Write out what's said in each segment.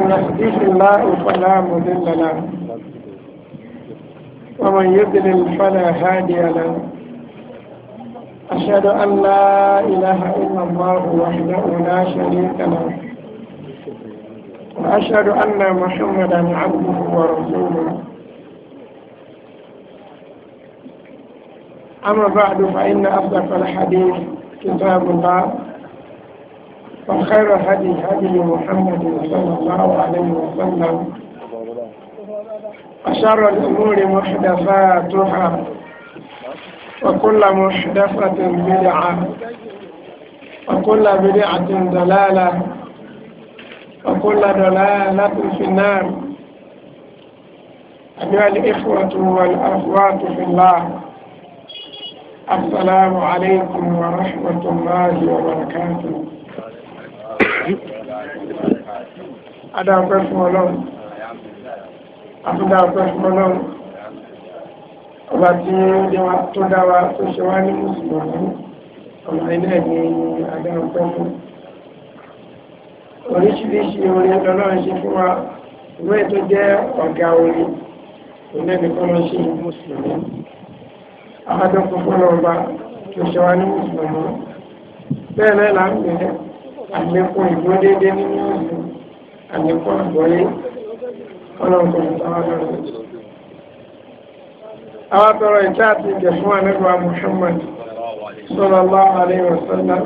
من يهديه الله فلا مضل له ومن يضلل فلا هادي له أشهد أن لا إله إلا الله وحده لا شريك له وأشهد أن محمدا عبده ورسوله أما بعد فإن أصدق الحديث كتاب الله وخير هدي هدي محمد صلى الله عليه وسلم وشر الأمور محدثاتها وكل محدثة بدعة وكل بدعة دلالة وكل دلالة في النار أيها الإخوة والأخوات في الله السلام عليكم ورحمة الله وبركاته adáwọ̀pẹ́ fún ọlọ́run àtúndáwọ̀pẹ́ fún ọlọ́run ọba tí ó jẹ́ wa tó dá wa tó ṣe wá ní mùsùlùmí ọmọ ilé ní adáwọ̀pẹ́ fún oríṣiríṣi orin ọlọ́run ṣe fún wa ìwé tó jẹ́ ọ̀gá orin ìlẹ́nìkan lọ sí mùsùlùmí àádọ́kùn fún ọba tó ṣe wá ní mùsùlùmí bẹ́ẹ̀ náà là ń gbé àlékún ìgbódédé nínú ìlú àlékún àgbọ́yé ọlọ́run kò ní sáwọn náà lọ. àwọn àtọrọ ìta àti ìjẹ fún Muhammad sallallahu alaihi wasallam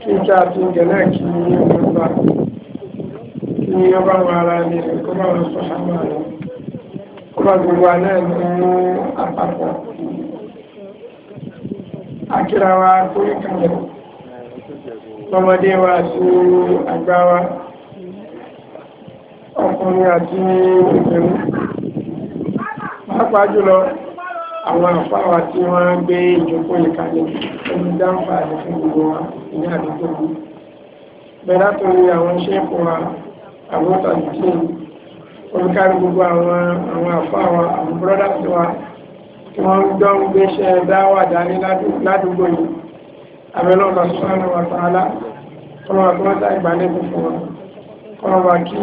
kí ìta àti ìjẹ náà kì í yé wọn bá kí ní ọba wọn ara ní rẹ kó bá wọn sọ̀hámà rẹ kó bá gbogbo àná ẹ̀ àpapọ̀ akíra wa kórìkàlẹ̀ lọ́mọdé wa sí àgbà ọkùnrin àti obìnrin pàápàá jùlọ àwọn àfáwà tí wọ́n gbé ìjókòó ìkàlẹ̀ omi dáńfà àti fún gbogbo wa ní àdúgbò mi bẹ́ẹ̀ látòrí àwọn ṣẹ́ẹ̀kù wa àwọn tàbí olùkárí gbogbo àwọn àwọn àfáwà àwọn bọ́dá tí wa tí wọ́n ń dán gbéṣẹ́ dáwà dání ládùúgbò yìí abẹ́lẹ́ ọ̀gá sọ́nà wà tààlà kọ́nà àtúntà ìgbàlejò fún wa kọlọba kí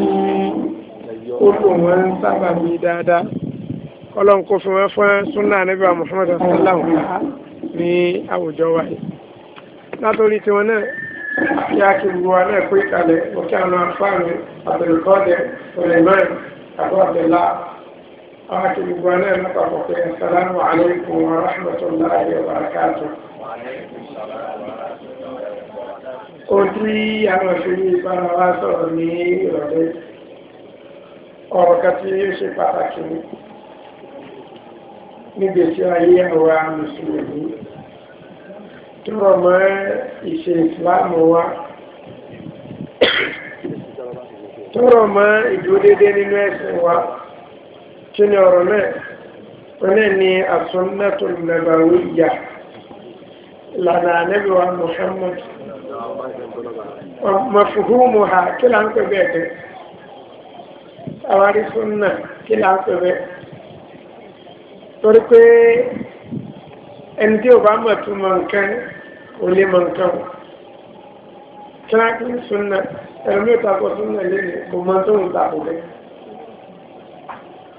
ó lò wọn sábà bí dáadáa kọlọ́n kó fi wọn fún súnà níbi wa muhammadu sallallahu ní àwùjọ wa yìí látòrí tiwọn náà kí a kì gbogbo wa náà pé kalẹ̀ ó àwọn afáàmì àbẹ̀lùkọ́dẹ suleiman àbọ̀ àbẹ̀lá àwọn kì gbogbo wa náà lápapọ̀ pé assalamu alaykum wa rahmatullahi wa barakatuh ohun tí àwọn òṣèré ìbára wa sọ̀rọ̀ ní ìrọ̀lẹ́ ọ̀rọ̀ kan tí ó ṣe pàtàkì nígbèsí ayé àwa mùsùlùmí tó rọ̀ mọ́ ìṣe ìsìláàmù wa tó rọ̀ mọ́ ìdúródédé nínú ẹ̀sìn wa kí ni ọ̀rọ̀ náà wọ́n ní as-sunnatu an lànà ànábì Muhammad mafuhumuha kí là ń pè bẹ́ẹ̀ dẹ́ àwárí súnà kí là ń pè bẹ́ẹ̀ torí pé ẹni tí ò bá mọ̀ tún mọ̀ nǹkan kò lè mọ̀ nǹkan kí là ń pè súnà ta kò bẹ́ẹ̀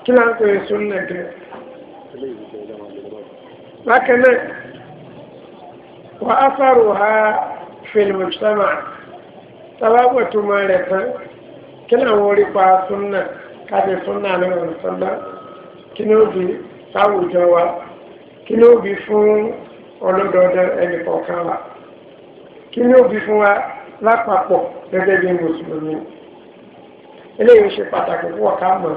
kí là ń pè súnà gẹ́ bákan fi mùsùlùmá sábàbọ̀ tó máa rẹ̀ tán kí ni àwọn orípa súnà káde súnà ní ọ̀sánlá kí ni ó bí sáwùjọ wa kí ni ó bí fún ọlọ́dọọdọ ẹnì kọ̀ọ̀kan wa kí ni ó bí fún wa lápapọ̀ gẹ́gẹ́ bí mùsùlùmí eléyìí ṣe pàtàkì fún ọ̀ká mọ́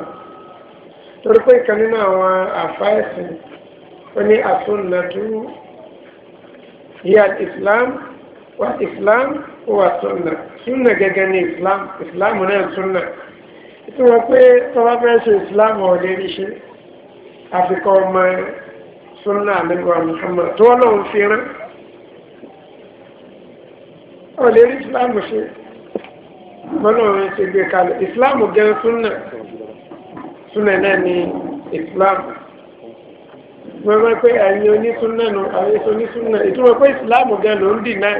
torí pé ìkan nínú àwọn àfa ẹ̀sìn ó ní àsúnnàtú yíyá Islam wa islam wa sunna sunna gẹ́gẹ́ ni islam islam náà sunna ìtumọ̀ pé tọ́wọ́ fẹ́ ṣe islam ọ̀lẹ́ ríṣẹ́ àfikọ́ ọmọ sunna àmìlúwà muhammad tó wọ́n lọ́wọ́ fi rán ọ̀lẹ́ rí islam ṣe mọ́lọ́wọ́ ṣe gbé kalẹ̀ islam gẹ́ sunna sunna náà ní islam wọ́n mọ̀ pé ẹ̀yin onísúnnà nù àwọn èso onísúnnà ìtumọ̀ pé islam gẹ́ ló ń dì náà.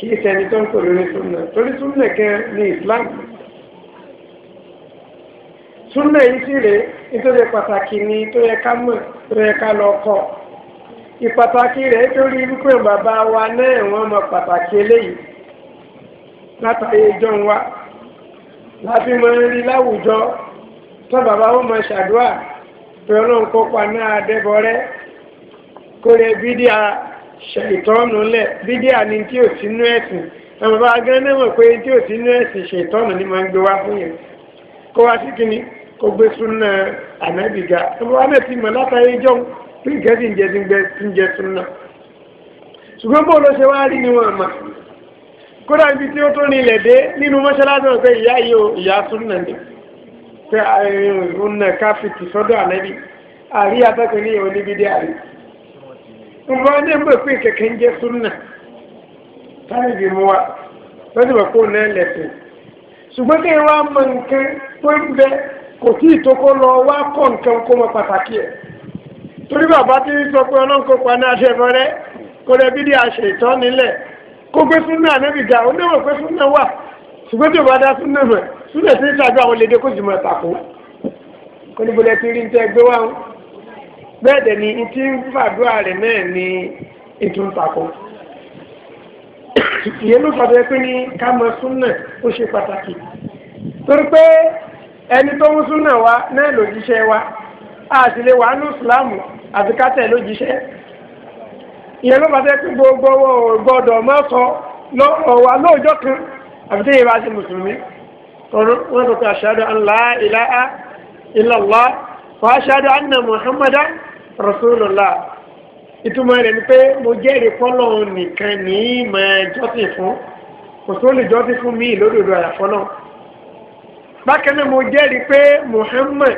kìí ṣẹni tó ń pè lórí súnà torí súnà kan ní Islam súnà yìí sì rèé nítorí pàtàkì ni tó yẹ ká mọ̀ tó yẹ lọ kọ́ ìpàtàkì rẹ̀ torí wípé bàbá wa náà wọ́n pàtàkì eléyìí wa ṣètọ́nù lẹ̀ bídíà ni tí ò sínú ẹ̀sìn ọmọ bá gán náà mọ̀ pé tí ò sínú ẹ̀sìn ṣètọ́nù ni máa ń gbé wá fún yẹn kó wá sí kínní kó gbé súnà ànábìgà ọmọ wa náà ti mọ̀ látàrí ìjọ pé nǹkan sì ń jẹ sí ń jẹ súnà ṣùgbọ́n bó ló ṣe wá rí ni wọ́n mọ̀ kódà ibi tí ó tó ní ilẹ̀ dé nínú mọ́ṣáláṣí ọ̀sẹ̀ ìyá yìí ò ìyá súnà ní nfa ní ẹgbẹ́ pé kẹ̀kẹ́ ń jẹ́ súnà táyì bí mu wa lọ́sẹ̀ bá kó náà lẹ̀sìn ṣùgbọ́n kí wọ́n á mọ nǹkan tó ń bẹ kò tí ì tókó lọ wá kọ́ nǹkan kó mọ pàtàkì ẹ̀ na bàbá tí ń sọ pé ọlọ́run kó pa náà ṣe fọ́rẹ́ kó lẹ bí di àṣẹ ìtọ́ nílẹ̀ kó gbé súnà níbi ga ó náà pé súnà wà ṣùgbọ́n tí ò bá dá súnà mọ̀ súnà tí ń ṣàjọ àwọn lédè kó jùmọ̀ tàkó kó níbo lẹ ti rí ní tẹ́ gbé bẹ́ẹ̀ dẹ̀ ni tí ń fàdúrà rẹ̀ náà ni ètò ń takò ìyẹn ló fàdúrà pé ní ká mọ súnà ó ṣe pàtàkì torí pé ẹni tó ń súnà wa náà lòjíṣẹ́ wa a sì lè wà ní ìsìláàmù àti kátẹ̀ lójíṣẹ́ ìyẹn ló fàdúrà pé gbogbo gbọdọ̀ mọ́ sọ lọ́rọ̀ wa lóòjọ́ kan àbí tí ìyẹn bá ṣe mùsùlùmí wọ́n tó kọ ashhadu an la ilaha illallah wa ashhadu anna muhammadan rasulullah ìtumọ̀ rẹ̀ ni pé mo jẹ́rìí fọ́lọ́hún nìkan ní ìmọ̀ jọ́sìn fún kò tó lè jọ́sìn fún mi lódodo àyàfọ́lọ́ bákan náà mo jẹ́rìí pé Muhammad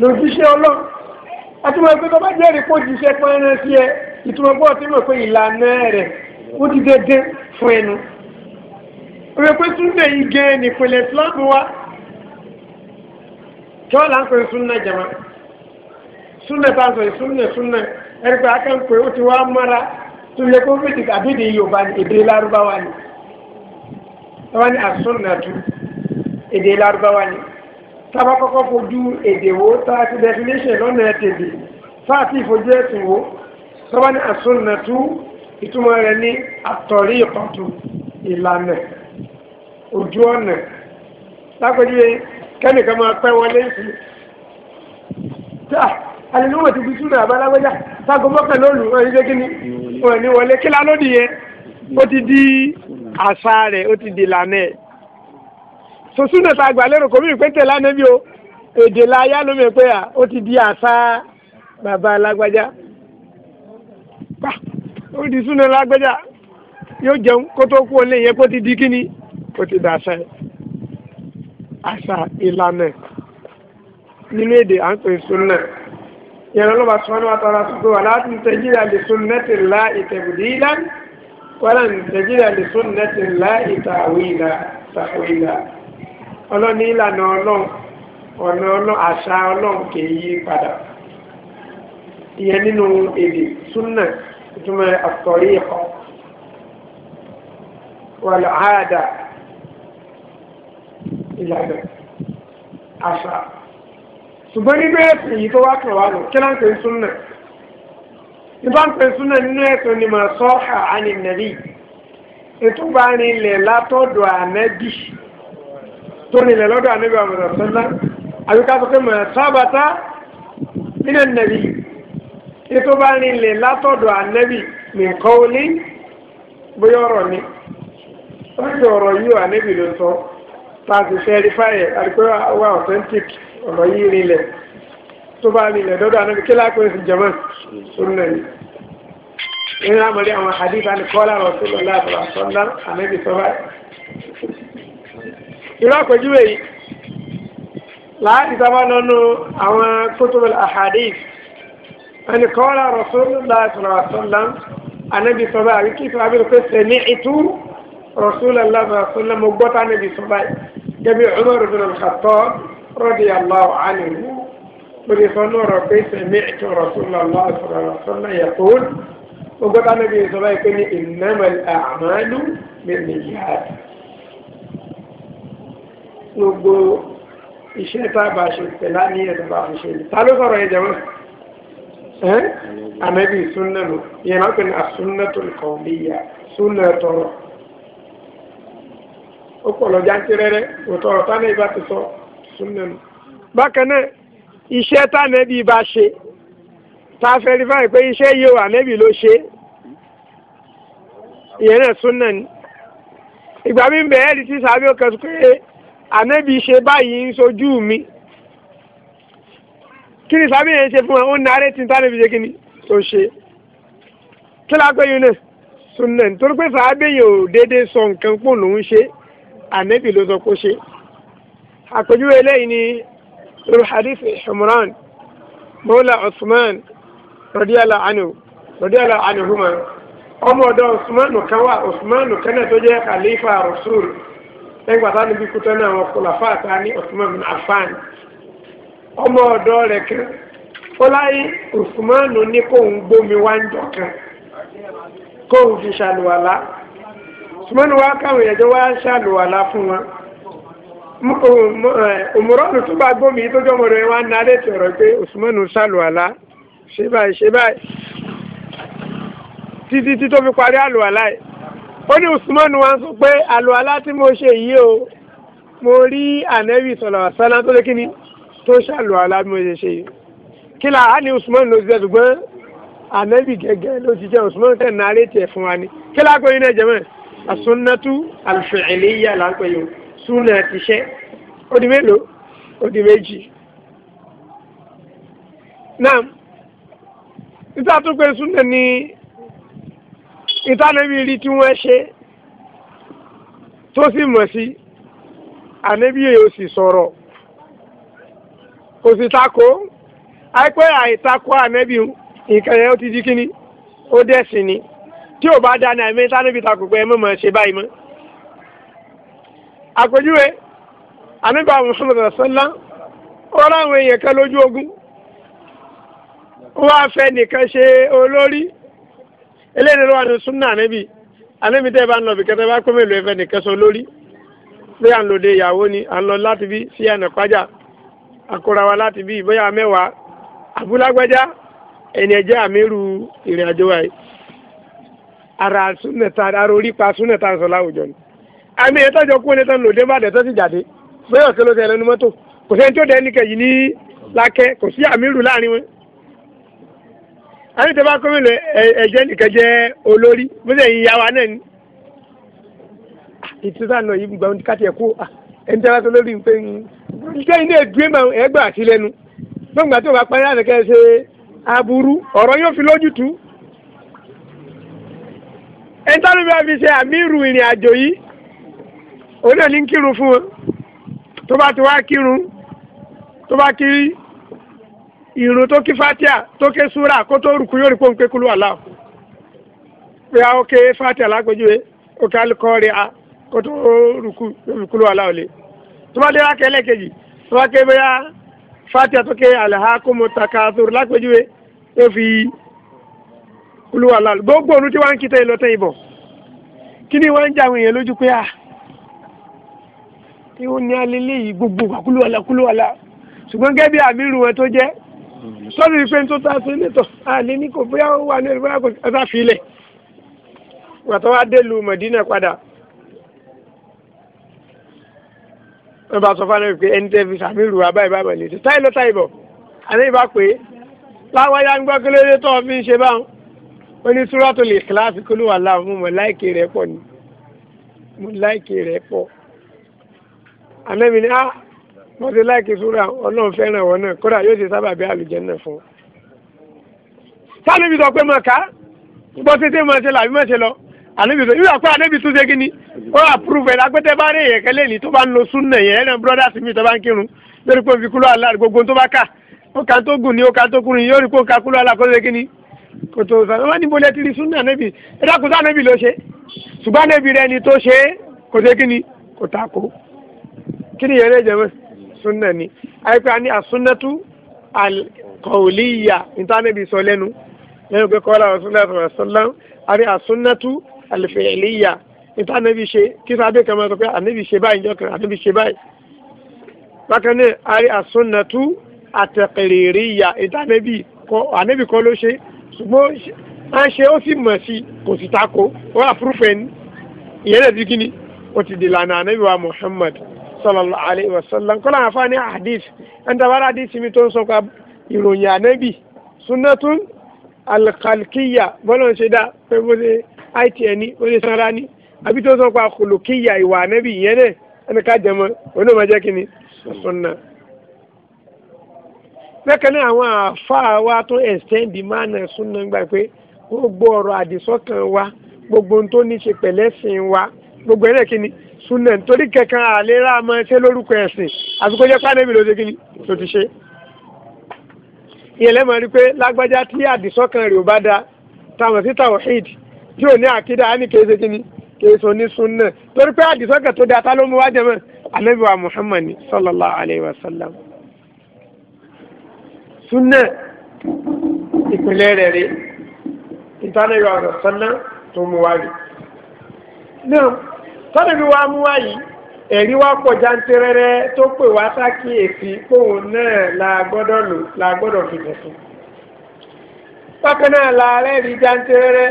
lòjíṣẹ́ ọlọ́run àtúmọ̀ pé tó bá jẹ́rìí pé òjíṣẹ́ pẹ́ẹ́rẹ́ sí ẹ ìtumọ̀ pọ̀ tí mo pe ìlànà rẹ̀ ó ti dédé fún ẹnu òwe pé súnlẹ̀ igi nìpínlẹ̀ Islam wa kí wọ́n là ń pè súnlẹ̀ jẹ̀mọ́ súnà táwọn sọ̀rọ̀ súnà súnà ẹni pé akẹ́kọ̀ọ́ ó ti wá mọ́ra tó yẹ kó fìdí àbídì yorùbá ni èdè lárúbáwá ni wọ́n ní àsúnà tu èdè lárúbáwá ni tábà kọ́kọ́ fojú èdè wo tá a ti definition lọ́nà ẹ̀tẹ̀dẹ̀ tá a ti ẹ̀sìn wo tọ́wọ́n ní àsúnà tu ìtumọ̀ rẹ̀ ní àtọ̀rí ìkọ̀tù ìlànà ojú ọ̀nà lápẹ́jú kẹ́nìkan máa pẹ́ wọlé sí alẹ́lúwọ̀ ti fi súnà àbálágbẹ́já sago mọ́kàn lólu ọ̀rẹ́ jẹ́ kíni ọ̀rẹ́ ní wọlé kílá lódì yẹn ó ti di àṣà rẹ̀ ó ti di lànà ẹ̀. so súnà tá a gbà kò mí ìpé tẹ̀lé ànábì o èdè la yá ló mẹ́ pé à ó ti di àṣà bàbá alágbájá. ó di súnà alágbájá yóò jẹun kó tó kú olè yẹn kó ti di kíni kó ti di àṣà ẹ̀ àṣà ìlànà nínú èdè à ń pè súnà ìrànlọ́wọ́ bá sọ́nà wàtà ara sọ́kò wà láti ń tẹ́jìlá lè sún nẹ́tì ńlá ìtẹ̀bùdílá wọ́n ń tẹ́jìlá lè sún nẹ́tì ńlá ìtàwílà tàwílà ọlọ́ni ìlànà ọlọ́run ọ̀nà ọlọ́run àṣà ọlọ́run kì í yí padà ìyẹn nínú èdè súnà ìtumọ̀ àtọ̀rí ẹ̀kọ́ wàlọ̀ àádà ìlànà àṣà ṣùgbọ́n nínú ẹ̀sìn èyí tó wá kàn wá lọ kí láǹpẹ̀ súnà nípa ń pè súnà nínú ẹ̀sìn ni mà sọ́ọ̀hà àní nàbí ètò bá rinlẹ̀ látọ̀dọ̀ ànábì tó rinlẹ̀ lọ́dọ̀ ànábì àmọ̀tà sọ́lá àbíká sọ pé mà sábàtà nínú nàbí ètò bá rinlẹ̀ látọ̀dọ̀ ànábì nìkan ó lé bóyá ọ̀rọ̀ ni wọ́n ti ọ̀rọ̀ yìí ànábì ló sọ tá a sì fẹ́ rí fáyẹ̀ àdìpẹ́ wà authentic ọ̀rọ̀ yìí rinlẹ̀ tó bá rinlẹ̀ dọ́dọ̀ àná kí láàpẹ́ oṣù jẹ̀mọ́ sunna ni. nínú àmọ́lé àwọn hadith àti kọ́lá rọ̀ tó lọ láàbọ̀ àtọ́lá ànábì sọ báyìí. irú àpèjúwe yìí láti sábà lọ́nu àwọn kutubul ahadith àti kọ́lá rọ̀ tó lọ àtọ́lá ànábì sọ báyìí àbí kí sábà lọ́pẹ́ sẹ́ni ìtú rọ̀ tó lọ láàbọ̀ àtọ́lá mo gbọ́ tá ànábì gẹ́gẹ́ bí Umar bin radiyallahu anhu lórí kan náà rọ pé sami'tu rasulullah sallallahu alaihi wasallam yaqul gbogbo bá níbi ìsọ̀rọ̀ ìpè ní innamal a'malu binniyat gbogbo iṣẹ́ tá a bá ṣe pẹ̀lá ní ẹ̀dọ̀ bá fi ṣe ta ló sọ̀rọ̀ ẹ̀jẹ̀ wọn ẹ́n ànábì súnà lò yẹn máa ń pè ní as-sunnatul qawliyya súnà tọrọ ó pọ̀ lọ jáńtí rẹ́rẹ́ òtọ̀rọ̀ tánà ìbá ti sọ súnmọ́ nù. bákan náà iṣẹ́ tánẹ́bí bá ṣe tá a fẹ́rí fáyìí pé iṣẹ́ yìí ò ànẹ́bí ló ṣe ìyẹn náà súnmọ́ ni. ìgbà mi ń bẹ̀ẹ́ rí tí sàbí òkè tó pé ànẹ́bí ṣe báyìí ń sojú mi kí ni sàbí yẹn ṣe fún wa ó nàárẹ̀ tí tánẹ́bí ṣe kí ni tó ṣe kí lápẹ́ yìí náà súnmọ́ nítorí pé sàbí yẹn ò déédéé sọ nǹkan pò lòún ṣe ànẹ́bí ló sọ kó ṣe àpèjúwe eléyìí ni lórí hadith Humran mọ́lá Usman rọ̀díàlà anhu rọ̀díàlà anhu huma ọmọ ọ̀dọ̀ Usman kan wà Usman kan náà tó jẹ́ khalifa rasul lẹ́gbàá tá níbi kútọ́ náà wọn kò làfà tá ní Usman bin Affan ọmọ rẹ̀ kan fọláyé Usman ní kóun gbómi wá ń jọ kan kóun fi ṣàlùwàlá Usman wá káwọn ẹ̀jọ́ wá ṣàlùwàlá fún wọn òmùrọ́nù tún bá gbómi tó jọmọ rẹ̀ wá ń nalẹ́ tí ọ̀rọ̀ pé Usmanu ṣàlùwàlá ṣe báyìí ṣe báyìí títí tí tó fi parí àlùwàlá yìí ó ní Usmanu wá ń sọ pé àlùwàlá tí mo ṣe yìí o mo rí ànẹ́bí sọ̀rọ̀ àṣálá tó lé kíní tó ṣàlùwàlá bí mo ṣe ṣe yìí kí là á ní Usmanu ló ti jẹ́ ṣùgbọ́n ànẹ́bí gẹ́gẹ́ ló ti jẹ́ Usmanu tẹ̀ súnà ti ṣẹ́ ó di mélòó ó di méjì. náà níta tó pé súnà ní ìtànẹ́bí rí tí wọ́n ṣe tó sì mọ̀ sí ànẹ́bí yóò sì sọ̀rọ̀ kò sì takò àìpẹ́ àìtakò ànẹ́bí nǹkan yẹn ó ti di kíni ó dẹ̀ sí ni tí ò bá dáná ẹ̀mí tánẹ́bí takò pé ẹ mọ̀ ṣe báyìí mọ́ àpèjúwe àníbà Muhammad rasala ó rán àwọn èèyàn kan lójú ogun wọ́n á fẹ́ nìkan ṣe olórí eléyìí ló wà ní súnà níbi àníbi tẹ́ ẹ bá ń lọ bìkẹ́ tẹ́ bá pé mélòó ẹ fẹ́ nìkan ṣe olórí bóyá ń lòde ìyàwó ni à ń lọ láti bí sí ẹ̀nà pàjá àkóra láti bí bóyá mẹ́wàá àbúlágbájá ẹni ẹ̀jẹ̀ àmírù ìrìn àjò wa ara súnà tá a rori pa súnà tá a sọ láwùjọ ni àmì ẹ̀ tọ́jọ́ kú ní tán lòdì bá dẹ̀ tó sì jáde bóyá ọ̀kẹ́ ló tẹ̀ lẹ́nu mọ́tò kò sẹ́ni tó dẹ̀ nìkẹ́ yìí ní lákẹ́ kò sí àmírù láàrin wọn. àmì tẹ́ bá gómìnà ẹ̀jẹ̀ nìkẹ́ jẹ́ olórí bóyá ìyá wa náà ni. Ah, ìtura náà yìí gbàgbọ́n káti ẹ̀ kú ah, ẹni tẹ́lá tó lórí pé iṣẹ́ ilé ìdúré máa ẹ̀ gbà sí lẹ́nu gbọ̀ngbà tó bá parí àtẹ̀kẹ́ ṣe aburú ọ̀rọ̀ ìrìn àjò yìí òun náà ní kírun fún wọn tó bá ti wá kírun tó bá kí ìrun tó kí fatia tó ké súra kó tó rùkú yóò rí pòun pé kúlú àlá pé a ó ké fatia lágbójúwe ó ké alukọ rí a kó tó rùkú yóò rí kúlú àlá òlé tó bá dé wá kẹlẹ kejì tó bá ké bóyá fatia tó ké alaha kó taka sórí lágbójúwe yóò fi kúlú àlá gbogbo òun tí wọ́n ń kí tẹ́yìn lọ́tẹ́yìn bọ̀ kí ni wọ́n ń jà àwọn lójú pé a. Ah, tí ó ní alẹ́lẹ́ yìí gbogbo kúlúwàlà kúlúwàlà ṣùgbọ́n gẹ́gẹ́ bí àmírù wọn tó jẹ́ sọ́dún ìpè tó ta sí létò àlẹ́ ní kò bóyá ó wà ní ẹ̀rọ bóyá kò ẹ̀ta fi ilẹ̀ gbàtọ́ wa dé lu Mẹ̀dínà padà wọ́n bá sọ fún àná pé ẹni tẹ́ fi sàmírù wa báyìí báyìí lè ṣe táyì ló táyì bọ̀ àná ìbá pé láwáyá ń gbọ́ kílódé tó fi ń ṣe báwọn ó ní Suratul Ikhlas kúlúwàlà mú mọ̀ láìkè rẹ̀ pọ̀ ni mo láìkè rẹ̀ pọ̀ ànábì ni a ah, mo ti láìkí súra ọlọ́run fẹ́ràn wọn náà kódà yóò ṣe sábàbí àlùjànnà fún un. sálẹ́bí sọ pé máa ká bó ṣe ṣe máa ṣe làbí máa ṣe lọ ànábì sọ yíyà pé ànábì tún ṣe kí ni ó àpúrúfẹ̀ lágbẹ́tẹ́ bá rí èyẹ̀kẹ́ lẹ́ni tó bá ń lo súnà yẹn ẹ̀ràn bírọ́dà sí mi tó bá ń kírun lórí pé òfin kúlọ̀ àlá gbogbo tó bá kà ó kà tó gùn ní ó kà tó kúrun yóò rí pé ó kà kúlọ̀ àlá kó ṣe kí ni kò tó sàn wọ́n ní bolẹ́ tiri súnà ànábì ẹ̀dá kò sá ànábì ló ṣe ṣùgbọ́n ànábì rẹ ni tó ṣe kò ṣe kí ni kò ta kó kini ni yẹn lè jẹ́ mọ́ súnà ni àyíká ní àsúnàtú alkọ̀ọ̀lìyà ìtànẹ́bí sọ lẹ́nu lẹ́nu pé kọ́lá rasulullah sallallahu alaihi wasallam àrí àsúnàtú alfẹ̀ẹ́lìyà ìtànẹ́bí ṣe kí sábẹ́ kan máa sọ pé ànẹ́bí bi báyìí jọ kan ànẹ́bí ṣe báyìí bákan náà àrí àsúnàtú àtẹ̀kẹ̀rẹ̀rìyà ìtànẹ́bí kọ́ ànẹ́bí kọ́ ló ṣe ṣùgbọ́n à ń ṣe si sì mọ̀ sí kò sì tako ó wà fúrúfẹ́ ni ìyẹn náà ti kí ni ó ti dìlànà wa Muhammad sallallahu alayhi wa sallam kọ́lá àwọn afáàní hadith ẹni tàbá rà hadith mi tó ń sọ pa ìròyìn ànábì sunnatun alkalkiya bọ́lọ̀ ń ṣe dá pé bó ṣe àìtì ẹni bó ṣe sanra ni àbí tó ń sọ pa kòlòkìyà ìwà ànábì ìyẹn náà ẹni ká jẹmọ onímọ̀ jẹ́ kí ni sunna bẹ́ẹ̀ àwọn àfáà wa tó ẹ̀sẹ̀ǹdì máa nà gbà pé gbogbo ọ̀rọ̀ àdìsọ́kàn wa gbogbo ohun tó ní súnà nítorí kankan àlera máa ṣe lórúkọ ẹ̀sìn àsìkò jẹ́ pánẹ́bì ló ṣe kí ni tó ti ṣe. ìyẹn lẹ́mọ̀ rí pé lágbájá tí àdìsọ́kàn rẹ̀ ò bá da tàwọn sí tawhid tí ò ní àkídá á ní kéé ṣe kí ni kéé ṣe onísúnà torí pé àdìsọ́kàn tó da ta ló mú wájẹ mọ́ ànábì wa Muhammad sallallahu alayhi wa sallam. súnà ìpínlẹ̀ rẹ̀ rẹ̀ ìtànà yọ ọ̀rọ̀ sọ́nà tó mú wájẹ. náà tọ́lẹ̀bí wa mú wá yìí ẹ̀rí wa pọ̀ jantirẹrẹ tó pè wá sákìyèsí póun náà la gbọ́dọ̀ lò la gbọ́dọ̀ fi tẹ̀sùn. bákan náà la rẹ́ẹ̀rí jantirẹrẹ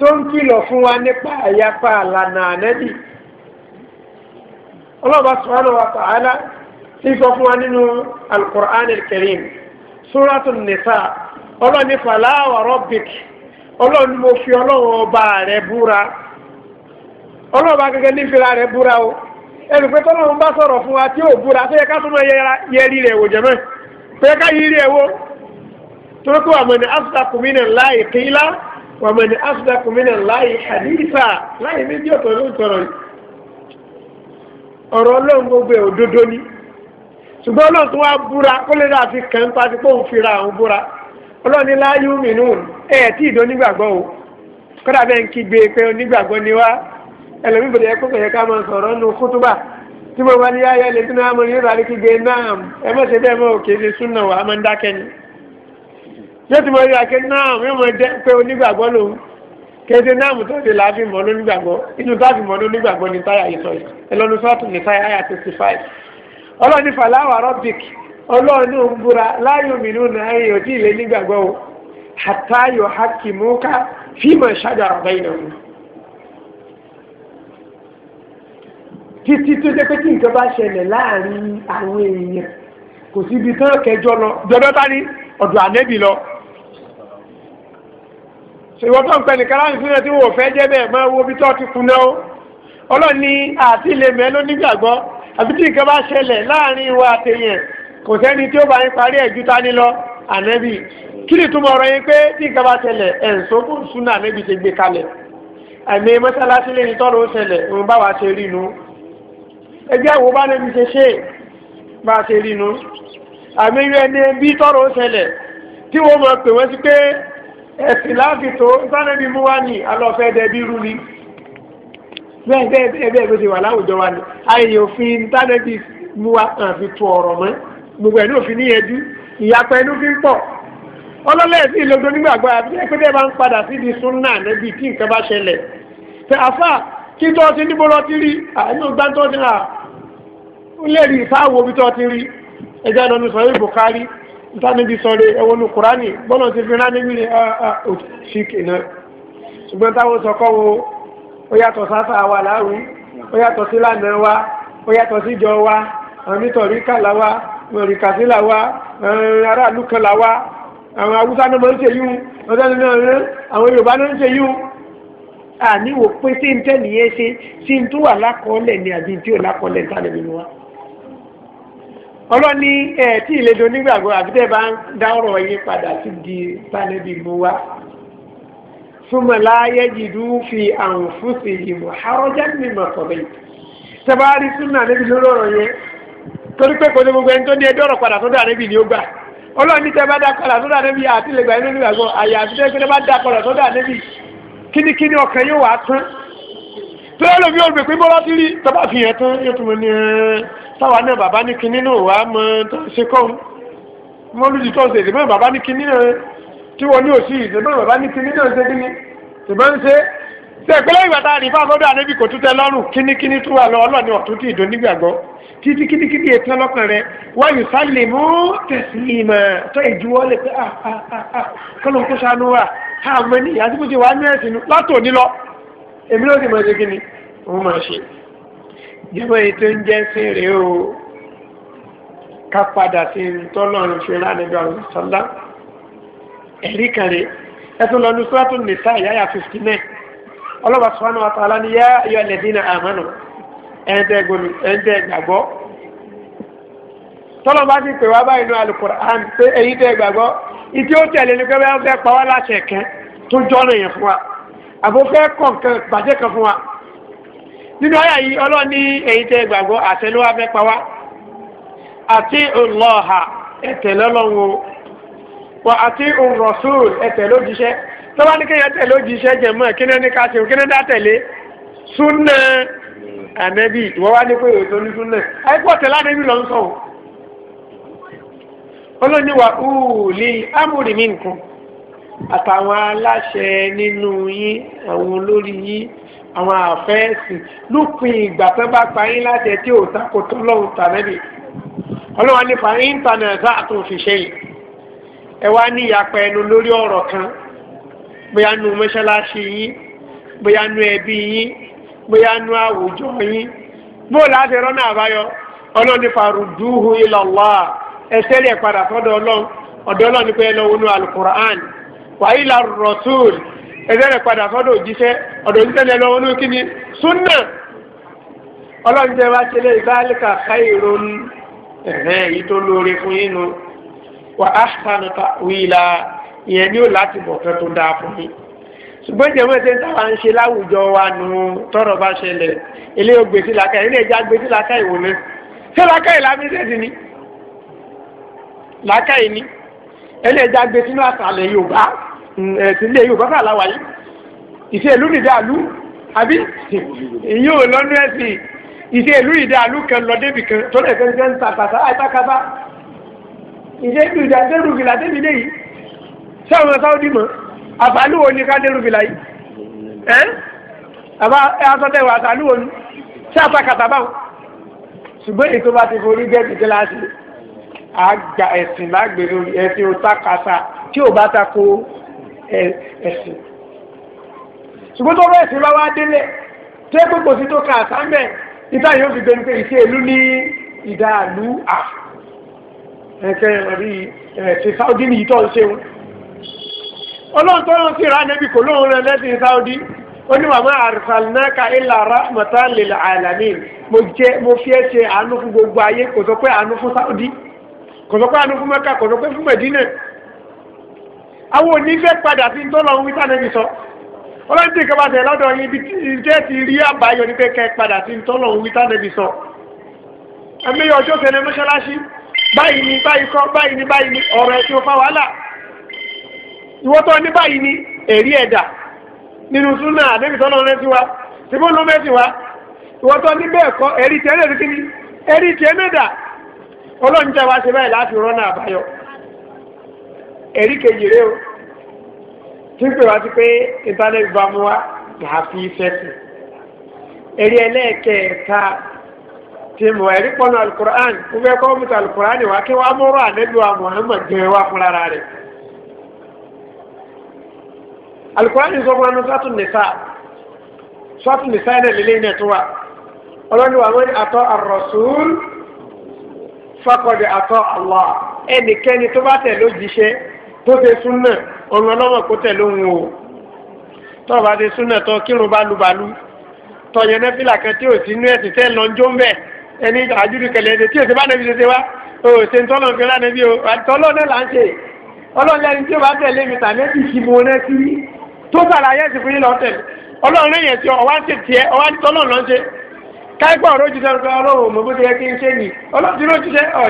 tó ń kìlọ̀ fún wa nípa àyàpá àlànà ànẹ́bì. ọlọ́ba subhanahu wa ta'ala ti sọ fún wa nínú alukur'an al-karim suratun nisa fàlàwà rọ́bìk ọlọ́ni mo fi ọlọ́wọ́ ọba rẹ̀ búra. ọlọ́run bá gẹ́gẹ́ nífìlà rẹ̀ búra o ẹnu tọ́lọ́run bá sọ̀rọ̀ fún wa tí ó búra tó yẹ ká tó máa yẹ rẹ̀ wò pé ká yí rí ẹ̀ tó kó wa man asdaqu minallahi láì ní bí ọ̀tọ̀ ló ń tọrọ ni ọ̀rọ̀ ọlọ́run gbogbo ẹ̀ òdodo ni ṣùgbọ́n ọlọ́run tó wá búra kó lè dà ẹlòmí bèrè ẹkọ kẹyẹ ká máa sọ̀rọ̀ nù kútúbà tí mo bá ní yá yẹ lẹsìn náà mo ní ìbàdí kígbe náà ẹ má ṣe bẹ́ẹ̀ mọ́ òkè súnà wà á máa ń dákẹ́ ni. yóò ti mọ náà yóò mọ jẹ́ pé onígbàgbọ́ lòun náà mo tọ́jú mọ́ lónígbàgbọ́ inú mọ́ lónígbàgbọ́ ní táyà yìí ẹlọ́nu ní táyà àyà sixty five ọlọ́ọ̀ni ọlọ́ọ̀ni òǹbura mìíràn náà títí tó jẹ́ pé kí nǹkan bá ṣẹlẹ̀ láàrin àwọn èèyàn kò síbi tán kẹjọ lọ jọdọ tá ní ọ̀dọ̀ ànẹ́bì lọ. ṣèwọ́n tó ń pẹ́ nìkan láti sílẹ̀ tí wò fẹ́ jẹ́ bẹ́ẹ̀ máa wo ibi tó ti kùnà ó ọlọ́run ní àti ilé mẹ́ ló nígbàgbọ́ àbí tí nǹkan bá ṣẹlẹ̀ láàrin ìwà àtẹ̀yìn kò sẹ́ni tí ó bá yín parí ẹ̀jú tá ní lọ ànẹ́bì kí ni túmọ̀ ọ̀rọ̀ yín pé tí nǹkan bá ṣẹlẹ̀ ẹ̀ǹsó kò sún ànẹ́bì ti gbé kalẹ̀ àìmọye mọ́sálásí lẹ́yìn tọ́rọ ó ṣẹlẹ̀ òun bá wa ṣe rí nu ẹjẹ́ àwọ̀ bá nẹ́bí ṣe ṣe bá a ṣe rínú àmì irú ẹni bí tọrọ ó ṣẹlẹ̀ tí wọ́n mọ̀ pé wọ́n ti pé ẹ̀sìn láàfin tó sánẹ́bí mú wá ní alọ́fẹ́ dẹbí rú ni bẹ́ẹ̀ bẹ́ẹ̀ bẹ́ẹ̀ bẹ́ẹ̀ bó ṣe wà láwùjọ wa ni ayẹyẹ òfin tánẹ́bí mú wá kàn fi tu ọ̀rọ̀ mọ́ gbogbo ẹ̀ ní òfin níyẹjú ìyapẹ́ inú fi ń pọ̀ ọlọ́lẹ́ẹ̀sì ìlógún nígbàgbọ́ àbí ẹgbẹ́ bẹ́ẹ̀ bá ń padà síbi súnà níbi tí nǹkan bá ṣẹlẹ̀ tẹ àfà kí tó ti níbo lọ ti rí àánú gbá tó ti rà lẹ́rìí ìfáwọ̀ bí tó ti rí ẹjẹ́ lọ́nu sọ yìí Bukhari ìtànibí sọ̀rọ̀ ẹ̀wọ̀n ní Kùránì bọ́lá ti fi rán níbi ní ṣìkì náà ṣùgbọ́n táwọn sọ̀kọ́ wo ó yàtọ̀ sáfà wa láàrú ó yàtọ̀ sí lànà wa ó yàtọ̀ sí ìjọ wa àwọn nítorí kàlà wa mọ̀rìkàsílà wa aráàlú kan là wa àwọn Haúsá náà máa ṣe yún ọjọ́ nínú ọ̀rẹ́ àwọn Yorùbá náà ń àníwò pé sí ní tẹ́nìyẹn ṣe sí ní tó wà lákọọ́lẹ̀ ni àbí tí ò lákọọ́lẹ̀ ń tà lẹ́nu wa ọlọ́ni ẹ̀ tí ìlédo nígbàgbọ́ àbí tẹ́ bá ń dá ọ̀rọ̀ yín padà sí di tánẹ́bì mú wá súnmọ́ láyé jìdú fi àwọn fúnṣe ìmọ̀ àrọ́jà mímọ̀ sọ̀rọ̀ yìí tẹ́bárí súnmọ́ àlẹ́bí lórí ọ̀rọ̀ yẹn torí pé kò ní gbogbo ẹni tó ní ẹjọ́ ọ̀rọ̀ padà sọ́dọ̀ àlẹ́bí ni ó gbà ọlọ́ni tẹ́ bá dá padà sọ́dọ̀ àlẹ́bí àti lè gbà inú nígbàgbọ́ àyà àti tẹ́ bá dá padà sọ́dọ̀ àlẹ́bí kíníkíní ọkàn yóò wá tán tó yẹ lómi ò táwa náà bàbá ní kinní náà wàá mọ tó ṣe kọ́hún mọ́lúdì tó ṣe ìdìbò bàbá ní kinní náà tí wọ́n ní òsì ìdìbò bàbá ní kinní náà ṣe kinní ìbò ń ṣe ṣe ìpínlẹ̀ ìgbà tá a rí fáwọn ọdọ àdébí kò tún tẹ lọ́rùn kínníkínní tó wà lọ ọlọ́ọ̀ni ọ̀tún tí ìdó nígbàgbọ́ títí kínníkínní ètò ọlọ́kàn rẹ wọ́n yìí sálè mú tẹ̀sí ìmọ̀ tó ìdúwọ́ wa àmọ́ ní ìyá tí mo ti wà ní ẹ̀sìn látòní lọ èmi ló jẹ́mọ́ èyí tó ń jẹ́ sí rèé o ká padà sí tọ́lọ́run fi lánàá sọ́lá ẹ̀rí kan rèé ẹ̀tún lọ́nu sọ́tún nìta ìyáyà 59 ọlọ́wà sọ́nà àtàlá ni yá ayọ́ ẹ̀lẹ́dínà àmánù ẹ̀ẹ́dẹ́ gbàgbọ́ tọ́lọ́ bá ti pè wá báyìí ní alukur'an pé èyí dẹ́ gbàgbọ́ ìdí ó tẹ̀lé ní pé wọ́n fẹ́ pa wá láṣẹ kan tó jọ́nà yẹn fún wa àbò fẹ́ kọ̀ọ̀kan bàjẹ́ kan fún wa nínú àyà yìí ọlọ́run ní èyí tẹ́ gbàgbọ́ àṣẹ ló wá fẹ́ pa wá àti ọlọ́ọ̀hà ẹ̀tẹ̀ lọ́lọ́run o wà àti ọ̀rọ̀sùn ẹ̀tẹ̀ lójíṣẹ́ tó bá ní kéèyàn tẹ̀ lójíṣẹ́ jẹ̀mọ́ kí ní ẹni ká ṣe kí ní tẹ̀lé súnà ànẹ́bí ìwọ́ wá ní pé èso ní súnà àìpọ̀ tẹ̀lá ànẹ́bí lọ ń sọ o olóyún wa ùlí amúrì mi nǹkan àtàwọn aláṣẹ nínú yín àwọn olórí yín àwọn àfẹ́sìn lópin ìgbà tó bá pa yín láti ẹtí òòtá kò tó lọ́hùn tàbí ọlọ́wọ́n nípa íńtánẹ̀tì àtúnfiṣẹ́ yìí ẹ wá ní ìyapa ẹnu lórí ọ̀rọ̀ kan bóyá nu mọ́ṣáláṣí yín bóyá nu ẹbí yín bóyá nu àwùjọ yín láti rọ́nà àbáyọ nípa rùdúhù ẹsẹ́ lè padà ọ̀dọ́ nípa ẹ lọ́wọ́ ẹgbẹ́ rẹ̀ padà fọ́dọ̀ òjíṣẹ́ ọ̀dọ̀ òjíṣẹ́ lẹ lọ́wọ́ ní kíni súnà ọlọ́run jẹ́ wá ṣe lé ìgbàlíkà káìrò ẹ̀hẹ́n èyí tó lóore fún yín nu wà á sànù wíìlà ìyẹn ni ó láti bọ̀ fẹ́ tó dáa fún yín ṣùgbọ́n jẹ́ wọ́n ṣe ń tàwa ń ṣe láwùjọ wa nu tọrọ bá ṣẹlẹ̀ ilé ògbèsí làkà ilé ìjà gbèsí làkà ìwò náà ṣé làkà ìlà mísẹ̀sì ni làkà ìní ẹ̀sìnlẹ̀ mm, eh, yorùbá kà láwàá yìí ìṣe ìlú nìdàlú àbí ìyí ò lọ́nú ẹ̀sìn ìṣe ìlú ìdàlú kan lọ débì kan tó lè fẹ́ ń ta tàtà àìtàkàtà ìṣe ìlú ìdàlú gìlà débi lé yìí sẹ́wọ̀n sáwọ́dì mọ́ àbálù wo ni ká dérú gìlà yìí ẹ́ àbá asọ́tẹ̀ wà àbálù wo ni sí àtàkàtà báwọn ṣùgbọ́n ètò bá ti forí gẹ́gì kíláàsì àgbà ẹ̀sìn lágbèrè ẹ̀sìn òtàkàtà tí ò bá ta ko ẹ̀sìn ṣùgbọ́n tó bẹ́ẹ̀ sí bá wá délẹ̀ tó yẹ kókò sí tó ka àsámẹ̀ níta yóò fi gbẹnu pé ìṣe ìlú ní ìdààlú à ẹ̀kẹ́ rí ẹ̀sìn Saudi ní ìtọ́ ṣeun ọlọ́run tó rán sí ra nẹ́bí kò lóun rẹ lẹ́sìn Saudi ó ní màmá arsalnaka illa rahmatan lil alamin mo jẹ́ mo fi ẹ́ ṣe àánú fún gbogbo ayé kò sọ pé àánú fún Saudi kò àwọn òní fẹ́ padà sí tó lọ́wọ́ wíta níbi sọ ọlọ́run tí nǹkan bá tẹ̀ lọ́dọ̀ yín ibi tí ẹ ti rí àbáyọ ni pé kẹ́ padà sí tó lọ́wọ́ wíta níbi sọ ẹ̀mí ọjọ́ kẹne mọ́ṣáláṣí báyìí ni báyìí kọ́ báyìí ni báyìí ni ọ̀rọ̀ ẹ̀ tí ó fa wàhálà ìwọ́tọ́ ní báyìí ni èrí ẹ̀dà nínú súnà àdébì tọ́lọ́ mẹ́sì wa tí mo lọ mẹ́sì wa ìwọ́tọ́ ní bẹ́ẹ̀ kọ́ èrí tiẹ̀ náà ti kí ni èrí tiẹ̀ náà dà ọlọ́run tẹ́ wá ṣe báyìí láti rọ́nà àbáyọ ẹ̀rí kejì rẹ o tí ń wá sí pé internet bá mú wa là á fi fẹ́sìn ẹ̀rí ẹlẹ́ẹ̀kẹta ti mọ̀ ẹ̀rí pọ̀nà alukur'an kó fẹ́ kọ́ mùtà alukur'an wa kí wàá mọ̀rọ̀ ànẹ́bí wa Muhammad jẹ́ wa fúnra rẹ̀ alukur'an sọ fún anú sátún nìsa sátún nìsa ẹ̀ náà lélẹ́yìn náà wa ọlọ́ni wa wọ́n atọ́ ar-rasul atọ́ Allah ẹnikẹ́ni tó bá tẹ̀ lójíṣẹ́ tó ṣe súnà ọ̀run ọlọ́wọ̀ kó tẹ̀ lóhun o tó bá ṣe súnà tó kírun balùbalù tó yẹn nẹ́fìlà kan tí ò sí inú ẹ̀sìn tẹ́ lọ jó ń bẹ̀ ẹni àjùdùkẹ̀lẹ̀ ẹ̀sìn tí ò sí bá nẹ́bi ṣe wá o ṣe ń tọ́lọ̀ nǹkan lánàá bí o àtọ́lọ́ náà là ń ṣe ọlọ́run lẹ́ni tí ó bá tẹ̀lé mi tà nẹ́bi kí mo rẹ́ sí tó sàlàyé ẹ̀sìn fún yín lọ tẹ̀lé ọlọ́run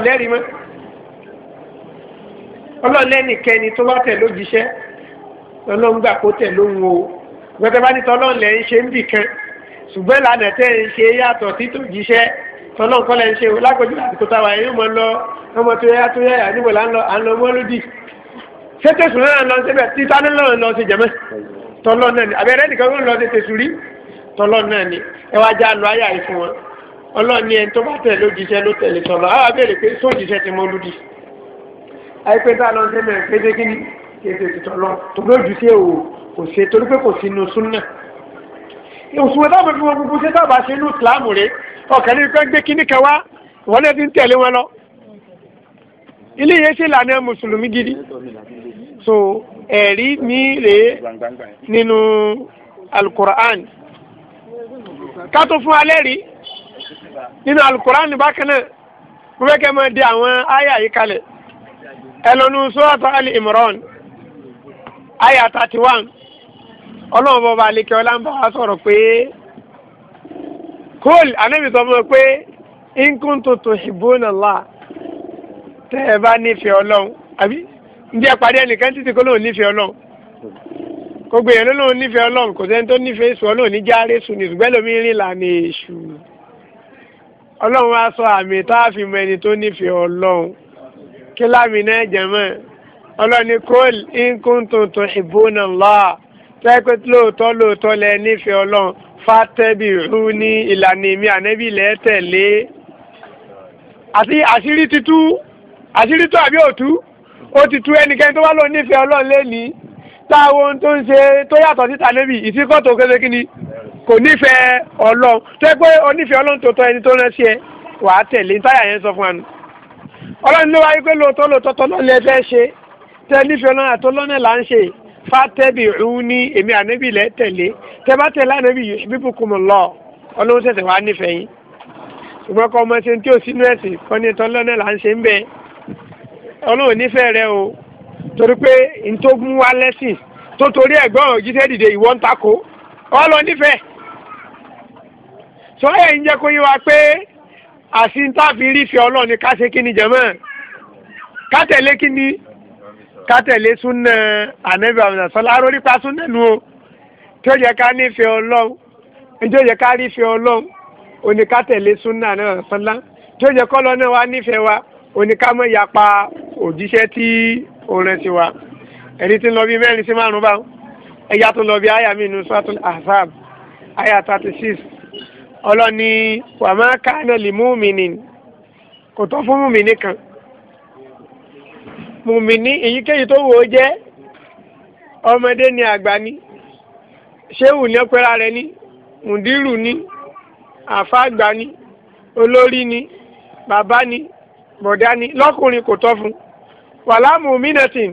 yẹn ti ọlọ́ọ̀lẹ́nìkẹ́ni tó bá tẹ̀ lójíṣẹ́ ọlọ́run gbà kó tẹ̀ lóhun o gbẹ̀tẹ̀ bá ní tọ́lọ́run lẹ́ ń ṣe ń bì kan ṣùgbọ́n ìlànà tẹ́ ń ṣe yàtọ̀ sí tó jíṣẹ́ tọ́lọ́run kọ́ lẹ́ ń ṣe o lágbèjú àti kò táwa yóò mọ lọ ọmọ tó yá tó yá níbo là ń lọ àlọ́ mọ́lódì ṣé tẹ̀sùn náà lọ síbẹ̀ títà ní lọ́run lọ sí jẹ̀mẹ́ tọ́lọ́ náà ni àbẹ̀rẹ̀ nìkan ló ń lọ sí tẹ̀sùn rí ni ẹ wá àìpé tá a lọ sí mẹ́rin kéde kí ni kéde tìtọ́ lọ tòun ló jù sí èwò kò ṣe torí pé kò sí inú súnà òṣùwọ̀n táwọn fi wọn gbogbo ṣe tábà ṣe inú ìsìláàmù rẹ̀ ọ̀kẹ́ ní pé gbé kíní kan wá lè ti ń tẹ̀lé wọn lọ ilé yẹn ṣe lànà mùsùlùmí gidi so ẹ̀rí mi rèé nínú alukur'an kátó fún alẹ́ rí nínú alukur'an bákan náà mo fẹ́ kẹ́ mọ di àwọn àyà yìí kalẹ̀. ẹlọ́nu sọ́ọ̀tọ̀ ali imran aya thirty one ọlọ́run bọ́ba alẹ́kẹ́ ọlá ń bá wa sọ̀rọ̀ pé kóòlì anábì sọ fún mi pé nkún tuntun ìbónàlá tẹ́ ẹ bá nífẹ̀ẹ́ ọlọ́run àbí ǹjẹ́ ìpàdé ẹnìkan títí kó lóun nífẹ̀ẹ́ ọlọ́run kò gbèyàn lóun nífẹ̀ẹ́ ọlọ́run kò sẹ́ni tó nífẹ̀ẹ́ ọlọ́run ní járe ní lómi rìn lànà èṣù ọlọ́run wá sọ àmì a mọ ẹni tó nífẹ̀ẹ́ ọlọ́run. kílámì náà jẹ̀mọ́ ọlọ́ni kol inkuntun tuhibbuna Allah tẹ́kẹ́ lóòótọ́ lóòótọ́ lẹ nífẹ̀ẹ́ ọlọ́run fàtẹ́bì rú ní ìlànà èmi ànẹ́bí lẹ́ tẹ̀lé àti àṣírí títú àṣírí tó àbí òtú ó ti tú ẹnikẹ́ni tó wá lóò nífẹ̀ẹ́ ọlọ́run lẹ́ni táwọn ohun tó ń ṣe tó yàtọ̀ síta níbi ìsíkọ́tò kéde kíni kò nífẹ̀ẹ́ ọlọ́run tẹ́gbẹ́ onífẹ̀ẹ́ ọlọ́run tó tọ́ ẹni tó rán sí ẹ wàá tẹ̀lé táyà yẹn sọ fún wa nù ọlọ́run ló wáyé pé lóòótọ́ lóòótọ́ tọ́lọ́ lẹ fẹ́ ṣe tẹ nífẹ̀ẹ́ ọlọ́run àtọ́lọ́nà là ń ṣe fàtẹ́bì ìhun ní èmi ànábì lẹ́ tẹ̀lé tẹ bá tẹ̀lé ànábì yìí bíbù kù mọ̀ lọ ọlọ́run ṣẹ̀ṣẹ̀ wá nífẹ̀ẹ́ yín ṣùgbọ́n kọ́ ọmọ ṣe tí ò sínú ẹ̀sìn kọ́ ní tọ́lọ́nà là ń ṣe ń bẹ ọlọ́run nífẹ̀ẹ́ rẹ o torí pé n wa lẹ́sìn tó torí ẹ̀gbọ́n òjíṣẹ́ dìde ìwọ ń takò ọlọ́run nífẹ̀ẹ́ sọ àti ń tàbí rífẹ́ ọlọ́run ni ká ṣe kí ni jẹ̀mọ́ ká tẹ̀lé kí ni ká tẹ̀lé súnà ànẹ́bí àmì sọlá arórí pa súnà nu o tí ó yẹ ká nífẹ̀ẹ́ ọlọ́run tí ó yẹ ká rífẹ́ ọlọ́run òní ká tẹ̀lé súnà ànẹ́bí àmì sọlá tí ó yẹ kọ́lọ́ náà wá nífẹ̀ẹ́ wa òní ká mọ̀ yapa òjíṣẹ́ tí ó rẹ̀ sí wa ẹni tí ń lọ bí mẹ́rin sí márùn-ún báwọn ẹ̀yà tó lọ bí àyà mi nù sọ́tún ahzab àyà thirty six ọlọ́ni wàmá kánẹ́lì múmìnì kò tọ́ fún múmìnì kan múmìnì èyíkéyìí tó wò ó jẹ́ ọmọdé ni àgbà ni ṣéwù ní ọpẹ́ra rẹ ni mùdírù ni àfáàgbà ni olórí ni bàbá ni bọ̀dá ni lọ́kùnrin kò tọ́ fún wàlámù mínẹ́tìn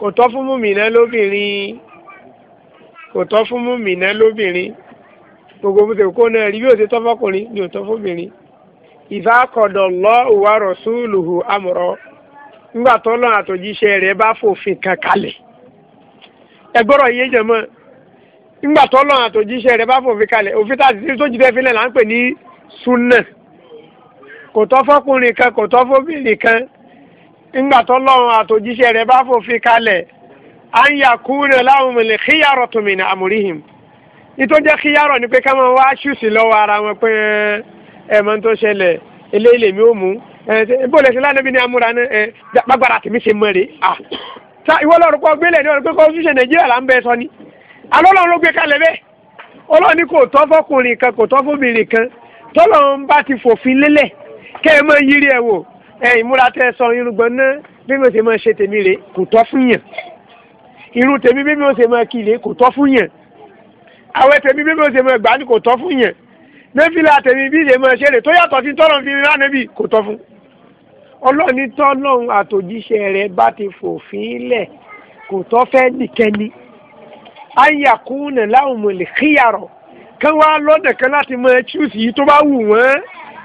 kò tọ́ fún múmìnà lóbìnrin kò tọ́ fún múmìnà lóbìnrin gbogbo bó ṣe kó náà rí bí ó ṣe tọ́ fọkùnrin ni ò tọ́ fóbìnrin ìfà kọ̀dọ̀ lọ ìwà rọ̀ṣúlùhù amọ̀rọ̀ nígbà tó lọ́n àtòjíṣẹ́ rẹ̀ bá fòfin kan kalẹ̀ ẹgbọ́rọ̀ yé jẹ̀mọ́ nígbà tó lọ́n àtòjíṣẹ́ rẹ̀ bá fòfin kalẹ̀ òfin tá a ti tó jìdẹ́ fílẹ̀ là ń pè ní súnà kò tọ́ fọkùnrin kan kò tọ́ fóbìnrin kan nígbà tó lọ́n àtòjíṣẹ́ rẹ̀ bá fòfin kalẹ̀ à ń yà kúrò láwọn mọ̀lẹ́kíyàrọ̀ tòmìnà àmúríhìn ìtò jẹ́ kí yàrá ni pé ká máa wá ṣùsì lọ́wọ́ ara wọn pé ẹ̀mọ́ tó ṣẹlẹ̀ eléyìí lèmi ò mú bó lè ṣe lánàá bí ní amúra náà gbàgbára tèmi ṣe mọ̀ rè ah sa ìwọ lọ́rùn kọ́ gbélé ní ọ̀rọ̀ pé constitution nàìjíríà là ń bẹ sọ ni alọ́lọ́run ló gbé kalẹ̀ bẹ́ẹ̀ ọlọ́run ni kò tọ́ fọkùnrin kan kò tọ́ fóbìnrin kan tọ́lọ́run bá ti fòfin lélẹ̀ kẹ́ ẹ mọ yírí ẹ wò ẹ ìmúra tẹ sọ irúgbọ́n náà bí mo ṣe máa ṣe tèmi rè kò tọ́ fún yàn irú tèmi bí mo ṣe máa kí kò tọ́ fún yàn àwọn tèmi bí mo ṣe mọ ìgbà ni kò tọ́ fún yẹn nẹ́fìlà tèmi bí ṣe mọ ṣe rè tó yàtọ̀ sí tọ́lọ̀ fi rán níbi kò tọ́ fún. ọlọ́ọ̀ni tọ́lọ́hún àtòjíṣẹ́ rẹ̀ bá ti fòfin lẹ̀ kò tọ́ fẹ́ nìkẹ́ni. ayakuna lahum al-khiyara kán wá lọ́dẹ̀ kan láti mọ ẹtúùsì yìí tó bá wù wọ́n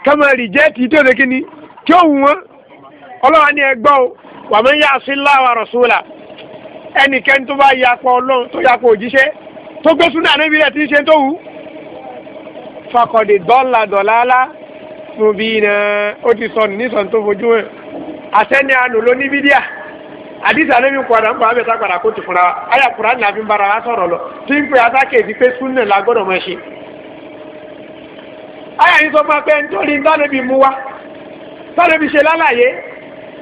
kán mọ rìjẹ́ẹ̀tì tó ṣe kíni tí ó wù wọ́n. ọlọ́wà ẹ wa man ya'si Allaha wa rasulahu ẹnikẹ́ni tó bá yakọ̀ tó gbé súnà níbi rẹ̀ tí ń ṣe tó wù fakọ̀dé dọ́là dọ̀làlá fún bí iná ó ti sọnù nísọ̀nù tó fojú hàn àsẹ́ni àánú ló ní bídíà àdìsí àlẹ́mí kọ̀ọ̀dà ń bọ̀ abẹ́ta kó ti fúnra wa àyà kura ní àfi ń bára wa sọ̀rọ̀ lọ tí ń pè atákè ti pé súnà la gbọ́dọ̀ mọ̀ ṣe. àyà yìí sọ fún wa pé nítorí ntánẹ́bí mú wa tánẹ́bí ṣe lálàyé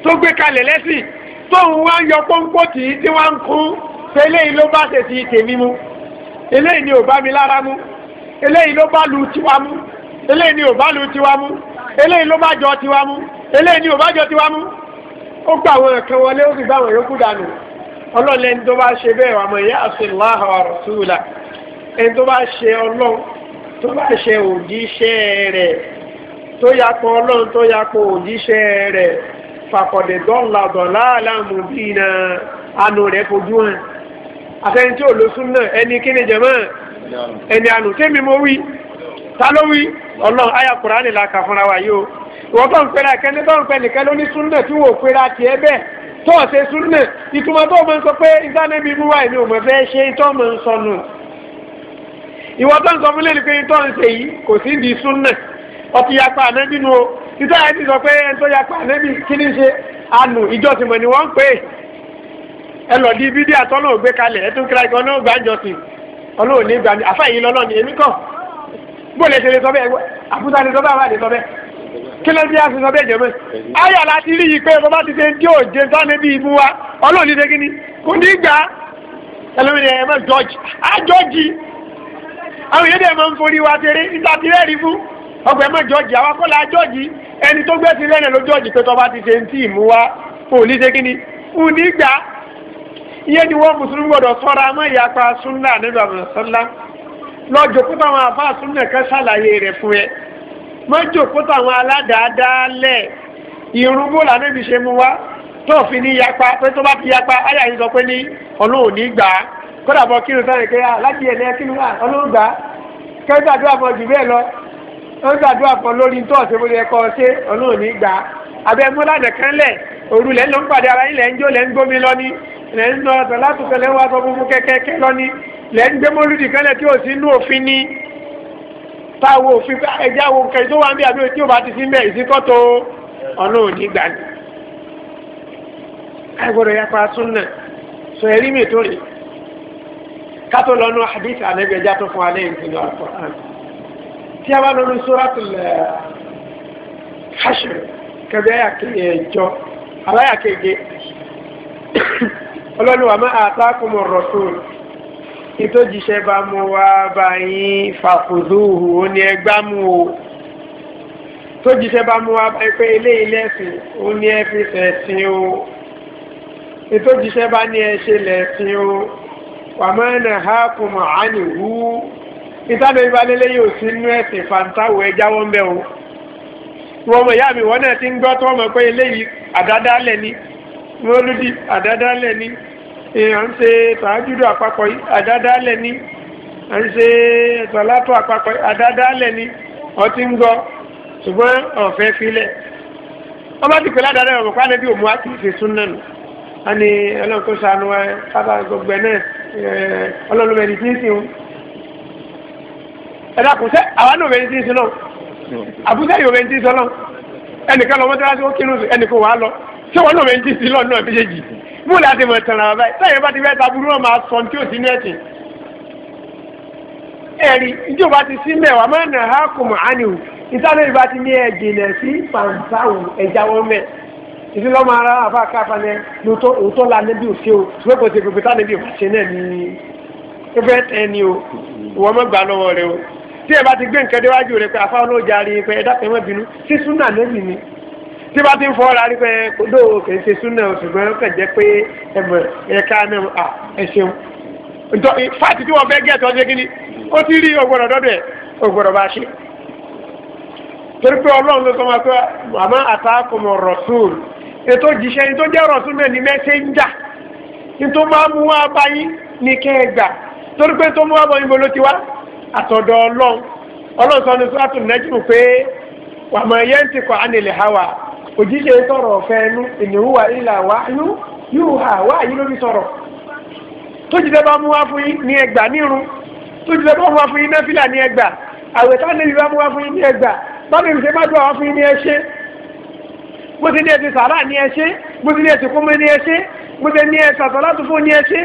tó gbé kalẹ̀ lẹ́sìn tóun wá ń yọ pọ́npọ́ tì í tí wọ́n ń kún tẹ́lẹ̀ yìí ló bá ṣe ti tèmi mu. eléyìí ni ò bá mi lára mú eléyìí ló bá lu tiwa mú eléyìí ni ò lu tiwa mú eléyìí ló bá jọ tiwa mú eléyìí ni ò bá jọ tiwa mú ó gba àwọn ẹ̀kan wọlé ó sì bá àwọn yòókù dànù ọlọ́ọ̀lẹ́ ẹni tó bá ṣe bẹ́ẹ̀ wà mọ̀ ìyá àti láhà ọ̀rọ̀ túwìlà ẹni tó bá ṣe ọlọ́run tó bá ṣe òjíṣẹ́ rẹ̀ tó yakọ̀ ọlọ́run tó yakọ̀ òjíṣẹ́ rẹ̀ fàkọ̀dẹ̀ bíi náà rẹ̀ fojú àtẹni tí ò lo súnà ẹni kíni jẹmọ ẹni ànú tẹmí mo wí ta ló wí Ọlọ́run àyà kùránì la kà fúnra wa yìí o ìwọ tó ń pẹlẹ akẹni tó ń pẹ nìkan ló ní súnà tí wò pera tiẹ̀ bẹ́ẹ̀ tó ò ṣe súnà ìtumọ̀ tó o máa ń sọ pé ìdánẹ́bí mú wa èmi ò mọ̀ fẹ́ ṣe tó o máa ń sọnù ìwọ tó ń sọ fúnlẹ̀ ni pé tó ń ṣe yìí kò sí di súnà ọtí yapa ànẹ́bí nu o títọ́ yẹn ti sọ pé ẹni tó yapa ànẹ́bí kí ni ṣe ànú ìjọsìn mọ̀ ni wọ́n ń pè é ẹ lọ di bídíà tọ́lọ́ ògbé kalẹ̀ ẹ tún kíra ikọ̀ náà gbàjọsìn ọlọ́run ní gbàmí àfàyè lọ́lọ́ ni èmi kọ́ bó lè tẹ̀lé sọ́bẹ̀ ẹgbẹ́ àbúta lè sọ́bẹ̀ àbáde sọ́bẹ̀ kí ló ń bí aṣọ sọ́bẹ̀ jẹ́mẹ́ ayọ̀ láti rí yìí pé bọ́bá ti ṣe ń dí òjé sáni bíi ibu wa ọlọ́run ní ṣe kí ni kò ní gbà ẹlòmìnira ẹ̀ mọ́ jọ́ọ̀jì á jọ́ọ̀jì àwọn wa tèrè níta ti rẹ́ẹ̀rí fún ọgbẹ́ mọ́ jọ́ọ̀jì àwa kọ́ la jọ́ọ̀jì ẹni tó gbé ti rẹ́ẹ̀rẹ̀ ló jọ́ọ̀jì pé tọ́ba ti ṣe iye ni wọ́n mùsùlùmí gbọ́dọ̀ sọ́ra mọ́ ìyapa súnà nígbà mọ̀sánlá lọ́jọ́ kó táwọn àfáà súnà kan ṣàlàyé rẹ̀ fún ẹ mọ́jọ́ kó táwọn aládàádáálẹ̀ irun bó lànà ibi ṣe mú wá tó fi ní yapa pé tó bá fi yapa ayé àyè sọ pé ní ọlọ́run ní gbà á kódà bọ kí ló sáré kẹ́yà ah, láti ẹ̀lẹ́ kí ló wà ọlọ́run gbà á kẹ́ńtà tó àfọ̀ jù bẹ́ẹ̀ lọ kẹ́ńtà tó àfọ̀ lórí tó ọ̀sẹ̀ mo lè kọ́ ọ ṣe ọlọ́run ní gbà á àbẹ̀mọ́lànà kan lẹ̀ òru lẹ́ ń lọ ń pàdé ara yín lẹ́ ń jó lẹ́ ń gbómi lọ́ní lẹ́ ń lọ ọ̀tọ̀ látòkè lẹ́wọ́ aṣọ funfun kẹ́kẹ́kẹ́ lọ́ní lẹ́ ń gbé mọ́lúdì kánlẹ̀ tí ò sí inú òfin ní táwọn òfin ẹjẹ́ àwọn nǹkan tó wà ń bí àbí tí ò ti sí mẹ́ ìsíkọ́tò ọ̀nà òní gbà ní. àìgbọ́dọ̀ yapa tún náà sọ ẹ̀rí mi tó rè kátó lọ́nu hadith ànẹ́gbẹ̀já tó fún alẹ́ ìpinnu Al-Qur'an tí a bá lọ́nu àbáyà keje ọlọ́run wa máa àtàkùn rasul ètò ìjíṣẹ́ bá mú wa bá yín fàkùzúhù ó ní ẹgbá mú o tó jíṣẹ́ bá mú wa bá pé ilé ilé ẹ̀sìn ó ní ẹ fi ṣẹ̀sìn o ètò ìjíṣẹ́ bá ní ẹ lẹ̀sìn o wà máa nà ha kùn mọ̀ ánìwú ìtàdé ìbálẹ́lẹ́yìn tí wọ́n mọ̀ ìyá mi wọ́n náà ti ń gbọ́ tí wọ́n mọ̀ pé eléyìí àdádálẹ̀ ni mọ́lúdì àdádálẹ̀ ni à ń ṣe tàájúdù àpapọ̀ àdádálẹ̀ ni à ń ṣe tọ́látò àpapọ̀ àdádálẹ̀ ni wọ́n ti ń gbọ́ ṣùgbọ́n ọ̀fẹ́ filẹ̀ wọ́n bá ti pè ládàá ọ̀rọ̀ pàdé bí òmùwà kì í ṣe sún náà a ní ọlọ́run tó ṣàánú ẹ kábà gbogbo náà ọlọ́run mẹ́rin tí ń sìn ẹ dákun sẹ́ àwọn náà mẹ́rin tí ń sìn náà àbújá yóò bẹ́ẹ̀ ń tí sọ́lọ́ ẹnìkan lọ mọ́tàlá tí ó kírun sí ẹnìkan wà á lọ tí wọ́n náà bẹ́ẹ̀ ń tí sí lọ́nà méjèèjì mú láti mọ̀ tàn án báyìí sẹ́yìn bá ti fẹ́ ta burú wọn máa sọ tí ò sí ní ẹ̀sìn. ẹ̀rí ìjọ bá ti sí mẹ́wàá máa nà á kò mọ̀ ánì o ìtàn ìbá ti ní ẹ̀jìnlẹ̀ sí pàǹtàwù ẹ̀já wọn mẹ́ ìdí lọ́mọ ara àbá káfa ní òótọ́ la níbi òfin o ṣùgbọ́n kò o ìwọ́n tí ẹ bá ti gbé nǹkan déwájú rẹ pé afáwọn náà jarí pé ẹ dákẹ́ mọ́ bínú sí súnà lẹ́yìn ni tí bá ti ń fọ́ rárí pé kódó kì í ṣe súnà ṣùgbọ́n ó kàn jẹ́ pé ẹ̀mọ̀ ẹ̀ka náà ẹ ṣeun fáàtì tí wọ́n fẹ́ gé ẹ̀tọ́ ṣe kí ni ó ti rí ògbọ́dọ̀ dọ́dọ̀ ẹ̀ ògbọ́dọ̀ bá ṣe torí pé ọlọ́run ló sọ ma pé àmọ́ àtàkùnmọ̀ rọ̀sùn ètò ìjíṣẹ́ ní tó jẹ́ rọ̀sùn náà ní mẹ́sẹ̀ńdà ní tó máa mú wá báyìí ní torí pé tó mú wá bọ̀ níbo ló ti wá àtọ̀dọ̀ ọlọ́run ọlọ́run sọ ní sọ́tù nẹ́jìmù pé wà mọ̀ ẹ̀yẹ́ ń ti kọ́ ánìlẹ̀ hawa òjíṣẹ́ sọ̀rọ̀ ọ̀fẹ́ ẹnu ìníhùwà ìlà wáyú yóò hà wáyú lórí sọ̀rọ̀ tó jìdẹ́ bá mú wá fún yín ní ẹgbà nírun tó jìdẹ́ bá mú wá fún yín náfìlà ní ẹgbà àwẹ̀ tá níbi bá mú wá fún yín ní ẹgbà bábí ìṣe má dùn àwọn fún yín ní ẹṣẹ́ bó ti ní ẹ sàrà ní ẹṣẹ́ bó ti ní ẹ ti ní ẹṣẹ́ bó ti ní ẹ sàtọ̀ láti ní ẹṣẹ́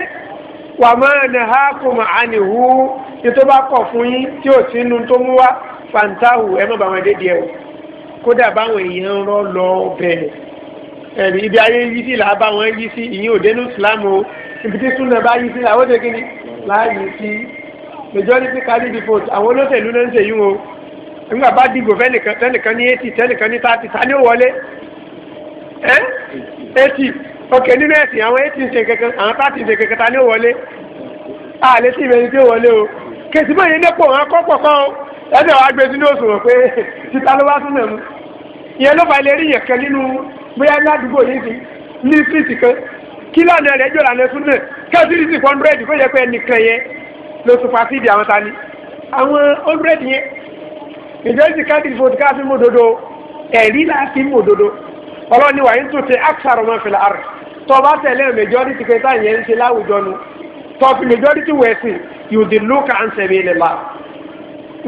wà máa nà ha kò mà á nì hu ní tó bá kọ̀ fún yín tí ò sí nu tó mú wá fantahu ẹ má bà wọn dé díẹ̀ o kódà báwọn èèyàn ń rọ lọ bẹ̀rẹ̀ ẹ̀rí ibi ayé yí sí làá bá yí sí ìyín òdenu islam o ibi tí súnà bá yí sí làwọn tẹ ni làá yí sí majority carry the vote àwọn olóṣèlú náà ń ṣe yín o nígbà bá dìbò fẹ́nìkan ní eighty tẹ́nìkan ní thirty ta ni ó wọlé ẹ́ eighty ọkẹ nínú ẹ̀sìn àwọn eighteen ṣe kankan àwọn thirteen ṣe kankan ta ni ó wọlé àlè sí ìbẹ̀yìn tí ó wọlé o kèsì bóyá ilé pò wọn kọ́ pọ̀ kan o ẹ̀sẹ̀ wàá gbé sínú òṣùwọ̀n pé títa ló wá sún náà mu ìyẹn ló fa ilé rí yẹn kan nínú bóyá ládùúgbò yìí sí ní street kan kí lánàá rẹ̀ jọ̀rọ̀ àná sún náà kẹ́sìrì sí hundred kó yẹ pé ẹnìkan yẹn ló super seed àwọn ta ni àwọn hundred yẹn ìjọ́sìn káàkiri fún ká fi mú dodo ẹ̀rí láti mú dodo ọlọ́ni wàá ń tún ṣe àkṣàrọ̀ mọ́ fìlà àrùn tọba tẹ̀lé majority kẹta yẹn ń ṣe láwùjọ nu tọ́pì majority wẹ̀sìn yóò di lóka à ń sẹ̀mí ilẹ̀ la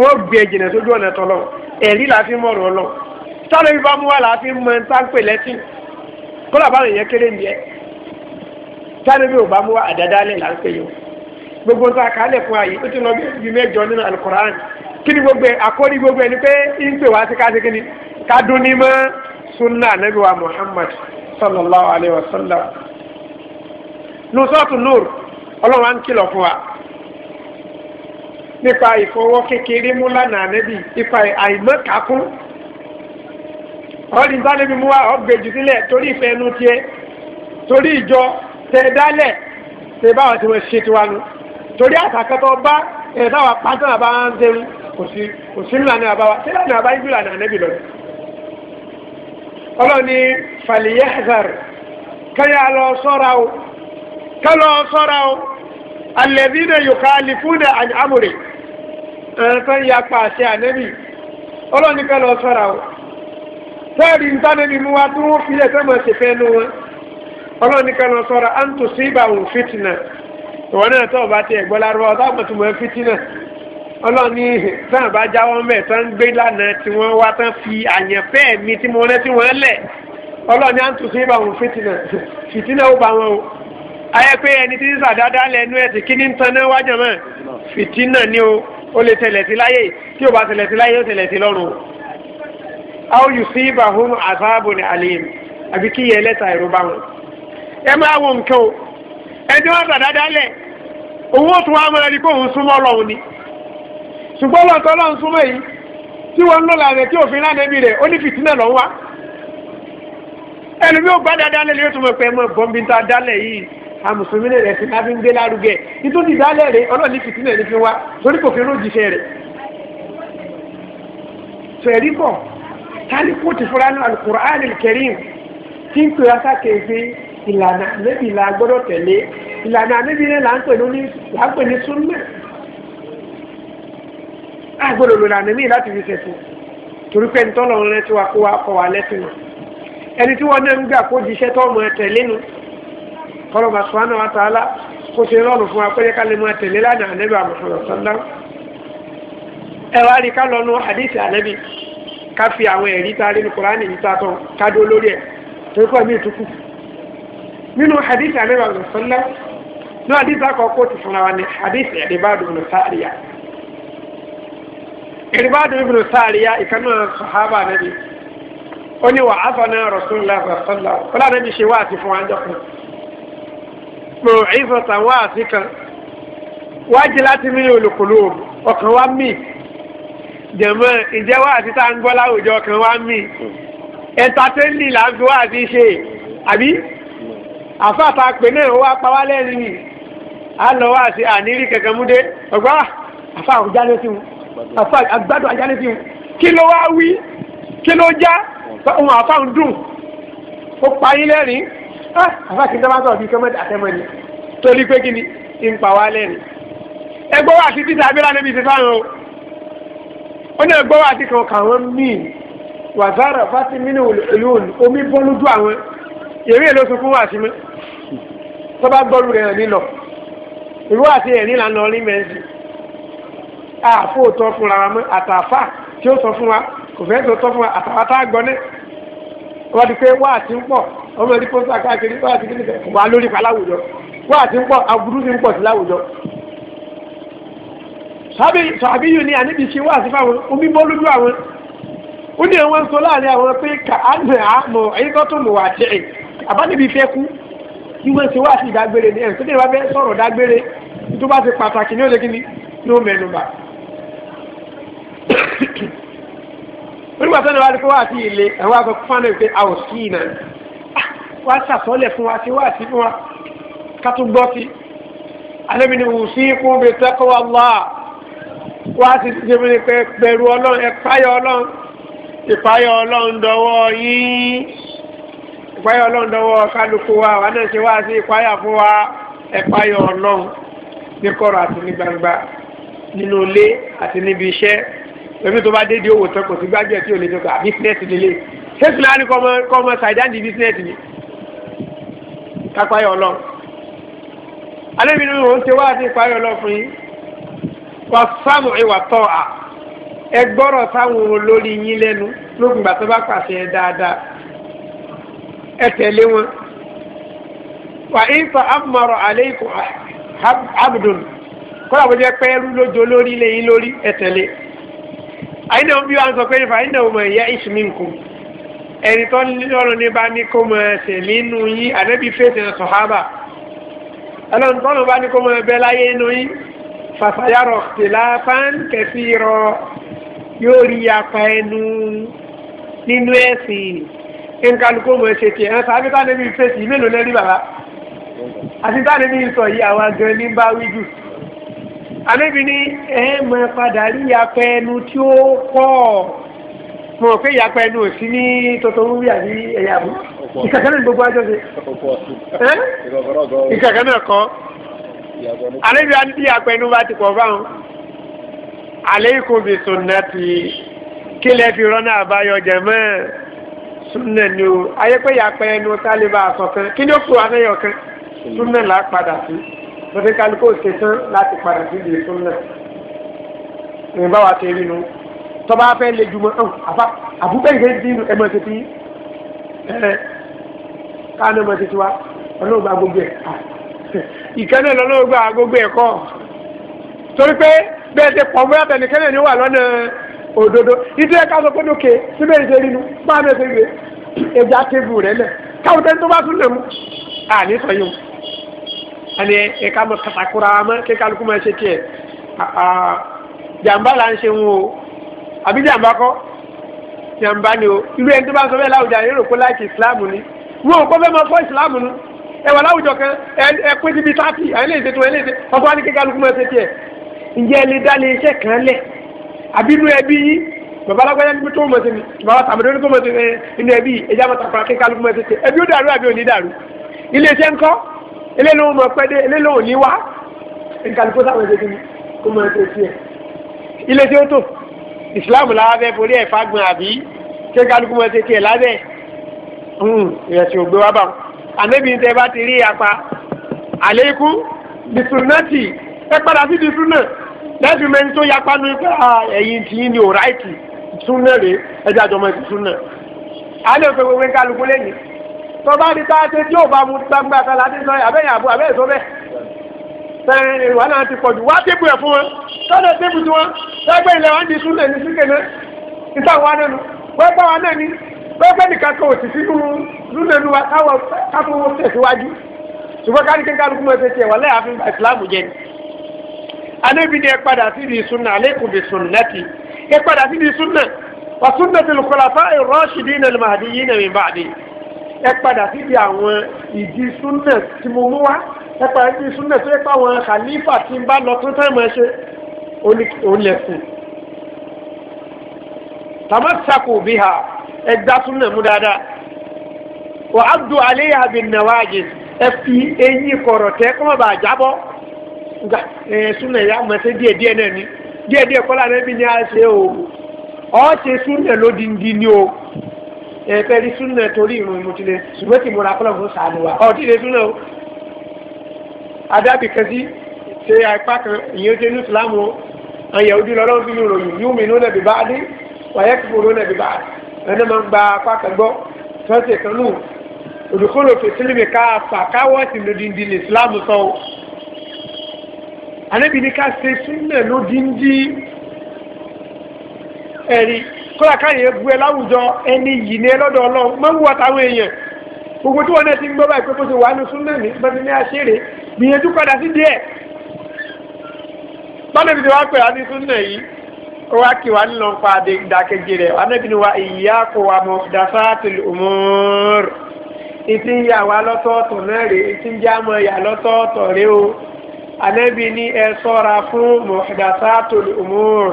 wọ́n gbé jìnnà sójú ọ̀nà tọ́lọ̀ ẹ̀rí la fi mọ̀rọ̀ lọ sáré bí bá mú wa la fi mọ táǹpé lẹ́sìn kọ́lá bá yẹn kéré ń yẹ sáré bí ò bá mú wa àdádálẹ̀ là ń pè yọ gbogbo nǹkan àkàálẹ̀ fún ayé ó ti lọ bí ibi mẹ́jọ nínú alukoran kí ni gbogbo ẹ̀ àkórí gbogbo ẹ̀ ni pé ń pè wá sí ká sí kí ni ká dún ní mọ́ sunna anabi wa Muhammad sallallahu alayhi wa sallam nusratu nur ọlọ́run á ń kìlọ̀ fún wa nípa ìfọwọ́ kékeré mú lánàá nẹ́bí nípa àìmọ́kàkún ọ̀rìn tánẹ́bí mú wa ọ̀gbẹ́jù sílẹ̀ torí ìfẹ́ ẹnu tiẹ̀ torí ìjọ tẹ̀ dálẹ̀ tẹ̀ báwọn tí wọ́n ṣe tiwa nu torí àtàkẹ́tọ̀ bá ẹ̀ táwọn pátánà bá ọlọ́ni faliyahzar kẹ́yà lọ sọ́ra o kẹ́ lọ sọ́ra o alladhina yukhalifuna an amri ẹ̀ẹ́tọ́ ya pa àṣẹ ànẹ́bì ọlọ́ni kẹ́ lọ sọ́ra o tẹ́ẹ̀rì ń tánẹ́bì mú wa tí wọ́n fi ẹ̀sẹ̀ mọ̀ ṣe fẹ́ nu wọn ọlọ́ni kẹ́ lọ sọ́ra an tusibahum fitna ìwọ náà tó o bá tiẹ̀ gbọ́ lárúbáwá táwọn tó mọ̀ fitinà ọlọ́ni tán bá jáwọ́ mẹ́ tán gbé lánàá tí wọ́n wá tán fi àyànfẹ́ mi tí mo rántí wọn lẹ̀ ọlọ́ni à ń tún sí ibà wọn fìtìnà fìtìnà ó bá wọn o ayẹ pé ẹni tí sísà dáadáa lẹnu ẹ̀ tí kí ní tan náà wájà mọ́ fìtìnà ni o ó lè tẹ̀lẹ̀ sí láyé tí ò bá tẹ̀lẹ̀ sí láyé ó tẹ̀lẹ̀ sí lọ́run o. a ó yù sí ibà hún àzáàbò ní àlèyìn àbí kí yẹ lẹ́ta ẹ̀rọ bá wọn. ẹ máa wọ nǹkan o ẹni tí wọ́n sà dáadáa lẹ̀ òun ó tún wá mọ́ ẹni pé òun súnmọ́ Ọlọ́run ni ṣùgbọ́n lọ́tọ́ lọ́n súnmọ́ yìí tí wọ́n ń lọ́la rẹ̀ tí òfin láde bí rẹ̀ ó ní fìtínà lọ́n wá ẹlòmí ò gbá dáadáa lẹ́lẹ́ yóò tún mọ̀ pé ẹmọ bọ́m̀bì ta dálẹ̀ yìí àmùsùlùmí lè rẹ̀ sí náà fi ń gbé lárugẹ nítorí dálẹ̀ rẹ̀ ọlọ́ọ̀ni fìtínà ní fi wá torí kò fi rójìṣẹ́ rẹ̀ tẹ̀rí bọ̀ tani kó ti fúra náà alukur'an kẹrin tí ń pè wáṣà kéèké ìlànà níbi ìlà gbọ́dọ̀ tẹ̀lé ìlànà níbi ilẹ̀ là ń pè ní súnmẹ́ àgbọ̀dọ̀ lò lànà míì láti fi ṣẹ̀tù torí pé ẹni tọ́lọ̀ rẹ ti wà kó wa kọ̀ wá lẹ́sìn mọ́ ẹni tí wọ́n náà ń gbà kó jíṣẹ́ tọ́ọ̀mù ẹ tẹ̀lé nu kọlọ́mà sùnánà wa tààlà kó ṣe rọrùn fún wa pé ká lè máa tẹ̀lé lánàá ànẹ́bí àmọ̀sọ̀rọ̀ sọ́lá ẹ wá rí ká lọ́nu àdìsí ànẹ́bí ká fi àwọn ẹ̀rí tá a rí ní kùránì yìí tá a tán ká dó lórí ẹ̀ torí pé mi ìtukù nínú àdìsí ànẹ́bí àmọ̀sọ̀rọ̀ sọ́lá ní àdìsí àkọ́kọ́ ti fúnra wa ní àdìsí ìrìbádùn ibùdó sáàríyá ìkànnà sọ̀hábà nẹ́bí ó ní wà áfọ̀nà rasulullah rasulullah kọ́lá nẹ́bí ṣe wá àti fún àjọ kan mo ìfọ̀tà wá àti kan wájú láti mí olùkòló ọkàn wá mí jẹ̀mọ́ ìjẹ́ wá àti tá à ń gbọ́ láwùjọ ọkàn wá mí ẹ̀ńtátẹ́ńlì là ń fi wá àti ṣe àbí àfáàtà pè náà wá pa wá lẹ́rìn-ín àlọ́ wá àti àníírí kankan múdé ọgbà àfáà kò jáde sí wọn àfa àgbàdo àjálẹ̀ fi hàn kí ló wá wí kí ló já òun àfa ń dùn ó pa yín lẹ́rìn ah, àfa kì í sábà sọ̀rọ̀ bí kẹ́mẹ́tì àtẹ́mọ́ ni torí pé kí ni ń pa wá lẹ́rìn ẹgbẹ́ wa àti títà abẹ́rẹ́ níbi ti fáwọn o ó ní ẹgbẹ́ wa àti kan kà wọ́n míì wàzára fásitì mínú olóòlù omi bọ́ lójú àwọn èrè ló sọ fún wa sí mi tó bá gbọ́rù rẹ̀ hàn nílọ ìlú àti ẹ̀rín là ń lọ àfó tọ́ fúnra wa mọ́ àtàfà tí ó sọ fún wa kò fẹ́ tó tọ́ fún wa àtàwà tá a gbọ́ ní. wọ́n ti pé wá àti ń pọ̀ ọmọ ẹni pósítà káàkiri wá àti kíni kò wá lórí pa láwùjọ wá àti ń pọ̀ aburú ti ń pọ̀ sí láwùjọ. sàbíyù ni àníbi ṣe wá sí fáwọn omi bọ́ lójú àwọn ó ní àwọn sọ láàrin àwọn pé kà á nà á mọ ẹyíkọ́ tó mọ̀ wá tẹ̀ àbánibí fẹ́ kú bí wọ́n ṣe wá sí ìdágbére ní ẹ̀ tó dé wá bẹ́ sọ̀rọ̀ dágbére tó bá ti pàtàkì ní òde kíni ló mẹ́nu bá onígbà tó ní wàá di pé wàá sí ilé àwọn akọkọ fún àwọn pé a ò sí iná wàá sàtọ́lẹ̀ fún wa sí wàá sí fún wa ká tún gbọ́ sí alẹ́mi ni wùsí kún bí tẹ́kọ̀ wà wá wàá sì ti jẹ́mi ni pé bẹ̀rù ọlọ́run ẹ̀páyọ̀ ọlọ́run ìpáyọ̀ ọlọ́run dọwọ́ yín ìpáyọ̀ ọlọ́run dọwọ́ kálukú wa wà náà ṣe wá sí ìpáyà fún wa ẹ̀páyọ̀ ọlọ́run ní kọ̀rọ̀ àti ní gbangba nínú ilé àti níbi iṣẹ́ èmi tó bá dé di owó tán kò sí gbájú ẹ̀ tí ò lè dọ́gba bísínẹ́sì lélẹ̀ ṣéṣù láàrin kọ́ ọmọ kọ́ ọmọ sàìdáǹdì bísínẹ́sì ni kápáyọ̀ ọlọ́run alẹ́mi ni òun ṣe wá sí ìpáyọ̀ ọlọ́run fún yín wà sáàmù ìwà tọ́ à ẹ gbọ́rọ̀ sáwọn olórí yín lẹ́nu lókùngbà tó bá pàṣẹ dáadáa ẹ tẹ̀lé wọn wà ìfà àmọ̀rọ̀ àlẹ́ ìkọ̀ abdul kọ́lá bó jẹ́ pẹ́ẹ́rú lójó lórí lẹ́yìn lórí ẹ tẹ̀lé àyínà bí wàá sọ pé nípa àyínà ọmọ ìyá ìṣmínkù ẹni tó lọ́rùn ní bá ní kó mọ ẹsẹ̀ nínú yín ànábì fèsì ẹ̀ sọ̀hábà ẹlọ́run tó lọ́rùn bá ní kó mọ ẹbẹ láyé nínú yín fàfàyàrọ̀ tìlá fáńkẹ́sì rọ yóò rí apá ẹnu nínú ẹ̀sìn nkaluko mọ̀ ẹsẹ̀ tiẹ̀ ẹ̀ sábẹ́ tá ànábì fèsì mélòó lẹ́rí bàbá àti tá ànábì sọ yìí àwa gan ní bá wíjù àlébi ní ẹ mọ padà rí yapẹ ẹnu tí ó pọ̀ mo rò pé yapẹ ẹnu ò sí ní tòtòrú bí àbí ẹ̀yà bú ìkàkẹ́ náà gbogbo àjọ ṣe ìkàkẹ́ náà kọ́ àlébi àti bí yapẹ ẹnu bá ti pọ̀ báwọn aleikum bi sunnati kílẹ̀ fi rọ́nà àbáyọ jẹ̀mọ́ sunna ni o ayé pé yàpẹ́ ẹnu tálíbà àsọ̀kan kí ni ó kú anáyọ̀ kan sunna là á padà sí lọ́fẹ́ kálukó ṣe tán láti padà sí ilé fún náà ìrìn bá wa ṣe rí nu tọ́ba fẹ́ lè jùmọ̀ hàn àbá àbúgbẹ́ ìgbẹ́ dínú ẹ̀mọ́ ti fi ẹ̀ káàánú ẹ̀mọ́ ti ti wa ọlọ́run gba gbogbo ẹ̀ ìkẹ́nà lọ́lọ́run gba gbogbo ẹ̀ kọ́ torí pé bẹ́ẹ̀ ṣe pọ̀ bóyá tẹnikẹ́nà ni wà lọ́nà òdodo ìdí ẹ̀ka sọ pé lókè síbẹ̀ ìṣe rí nu bá mi ṣe rí ẹja tébù rẹ̀ lẹ̀ káwọn tẹ́ni tó bá tún lè mú àní sọ yìí ẹni ẹka e mọ katakura mọ kí kálukú máa ṣe tiẹ̀ jàǹbá là ń ṣe ń wo àbí jamba kọ́ jàǹbá ni o irú ẹni tó bá ń sọ bẹ́ẹ̀ láwùjọ àyè e rò kó láìkì ìsìláàmù ni wọn ò kọ́ fẹ́ máa fọ́ ìsìláàmù nu ẹ e wà láwùjọ kan ẹ pé síbi táàtì àyè lè ṣe tó ẹ lè ṣe ọkọ wa ní kí kálukú máa ṣe tiẹ̀ ǹjẹ́ ẹ lè dá lè iṣẹ́ kan lẹ̀ àbí inú ẹbí yìí bàbá alágbájá níbi tó mọ̀ sí ni bàbá tàbí tó mọ̀ sí ni inú ẹbí ìjà mọ̀ tàkùrà kí kálukú máa ṣe tiẹ̀ ẹbí ó dàrú àbí ò ní dàrú ilé iṣẹ́ ńkọ́ eléyìí ló mọ̀ pẹ́ dé eléyìí ló ní wá ìkàlùkù sáwọn ẹgbẹ́ kìíní kó mọ̀ ẹgbẹ́ tiẹ̀. ilé tí ó tò Islam lábẹ́ borí ẹ̀fà gbọ̀n àbí ṣé kálukú mọ̀ ẹgbẹ́ tiẹ̀ lábẹ́ ìrẹsì ògbé wa bá wọn. ànábì ń tẹ bá ti rí apá àlékú bisunati ẹ padà sí bisunna lẹ́sìn mẹ́ni tó yapa ní pé ah, ẹ̀yìn tì í ni ò ráìtì sunna rè é ẹjẹ́ àjọmọ́ ìsúná. àlẹ́ òfin gbogbo kálukú lẹ́yìn tọba ní tá a ṣe tí ò bá mu gbangba kala ní sọ abẹ́yìn àbú abẹ́yìn sọ bẹ́ẹ̀ sẹ́yìn ìwà náà ti pọ̀jù wá tébù ẹ̀ fún wọn tọ́lá tébù tí wọn sẹ́gbẹ́ ilẹ̀ wọn di súnlẹ̀ ní síkè náà níta wa nánu wẹ́gbẹ́ wa náà ni wẹ́gbẹ́ nìkan kan ò sì sínú lúlẹ̀ nu wa káwọ káfọ́ wọn tẹ̀síwájú ṣùgbọ́n ká ní kí n kálukú mọ̀ tẹ̀síwájú wà lẹ́yìn àfihàn ìsìlámù jẹ ni. anábì ni ẹ padà sí di sunna alaykum bi sunnati ẹ padà sí di sunna wa sunnatil khulafa'i ar-rashidin al-mahdiyyin min ba'di ẹ padà síbi àwọn ìdí súnà tí mo mú wá ẹ padà síbi súnà tó yẹ pé àwọn khalifa tí ń bá lọ tún tẹ́ mọ̀ ṣe olẹ́sìn. tamasaku biha ẹgbà súnà mú dáadáa wà á dùn àléyà bin nawajis ẹ fi eyín kọ̀rọ̀ tẹ́ kọ́ mọ̀ bá jábọ́ súnà yà mọ̀ ṣe díẹ̀ díẹ̀ náà ni díẹ̀ díẹ̀ kọ́lá náà bí ní a o ọ́ ṣe súnà lódindi o ẹ̀ẹ́fẹ́ rí súnà torí ìrun ìmùtìlẹ̀ ṣùgbọ́n tí mo ra kọ́lọ̀ fún sàánù wa ọ̀dí lè súnà o adábì kan sí ṣe apá kan ìyẹn tó ní ìsìlámù àyẹ̀ ojú lọ́lọ́ fi ròyìn yóò mi lónà bíbá dé wàyẹ́ kí kúrò lónà bíbá ẹni máa ń gba apá kan gbọ́ tọ́sẹ̀ kan nù òdùkúrò fèsìlìmì káàfà káwọ́ọ̀tì lòdìndì lè ìsìlámù sọ o anábì ní ká ṣe súnà lòdìndì ẹ̀rí kódà káyọ̀ ebu ẹ láwùjọ ẹni yìí ní ẹ lọ́dọ̀ ọlọ́run máa ń wù àtàwọn èèyàn gbogbo tí wọn náà ti ń gbọ́ báyìí pé bó ṣe wà ní súnmọ́ mi bá ti ní àṣírí gbìyànjú padà sí díẹ̀ bọ́lá mi ti wá pè á ní súnmọ́ yìí ó wá kí wa nílò ń pa àdédákejì rẹ̀ anábì ni wa ìyá kò wà mọ̀ dafatil umur ìtì ń yà wá lọ́tọ̀ọ̀tọ̀ náà rè ìtì ń já mọ̀ yà lọ́tọ̀ọ̀tọ̀ rè o anábì ni ẹ sọ́ra fún mọ̀ dafatil umur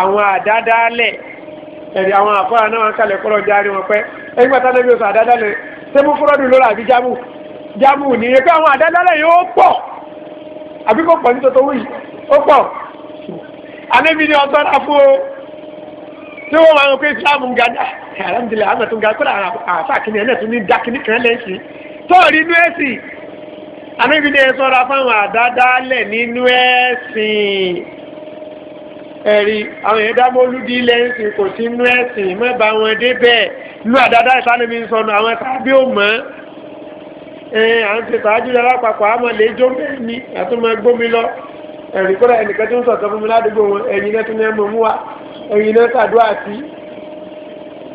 àwọn àdádálẹ̀ ẹ̀rí àwọn àfọ́ra náà wọn kálẹ̀ kọ́lọ̀ járe wọn pẹ́ ẹgbẹ́ tá lẹ́bi oṣù àdádálẹ̀ ṣé mú fúrọ́dù lóra àbí jámù jámù nìyẹn pé àwọn àdádálẹ̀ yóò pọ̀ àbí kò pọ̀ nítorí wí ó pọ̀ àlébi ni ọtọ́ náà fún o tí wọ́n máa ń pè islam ń ga alhamdulillah àwọn tó ń ga kódà àfa kìíní ẹ̀ náà tún ní dákìíní kan lẹ́sìn tóòrí inú ẹ̀sìn àlébi ni ẹ̀ ẹ̀rí àwọn èèyàn dámọ́lúdí ilẹ̀ ń sìn kò sí inú ẹ̀sìn mẹ́ba wọn dé bẹ́ẹ̀ inú àdáadáa ìsánimí ń sọnù àwọn tábí ò mọ́ ẹ̀ẹ́n à ń ṣe tàájú lọ lápapọ̀ àmọ́ lè jó bẹ́ẹ̀ ni àtúmọ̀ gbómi lọ ẹ̀rí kódà ẹnìkan tó ń sọ̀tọ̀ fún mi ládùúgbò wọn ẹ̀yin náà tún ní ẹ̀mọ̀ mú wa ẹ̀yin náà ṣàdúrà sí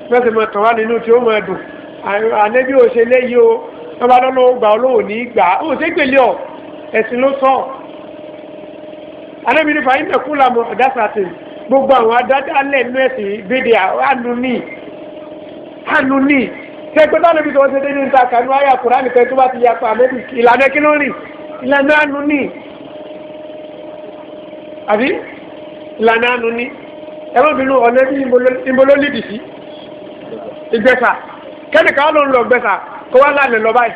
mẹ́sì mọ̀ tàn wá nínú tí ó mọ̀ dùn ànẹ́bí ò ṣe léyìí o wọ́n bá lọ́nà ó gbà ó lóò ní gbà ó ṣe gbèlè ọ̀ ẹ̀sìn ló sọ̀ọ́ anábì nípa iná kula mọ ọ̀dásàtì gbogbo àwọn adájọ́ alẹ́ inú ẹ̀sìn gbèdè ànúní ànúní tẹ́gbẹ́ bá lóbi tó wọ́n ṣe dé ní níta kanú ayé àkùrá nìkan tó bá ti yapa àmẹ́bí ìlànà kí ló rìn ìlànà ànúní àbí ìlànà ànúní ẹlọ́bìnrin ọ̀nà bí ìmọ̀lọ́ lídìí sí ìgbẹ́sà kẹ́nìkan ló ń lọ ìgbẹ́sà kó wá lálẹ́ lọ báyìí.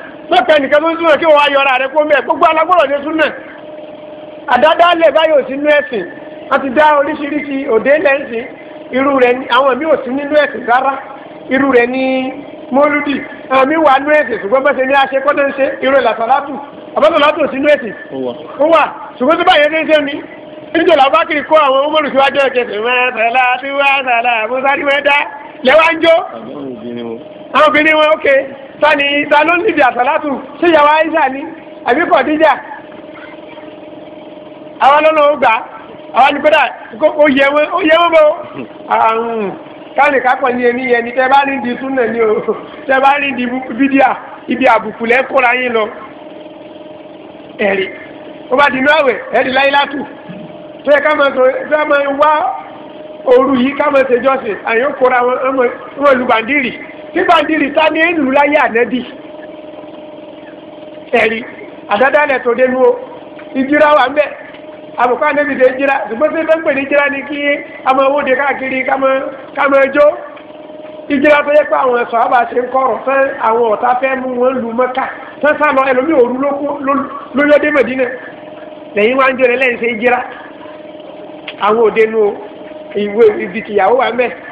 mẹ́kàn nìkan ló ń súnà kí wọ́n wá yọra rẹ kó mẹ́ gbogbo alágbọ́rọ̀ ní súnà àdáda lẹ̀ báyìí ò sí nú ẹ̀sìn wọ́n ti dá oríṣiríṣi òde lẹ́sìn irú rẹ̀ ni àwọn mi ò sí nínú ẹ̀sìn rárá irú rẹ̀ ni mọ́lúdì àwọn mi wà nú ẹ̀sìn ṣùgbọ́n bẹ́sẹ̀ ní aṣẹ kọ́tọ́ ń ṣe irú ẹ̀ làtàlátù àbọ̀tàlátù ò sí nú ẹ̀sìn ó wà ṣùgbọ́n tó báyìí ẹ̀ ń ṣe mi níjọ làbá kiri kó àwọn ọmọdé síwájú ẹ̀kẹ́ tẹ̀wé sàlá tí wá sàlá àbúsárì mẹ́ta lẹ́wà ń jó àwọn obìnrin wọn ok Tani, ta ló ń dìde àsálàtù ṣé ìyàwó aisha ni àbí kọ̀díjà àwọn lọ́nà ó gbà àwọn alùpùpù ó yẹ wọn ó yẹ wọn bọ́ káàlì kápọ̀ ní ẹni yẹn ni tẹ́ bá ní di súnà ni o tẹ́ bá ní di bídíà ibi àbùkù lẹ́kọ́ra yín lọ ẹ̀rí ó bá dinú àwẹ̀ ẹ̀rí láyélátù tó yẹ ká máa sọ tó yẹ máa wá òru yìí ká máa ṣèjọ́sìn àyàn kóra wọn ọmọ olùbàdìrì sígbàndìrì ta ní ìlú láyé ànẹ́bí ẹ̀rí àdádálẹ̀ tó dénú o ìjírá wà ń bẹ̀ àbùkù ànẹ́bí tó ìjírá ṣùgbọ́n tí wọ́n pè ní ìjírá ni kí àmọ́ owó de káàkiri kámọ́ ẹjọ́ ìjírá tó yẹ pé àwọn ẹ̀sọ́ àbá ṣe ń kọ̀rọ̀ fẹ́ àwọn ọ̀tá fẹ́ mú wọn lù mọ́kà tán sá lọ ẹlòmíì òru lóyọ́dé mẹ̀dínà lẹ́yìn wá ń jẹ́ lẹ́yìn ṣe ìjírá àwọn òdenu ìwé ibi tìyàwó wa mẹ́ẹ̀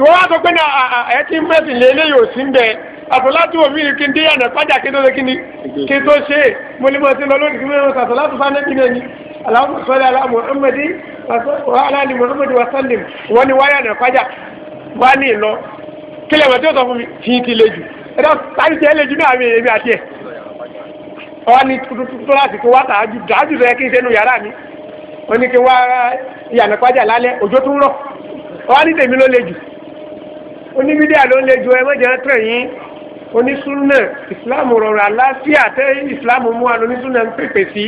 tí wọ́n wá sọ pé ah, ah, ẹ ti mẹ́sìn lé eléyìí ò sí ń bẹ àtọ̀látù omi kí n déyànà pàjá kí n tó ṣe kí ni kí n tó ṣe é mo ní mo ti lọ lónìí kí n tó sàtọ̀látù bá nẹ́bí náà ni aláwọ̀ sọ́lá aláwọ̀ ọmọdé wa aláàlì muhammadu wa sallim wọ́n ní wáyà náà pàjá wá ní ìlọ kí lè mọ̀ tí ó sọ fún mi tí ti le jù ẹ dá láti tẹ́ le jù náà mi èmi àti ẹ̀ ọwọ́ ní tuntun láti wá tàájú dájú rẹ kí n ṣe nu yàrá mi wọ́n ní kí wá ìyànà pàjá lálẹ́ òjò tún rọ̀ ọwọ́ ní tèmi ló le jù oníbídíà ló ń le ju ẹmọ́jẹ́ tẹ̀ yín onísúnà ìsìláàmù rọrùn àlàáfíà tẹ́ ìsìláàmù mú àwọn onísúnà ń pèpè sí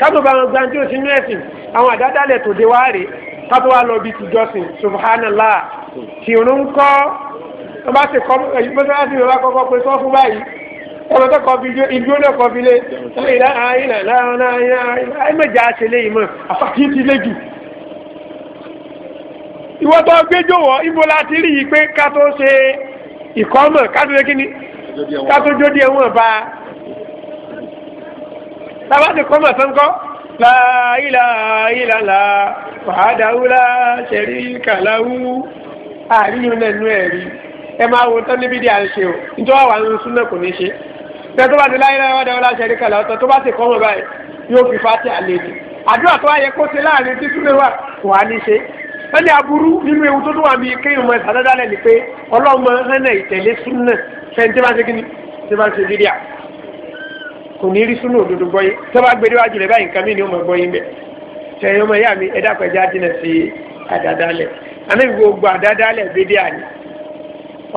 kábò bá wọn gbáǹtí òsì inú ẹ̀sìn àwọn àdádálẹ̀ tòde wá rè kábò wá lọ bí tìjọsìn subhanallah tí òun ń kọ́ wọ́n bá ti kọ́ mọ́sálásí mi bá kọ́kọ́ pé sọ́ọ́ fún báyìí ẹ̀rọ tó kọ́ fi ibi ó náà kọ́ fi lé ẹ̀yìn láàárín láàárín láàárín láàárín ìwọ tó gbé jọ̀wọ́ ibo la ti rí i pé ká tó ṣe ìkọ́mọ̀ ká tó ṣe kí ni ká tó jó díẹ̀ wọ́n bá a. tábà ti kọ́mọ̀ sánkọ́ la ilaha illallah wahdahu la sharika lahu àríyìn náà nú ẹ̀rí ẹ máa wo tán níbi díẹ̀ à ń o nítorí àwọn àwọn sunna kò ní ṣe tẹ tó bá ti la ilaha wahdahu la sharika lahu ọ̀tọ̀ tó bá ti kọ́mọ̀ báyìí yóò fi fàtí àlejò àdúrà tó wáyé kó ṣe láàrin títúndé wà kò wá ní ṣe wọ́n ní aburú nínú ewu tó tún wà bíi kéèyàn mọ ẹ̀sà dáadáa lẹ́nu pé ọlọ́mọ hánà ìtẹ̀lé súnà fẹ́ni tí bá ṣe kíni tí bá ṣe bídíà kò ní rí súnà òdodo gbọ́yé tó bá gbé déwájú rẹ̀ báyìí nǹkan mí ni ó mọ̀ gbọ́yé mbẹ́ sẹ́yìn ọmọ ìyá mi ẹ̀dá pẹ̀já dínà sí àdáadáa lẹ̀ àná gbogbo àdáadáa lẹ̀ bídíà ni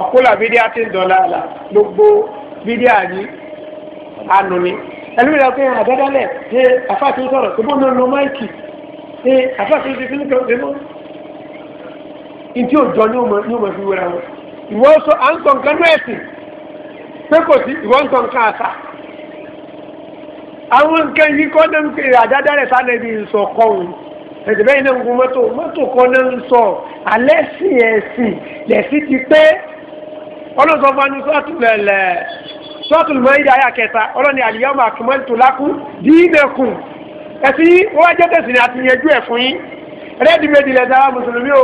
ọ̀kúlà bídíà ti ń dọ̀la àlà gbogbo bídíà ni ànú ni ẹlòmíràn pé àdáadáa lẹ̀ ṣe àfáàtì sọ̀rọ̀ tó bọ́ ntí òjọ ní òmò fi wéra wọn ìwọ sọ à ń sọ nǹkan ní ẹ̀sìn pé kò sí ìwọ ń sọ nǹkan àṣà àwọn nǹkan yìí kọ́ náà ń pè àdáda rẹ̀ sáré bí nsọ kọ́ òun ẹ̀sìn bẹ́ẹ̀ náà ń gun mọ́tò mọ́tò kọ́ náà ń sọ alẹ́ sìn ẹ̀sìn lẹ̀sìn ti pé ọlọ́sọ fún anú sọ́ọ̀tù lẹ̀lẹ̀ sọ́ọ̀tù lùmọ́ìdá ayà kẹta ọlọ́ni àlìyáwó àkùmọ́ntò lákú dìídẹ̀kùn ẹ̀sìn wọ́n wá jẹ́ tẹ̀sìn àti yẹjú ẹ̀ yín rẹ́ẹ̀dì méjì àwọn mùsùlùmí o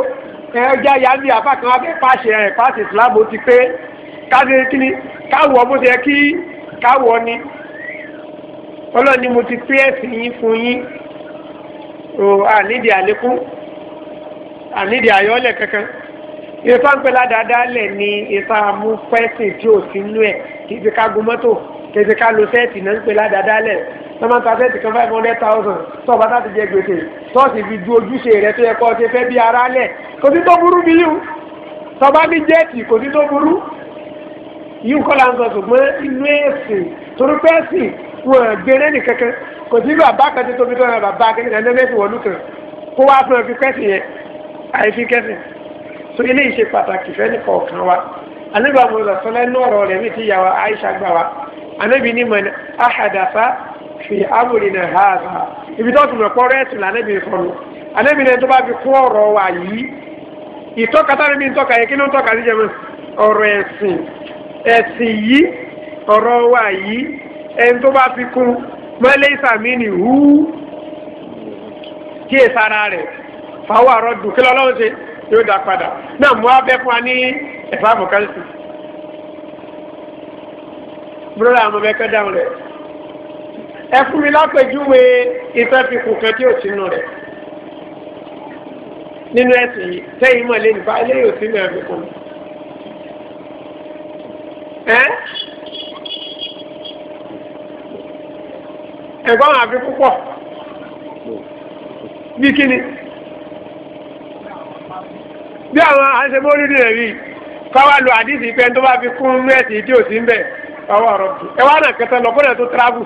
ẹ̀ẹ́dá yáàbí apá kan wá fẹ́ pàṣẹ ẹ̀ pàṣẹ ìsìlámù ti pé káṣe kíni káwọ̀ bó ṣe kí káwọ̀ ni ọlọ́ni mo ti pé ẹ̀sìn yín fún yín o ànídìí àlékún ànídìí àyọ́lẹ̀ kankan ìfá ń pẹ́lá dáadáa lẹ̀ ni ìfá mú pẹ́sìn tí ò sínú ẹ̀ kì í ti ká gun mọ́tò kì í ti ká lo sẹ́ẹ̀tì náà ń pẹ́lá dáadáa lẹ̀ tọ́mọ ta sẹ́ẹ̀tì kan five hundred thousand tọ́ọ̀bá tá ti jẹ gbèsè tọ́ọ̀sì fi du ojúṣe rẹ tó yẹ kọ́ ṣe fẹ́ bí ara lẹ̀ kò sí tó burú bí yìí tọ́ba ní jẹ́ẹ̀tì kò sí tó burú yìí kọ́ la ń sọ ṣùgbọ́n inú ẹ̀sìn torí pé ẹ̀sìn wọn gbẹrẹ nìkankan kò sí bàbá kan tó tóbi tó yẹ bàbá akẹ́kẹ́ náà nẹ́ẹ̀sì wọ̀lú kan kó wá fún ẹ fi kẹ́sìn yẹn àìfi kẹ́sìn so eléyìí ṣe pàtàkì fẹ́ nípa ọ̀kan wa anábì àmọ́ ìlọsọ́lẹ́ ní ọ̀rọ̀ rẹ̀ mi ti yà wá Aisha gbà wá anábì ní mọ̀ ní ahadasa fi amúrinà hàdà ibi tó tún lọ́pọ̀ rẹ́ẹ̀sì lànàbí ìfọ̀nù ànàbí náà tó bá fi kún ọ̀rọ̀ wa yìí ìtọ́ka táwọn mi ń tọ́ka yẹ kí ló ń tọ́ka sí jẹun ọ̀rọ̀ ẹ̀sìn ẹ̀sìn yìí ọ̀rọ̀ wa yìí ẹni tó bá fi kún mọ́lẹ́ ìsàmínì hú kí èsì ara rẹ̀ fàwọ́ àrọ́ dùn kí lọ́lọ́run ṣe yóò dá padà náà mú abẹ́ wa ní ẹ̀fà àmọ̀kánsì bùrọ̀dà àmọ̀bẹ́kẹ́ dáhùn rẹ̀ ẹ fún mi lápèjúwe ìfẹ́ fi kù kan tí ò sínú rẹ̀ nínú ẹ̀sìn yìí sẹ́yìn mọ̀ lé nípa eléyìí ò sínú ẹ̀fẹ́ kù. ẹ̀gbọ́n máa fi púpọ̀ bí kíni bí àwọn àṣemọ́lùdì rẹ̀ rí káwá lu àdìsí pé tó bá fi kún mẹ́ẹ̀sì tí ò sí ń bẹ̀ ọwọ́ ọ̀rọ̀ ẹ wá nà kẹta lọ́kùnrin tó travel.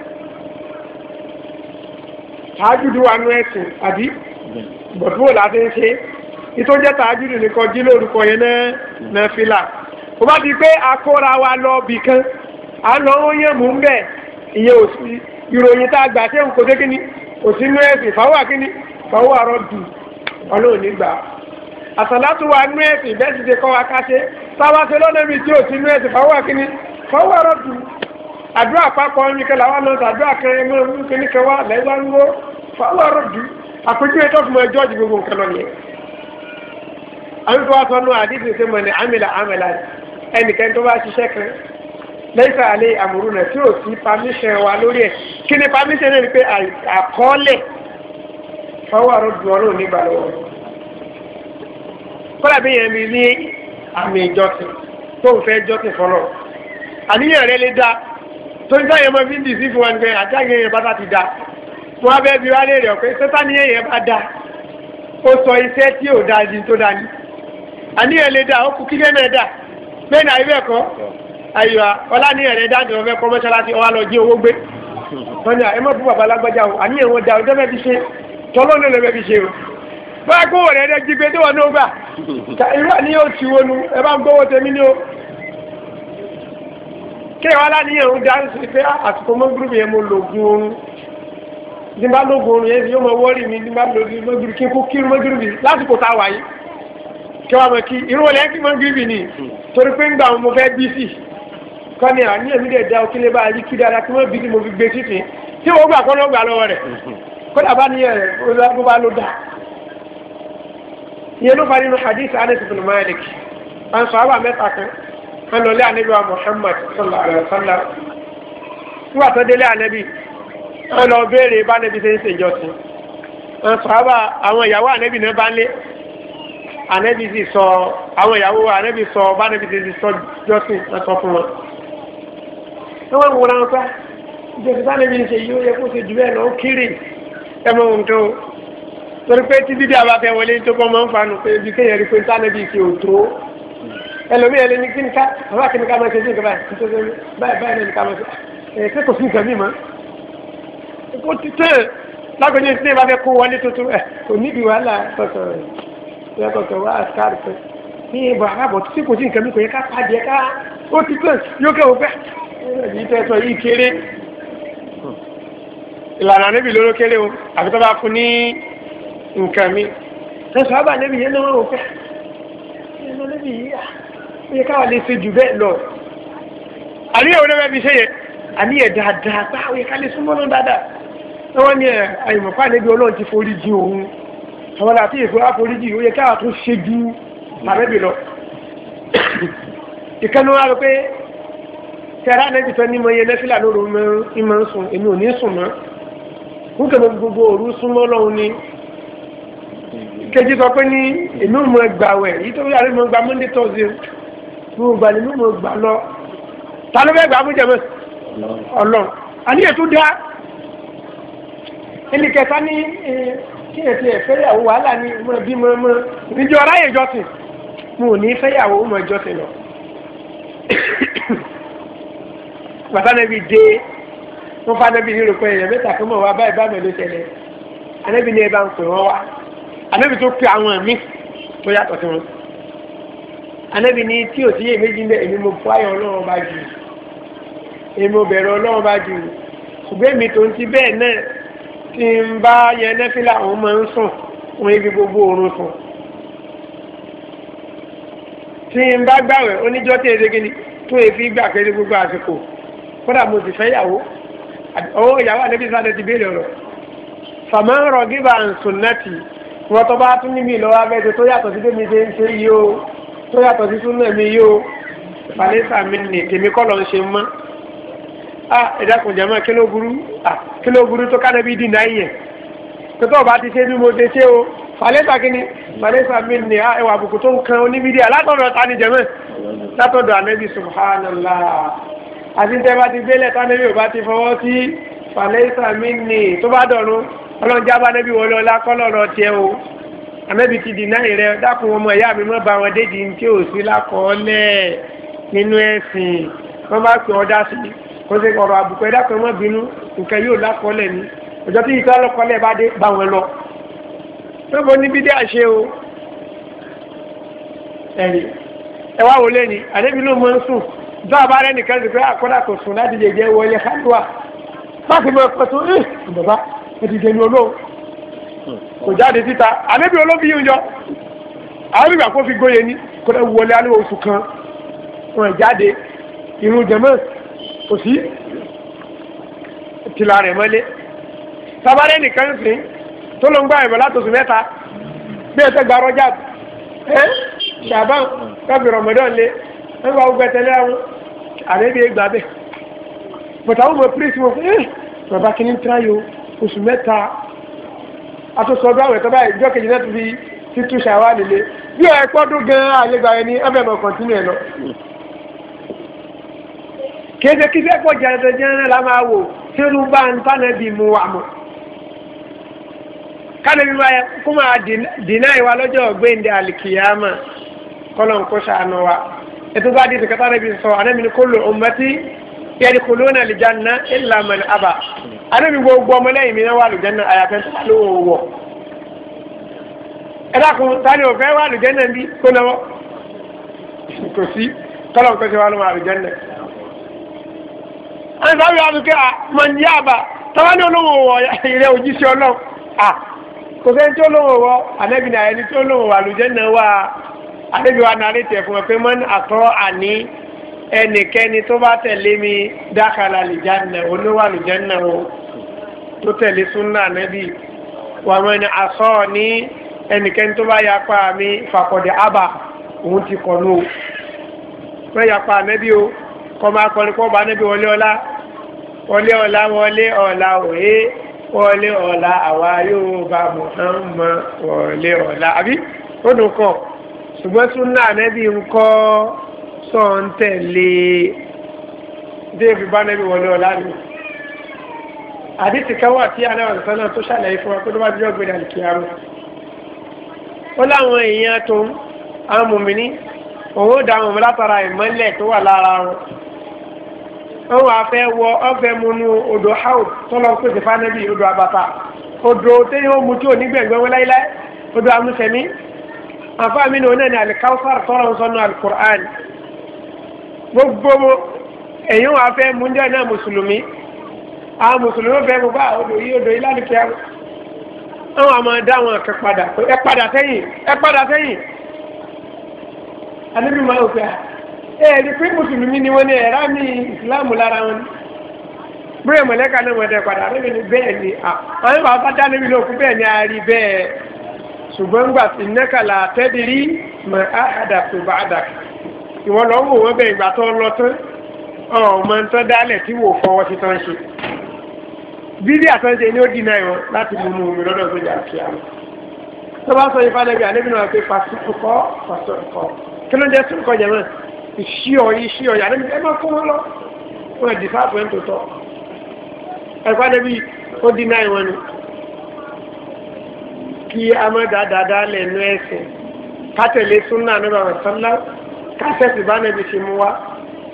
tàájúdù wa nú ẹ̀sìn àbí bọ̀dúwò láti ń ṣe ìtò jẹ́ tàájúdù nìkan jí lórúkọ yẹn náà náà fìlà ó bá di pé akóra wa lọ bì kan à ń lọ ó yẹn mú bẹ́ẹ̀ ìyẹn ò sí ìròyìn tá a gbà ṣé nǹkan tó kíni kò sí nú ẹ̀sìn fáwọn kíni fáwọn àrọ dù ọlọ́run nígbà àtàlátù wa nú ẹ̀sìn bẹ́ẹ̀ ti ṣe kọ́ wa ká ṣe táwa ṣe lọ́nà mi tí ò nú ẹ̀sìn fáwọn kíni fáwọn àrọ dù àdúrà àpapọ̀ ẹni kẹlẹ́ àwọn lọ́sọ̀ àdúrà kan ẹni mọ́ ní kíní kan wá lẹ́yìn bá ń wó fáwọn ọ̀rọ̀ dùn àpèjúwe tó fún ẹjọ́ ìdìbò gbogbo nǹkan lọ nìyẹn. àwọn tó wá sọ nù àdìsí ṣe mọ̀ ní amìlà amìlà ẹnìkan tó bá ṣiṣẹ́ kan lẹ́sà alẹ́ àmúrú náà tí ò sí pàmíṣẹ̀ wa lórí ẹ̀ kí ni pàmíṣẹ̀ náà ni pé àkọọ́lẹ̀ fáwọn dùn ọ̀rọ̀ nígbà lọ́wọ́ torí táyà mọ fi ń dì sí fún wọn pé àjáyé yẹn bá ti da wọn bẹ bí wálé rẹ pé sátani yẹn bá da ó sọ iṣẹ́ tí ò da di tó da ni àníyàn lè da ó kú kíkẹ́ náà da bẹ́ẹ̀ náà ibẹ̀ kọ́ àyùwá ọlànìyàn rẹ dáàdì wọn fẹ́ kọ́ mọ́ṣáláṣí ọwọ́ àlọ́ jí owó gbé wọn ni ẹ má fún bàbá alágbájá o àníyàn wọn da ọjọ́ mẹ́bi ṣe tọ́lọ́ ní ọlọ́mẹ́ fi ṣe o báyìí kó wọ̀rẹ́ rẹ jí pé tí wọn ní ó gbà ìwà ni yóò ti ẹ bá ń gbọ́wọ́ ni ó kílẹ̀ wá láníyàn ń dá sí pé àsìkò mọ́gúrúmù yẹn mo lògùn oorun ní bá lògùn oorun yẹn yóò mọ wọ́ọ̀rì mi ní bá lògùn mọ́gúrú kí n kú kí mọ́gúrúmù lásìkò tá a wà yìí kí wọ́n mọ̀ kí irú wọlé kí mọ́gúrúmù ni torí pé ń gbà mo fẹ́ bí sí kọ́ni àníyàn mi dẹ̀ da òkèlè bá yí kí dáadáa kí wọ́n bí ni mo fi gbé títì tí wọ́n gbà kọ́ ló gbà lọ́wọ́ rẹ̀ kódà bá níyàn rẹ̀ bó bá ló dà ìyẹn ló fa nínú hadith Anas ibn Malik àwọn sọ̀rọ̀ mẹ́ta wọn lọ lé anabi wa Muhammad sallallahu alaihi wa sallam nígbà tó délé anabi wọn lọ béèrè bá anabi ṣe ń ṣèjọsìn wọn sọ àbá àwọn ìyàwó anabi náà bá ń lé anabi sì sọ àwọn ìyàwó anabi sọ bá anabi ṣe ti sọ jọsìn wọn sọ fún wọn. wọn wọn wúra wọn pa jọsìn bá anabi ṣe yìí yẹ kó ṣe jù bẹ́ẹ̀ lọ kiri ẹ mọ ohun tó torí pé títí bí a wọlé tó bọ́ máa ń fa nù pé ibi kéèyàn rí pé ntánẹ́bí ẹlòmí ẹ lè ní kí ni ká bàbá kí ni ká máa ṣe sí ìjọba báyìí báyìí lè ní ká máa ṣe ẹ ṣé kò sí nǹkan mímọ́ kó títẹ lágbèjì tí ẹ bá fẹ́ kó wọlé tuntun ẹ kò níbi wàhálà tọ̀tọ̀ ẹ tọ̀tọ̀ wá àṣkáàrù pé ní ìbò àbábọ̀ tí kò sí nǹkan mímọ́ kò yẹ ká pàdé ká ó ti tẹ̀ yóò kẹ́ wò pé yìí tẹ̀ sọ yìí kéré ìlànà níbi lóró kéré o àfi tó bá fún ní nǹkan mi ẹ sọ àbá níbi yẹn náà wò pé ẹ yẹ káwa lè ṣe jù bẹ́ẹ̀ lọ àníyàn oníbẹ̀ fi ṣe yẹ àníyàn dáadáa pé àwọn ah, yẹ ká lè súnmọ́ náà dáadáa wọ́n ní àyùmọ̀pá níbi ọlọ́run ti forí jì òun àwọn àti ìfẹ́ àforí jì ó yẹ káwa tó ṣe ju àbẹ́bí lọ ìkànnì wa rẹ pé tẹ̀rá nẹ́bí tán ní mo yẹ nẹ́fìlà lóru ìmọ̀ ń sùn èmi ò ní sùn mọ́ ń kẹ́ gbogbo òru súnmọ́ lọ́hùn ni kejì sọ pé ní èmi ò mọ ẹgbàá wẹ̀ yìí tó yàrá mi gba monday thursday tó gbà nínú mo gbà lọ ta ló fẹ́ gbà fún jẹ̀mọ́ ọlọ́run àníyàn tó dá ilé kẹta ní kí ètò ẹ̀fẹ́yàwó wàhálà ní mọ̀ bí mọ̀ mọ̀ níjọ́ ráyè jọ́sìn mo ò ní fẹ́yàwó mọ̀ jọ́sìn lọ bàtà nàbì dé wọ́n fa nàbì ní rògbò èèyàn mẹ́ta kí wọ́n wá báyìí bá mẹ́lẹ́ ṣẹlẹ̀ ànábì ní ẹ bá ń pè wọ́n wá ànábì tó pe àwọn ẹ̀mí tó yàtọ̀ sí wọn anábì ní tí ò sí yé méjì mbẹ èmi mo fáyọ ọlọ́run bá jù èmi mo bẹ̀rẹ̀ ọlọ́run bá jù ṣùgbọ́n èmi tó ń ti bẹ́ẹ̀ náà tí ń bá yẹn nẹ́fílà òun máa ń sùn òun ibi gbogbo oorun sùn tí ń bá gbàwẹ̀ oníjọ́ tí èdè gini tó èfi gbà pẹ̀lú gbogbo àsìkò kódà mo sì fẹ́ yàwó owó ìyàwó àdébí sáré ti béèrè ọ̀rọ̀ fàmọ́ rọ gíba ǹsùn náà tì wọ́n tó bá tún níbi ìlọ́wọ́ abẹ́jọ tó yàtọ̀ sí démi ṣe ń ṣe yìí o tó yàtọ̀ sí súnà mi yóò balẹ̀sà mi nì tèmi kọ́ lọ́n ṣe mọ́ ah ìdákun jama kí ló burú ah kí ló burú tó kánà bí dìnnà yẹn tótó ọba ti ṣe bí mo ṣe ṣe o balẹ̀sà kí ni balẹ̀sà mi nì ah ẹwà àbùkù tó ń kan oníbídì alátọ̀dọ̀ ta ni jama látọ̀dọ̀ anabi subhanallah àti tẹ́ bá ti gbélẹ̀ tánẹ́bí ò bá ti fọwọ́ sí balẹ̀sà mi nì tó bá dọ̀rùn ọlọ́njábánẹ́bí wọlé ọlá kọ́lọ́rọ̀ tiẹ̀ o anabi ti dì náà rẹ dákun ọmọ ìyá mi mọ́ bá wọn dédi ní tí ò sí lákọọ́lẹ̀ nínú ẹ̀sìn wọ́n bá pè ọ́ dá sí kó ṣe ọ̀rọ̀ àbùkù ẹ̀ dákun ọmọ bínú nǹkan yóò lákọọ́lẹ̀ ni ọjọ́ tí ìtọ́ lọ́kọ́lẹ̀ bá dé bá wọn lọ. lọ́bọ̀ níbi dé àṣẹ o ẹ̀rí ẹ wá wò lẹ́ni anabi ló mọ ń sùn dọ́ àbárẹ́ nìkan sì pé àkọ́dà kò sùn láti jẹjẹ wọlé kálíwà má fi mọ ẹ̀kọ́ tó ẹ̀ eh, bàbá ẹ̀ ti jẹ kò jáde síta àlébi olóbi yìí ń yọ àwọn ìgbà kó fi gbóye ní kó lè wọlé alẹ́ oṣù kan wọn jáde irun jẹmọ́ kò sí tìlà rẹ̀ mọ́lé sábàrẹ́ nìkan sìn tó ló ń gbá ìbọn látòsù mẹ́ta bí ẹsẹ̀ gba rọ́jà ẹ́ ṣàbán káfí rọ̀mọ́dọ́ lé wọ́n gba ọgbẹ́ tẹ́lẹ̀ àwọn àrẹ́bí ẹgbàá bẹ̀ bọ̀tà mọ̀ pírísì wọn fún ẹ́ bàbá kìíní tíráyò oṣù mẹ́ta àtúnṣe ọdún àwẹ̀ tọ́ba ìjọ kejì náà tún fi títú ṣàwá nílé bí ọ̀ ẹ̀pọ́ dún gan-an àlegbà ẹni ẹ̀fẹ̀ mọ̀ kọ̀ntínú ẹ̀ lọ. kéde kí fẹ́ pọ̀ jẹ́rẹ́ jẹ́rẹ́ la máa wò sínú bá ń tánà bí mu wà mọ́. kálí mi máa kó máa dènà ìwà lọ́jọ́ ọ̀gbẹ́ndé àlìkìyàmà kọ́lọ́n kó ṣàánú wa. ètò bá dìde kátà rẹ̀ bí sọ àná mi ni kullu ummati yadkhuluna al-janna illa man aba anábì gbogbo ọmọlẹ́yìn mi náà wà lùjẹ́nà àyàfẹ́ ló wọ̀ ẹ dákun tani ò fẹ́ wà lùjẹ́nà bí kó lọ́wọ́ kò sí kọ́lọ̀ kó ṣe wà lọ́wọ́ àlùjẹ́nà. àwọn sábà yà wọ́n kí a mọ̀ ní yàbá tọ́wọ́ ní olówó wọ̀ ilẹ̀ òjíṣẹ́ ọlọ́run à kò sẹ́ni tó lówó wọ anábì náà ẹni tó lówó wà lùjẹ́nà wà anábì wà nàlẹ́ tẹ̀ fún ọ pé mọ́ni àtọ́ àní ẹnikẹ́ni tó bá tẹ̀lé mi dákàlà lìjánà olówà lìjánà o tó tẹ̀lé súnà nẹ́bí wà mọ́ ni àsọ ní ẹnikẹ́ni tó bá yapa mi fàkọ̀dẹ̀ àbà òun ti kọ̀ nù o wọ́n yapa nẹ́bí o kọ́ máa kọrin kọ́ bá nẹ́bí wọlé ọlá wọlé ọlá wọlé ọlá òye wọlé ọlá àwa yóò bá mọ̀ wọlé ọlá àbí ó dùn kàn ṣùgbọ́n súnà nẹ́bí ń sọ ń tẹ̀lé déèbì bá nẹ́bí wọlé ọ̀la rẹ̀ àdìsí kan wà tí aláwọ̀ nǹkan náà tó ṣàlàyé fún wa pé ló bá bí ọ̀gbìn àlìkíyàmù ó láwọn èèyàn tó ń àwọn mòmìnì òun ó dáhùn látara ìmọ́lẹ̀ tó wà lára wọn wọn wà fẹ́ wọ ọ̀fẹ́ múnú odò haúd tọ́lọ́ pèsè fánẹ́bí odò àbàtà odò tẹ́yìn ó mu tí ò ní gbẹ̀ngbẹ́ wọn láíláí odò amúsẹ̀mí àfáàmì ni òun náà ní alikawusar tọ́lọ́ ń sọ́nù alukur'an gbogbo èyàn wà fẹ́ mú jẹ́ náà mùsùlùmí àwọn mùsùlùmí fẹ́ gbogbo àwọn odò yìí odò yìí lálùkẹ́ àwọn àwọn àmọ́ dá wọn kan padà ẹ padà sẹ́yìn ẹ padà sẹ́yìn alẹ́bí máa ń fẹ́ ẹ ẹ rí pé mùsùlùmí ni wọ́n ní ẹ̀rá mi ìsìláàmù lára wọn ni bóyá mọ̀lẹ́ka náà wọ́n dẹ padà alẹ́bí ni bẹ́ẹ̀ ni àwọn bàbá dá lẹ́bí lóko bẹ́ẹ̀ ni a rí bẹ́ẹ̀ ṣùgbọ́n gbà sí nẹ́kàlà tẹ́bìrì mọ̀ àdàkùn bá àdàkùn ìwọ lọ wò wọn bẹ ìgbà tó lọ tán ọmọ ń tán dálẹ̀ tí wò fọwọ́ ti tán ṣe bíbí àtúnṣe ni ó dínà ìwọ láti mú mú mi lọ́dọ̀ tó jà kí á lọ tó bá sọ yìí fún alẹ́bí alẹ́bí náà pé fasukọ fasukọ kí ló ń jẹ́ sukọ jẹ́ náà ìṣí ọ̀yí ìṣí ọ̀yí alẹ́bí ẹ máa kó wọn lọ wọn ẹ̀ dìfá àpò ẹ̀ ń tó tọ́ ẹ̀kọ́ alẹ́bí ó di náà wọn ni kí a má dáadáa lẹ́nu ẹ̀sìn kátẹ̀lé súnà nígbà wọn sọ́nà kásẹ̀tì bá nẹbi ṣe mú wa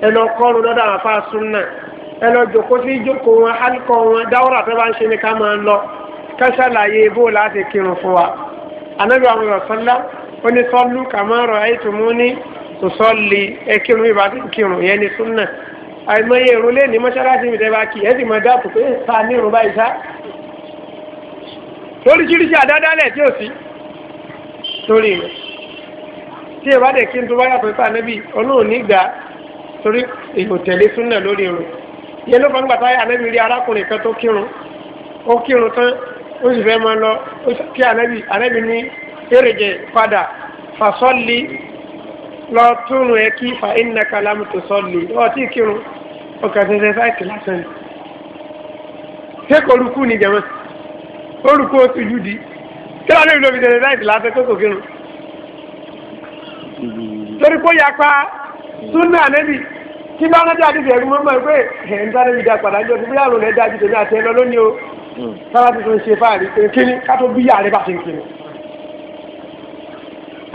ẹ lọ kọ́run lọ́dọ̀ àwọn afá súnà ẹ lọ jòkó sí ìjókòó wọn alikọ wọn dáwọ́rà tó bá ń ṣe ni ká máa ń lọ kásàlàyé bó láti kírun fún wa anabi àwọn ọ̀sánlá ó ní sọ́lú kàmárọ̀ àìtùmú ní sọ́ọ̀lì ẹ kírun ìbá kírun yẹn ní súnà àìmọye ìrún lé ní mọ́ṣáláṣí mi tẹ́ bá kí ẹ sì mọ dáàbò pé eh, ta ní ìrún báyìí sá lóríṣiríṣi àdádálẹ̀ tí ò sí lórí rẹ̀ tí ẹ bá dẹ̀ kí n tó bá yàtọ̀ sí ànábì ọlọ́run nígbà torí ìhòtẹ́lé súnà lórí irun yẹn ló fọ́n nígbà táyà ànábì rí arákùnrin kan tó kírun ó kírun tán ó sì fẹ́ máa lọ kí ànábì ànábì ní èrèjẹ padà fàsọ́lì lọ túnú ẹ kí fa iná kalamu tó sọ́lì ọtí kírun ọkà ṣẹṣẹ sáìkì lásán sẹ́kọ̀ọ́ olùkú ni jẹ̀mọ́ olùkú ó ti jù di kí lóò lóbi ṣẹṣẹ sáìkì lásán tó kò kírun torí kó yapa súnà ànábì kí bá wọn dáa dìde ẹrú mọ́mọ́ pé ẹ̀ ń sáré ìdá padà jọ bí àrùn rẹ̀ dáa dìde ní àti ẹ̀rọ lónìí o sábà tuntun ṣe fáàrí kíni ká tó bí yàrá bá ṣe ń kíni.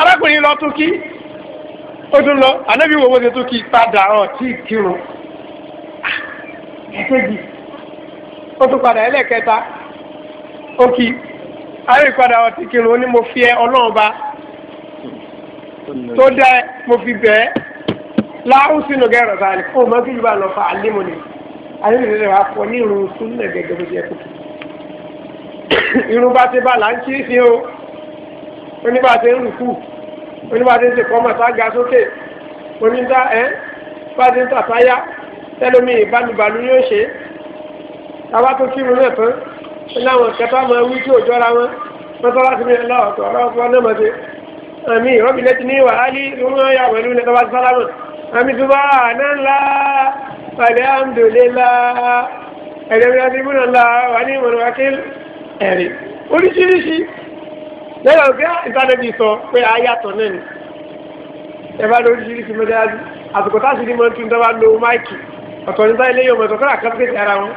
arákùnrin lọ tún kí ó tún lọ ànábì wo wo ṣe tún kí padà ọ̀ tí ì kírun ìkejì ó tún padà ẹlẹ́kẹta ó kí àárẹ̀ padà ọ̀ tí ì kírun ó ní mo fi ẹ ọlọ́run ba tó dá ẹ mo fi bẹ̀ ẹ́ láhùn sínú gẹ́rọ̀ sáà ni fún mọ́kìlì bá lọ fa àlímọ̀ ni àyẹ̀wò rẹ̀ wá fọ ní irun súnlẹ̀ gẹ́gẹ́ bó ti ẹ̀kọ́ irun bá ti bá là ń kí sí o oníbà ti ń rùkú oníbà ti ń ṣe kọ́mọ̀ tá ga sókè oníta ẹ̀ bá ti ń tàtáyà tẹ́lómi ìbálùbálù yóò ṣe tábà tó kírun náà tán ó láwọn kẹta máa wí tí òjọ́ra wọn mọ́tọ́lá ti mi lọ́ọ̀tọ̀ ọ̀rọ̀ ọ̀pọ̀ náà mọ̀ sí àmì ìrọ́bìlẹ̀ ti ní wàhálì ìrúnmọ́ ya pẹ̀lú ilẹ̀ tọ́ba sálámù àmì tó bá àná ńlá alhamdulillah ẹ̀dẹ̀mìlá ti múnà ńlá wà ní ìmọ̀ràn wákìl ẹ̀rí oríṣiríṣi lẹ́yìn ọ̀gá ìtàdébì sọ pé ayàtọ̀ náà ni ẹ bá lọ oríṣiríṣi mẹ́tẹ́lá àsìkò táṣìlì mọ́tún tó bá lo máìkì ọ̀tọ̀ nípa ilé yọ̀mọ̀tọ̀ kọ́lá kẹ́kẹ́ ara wọn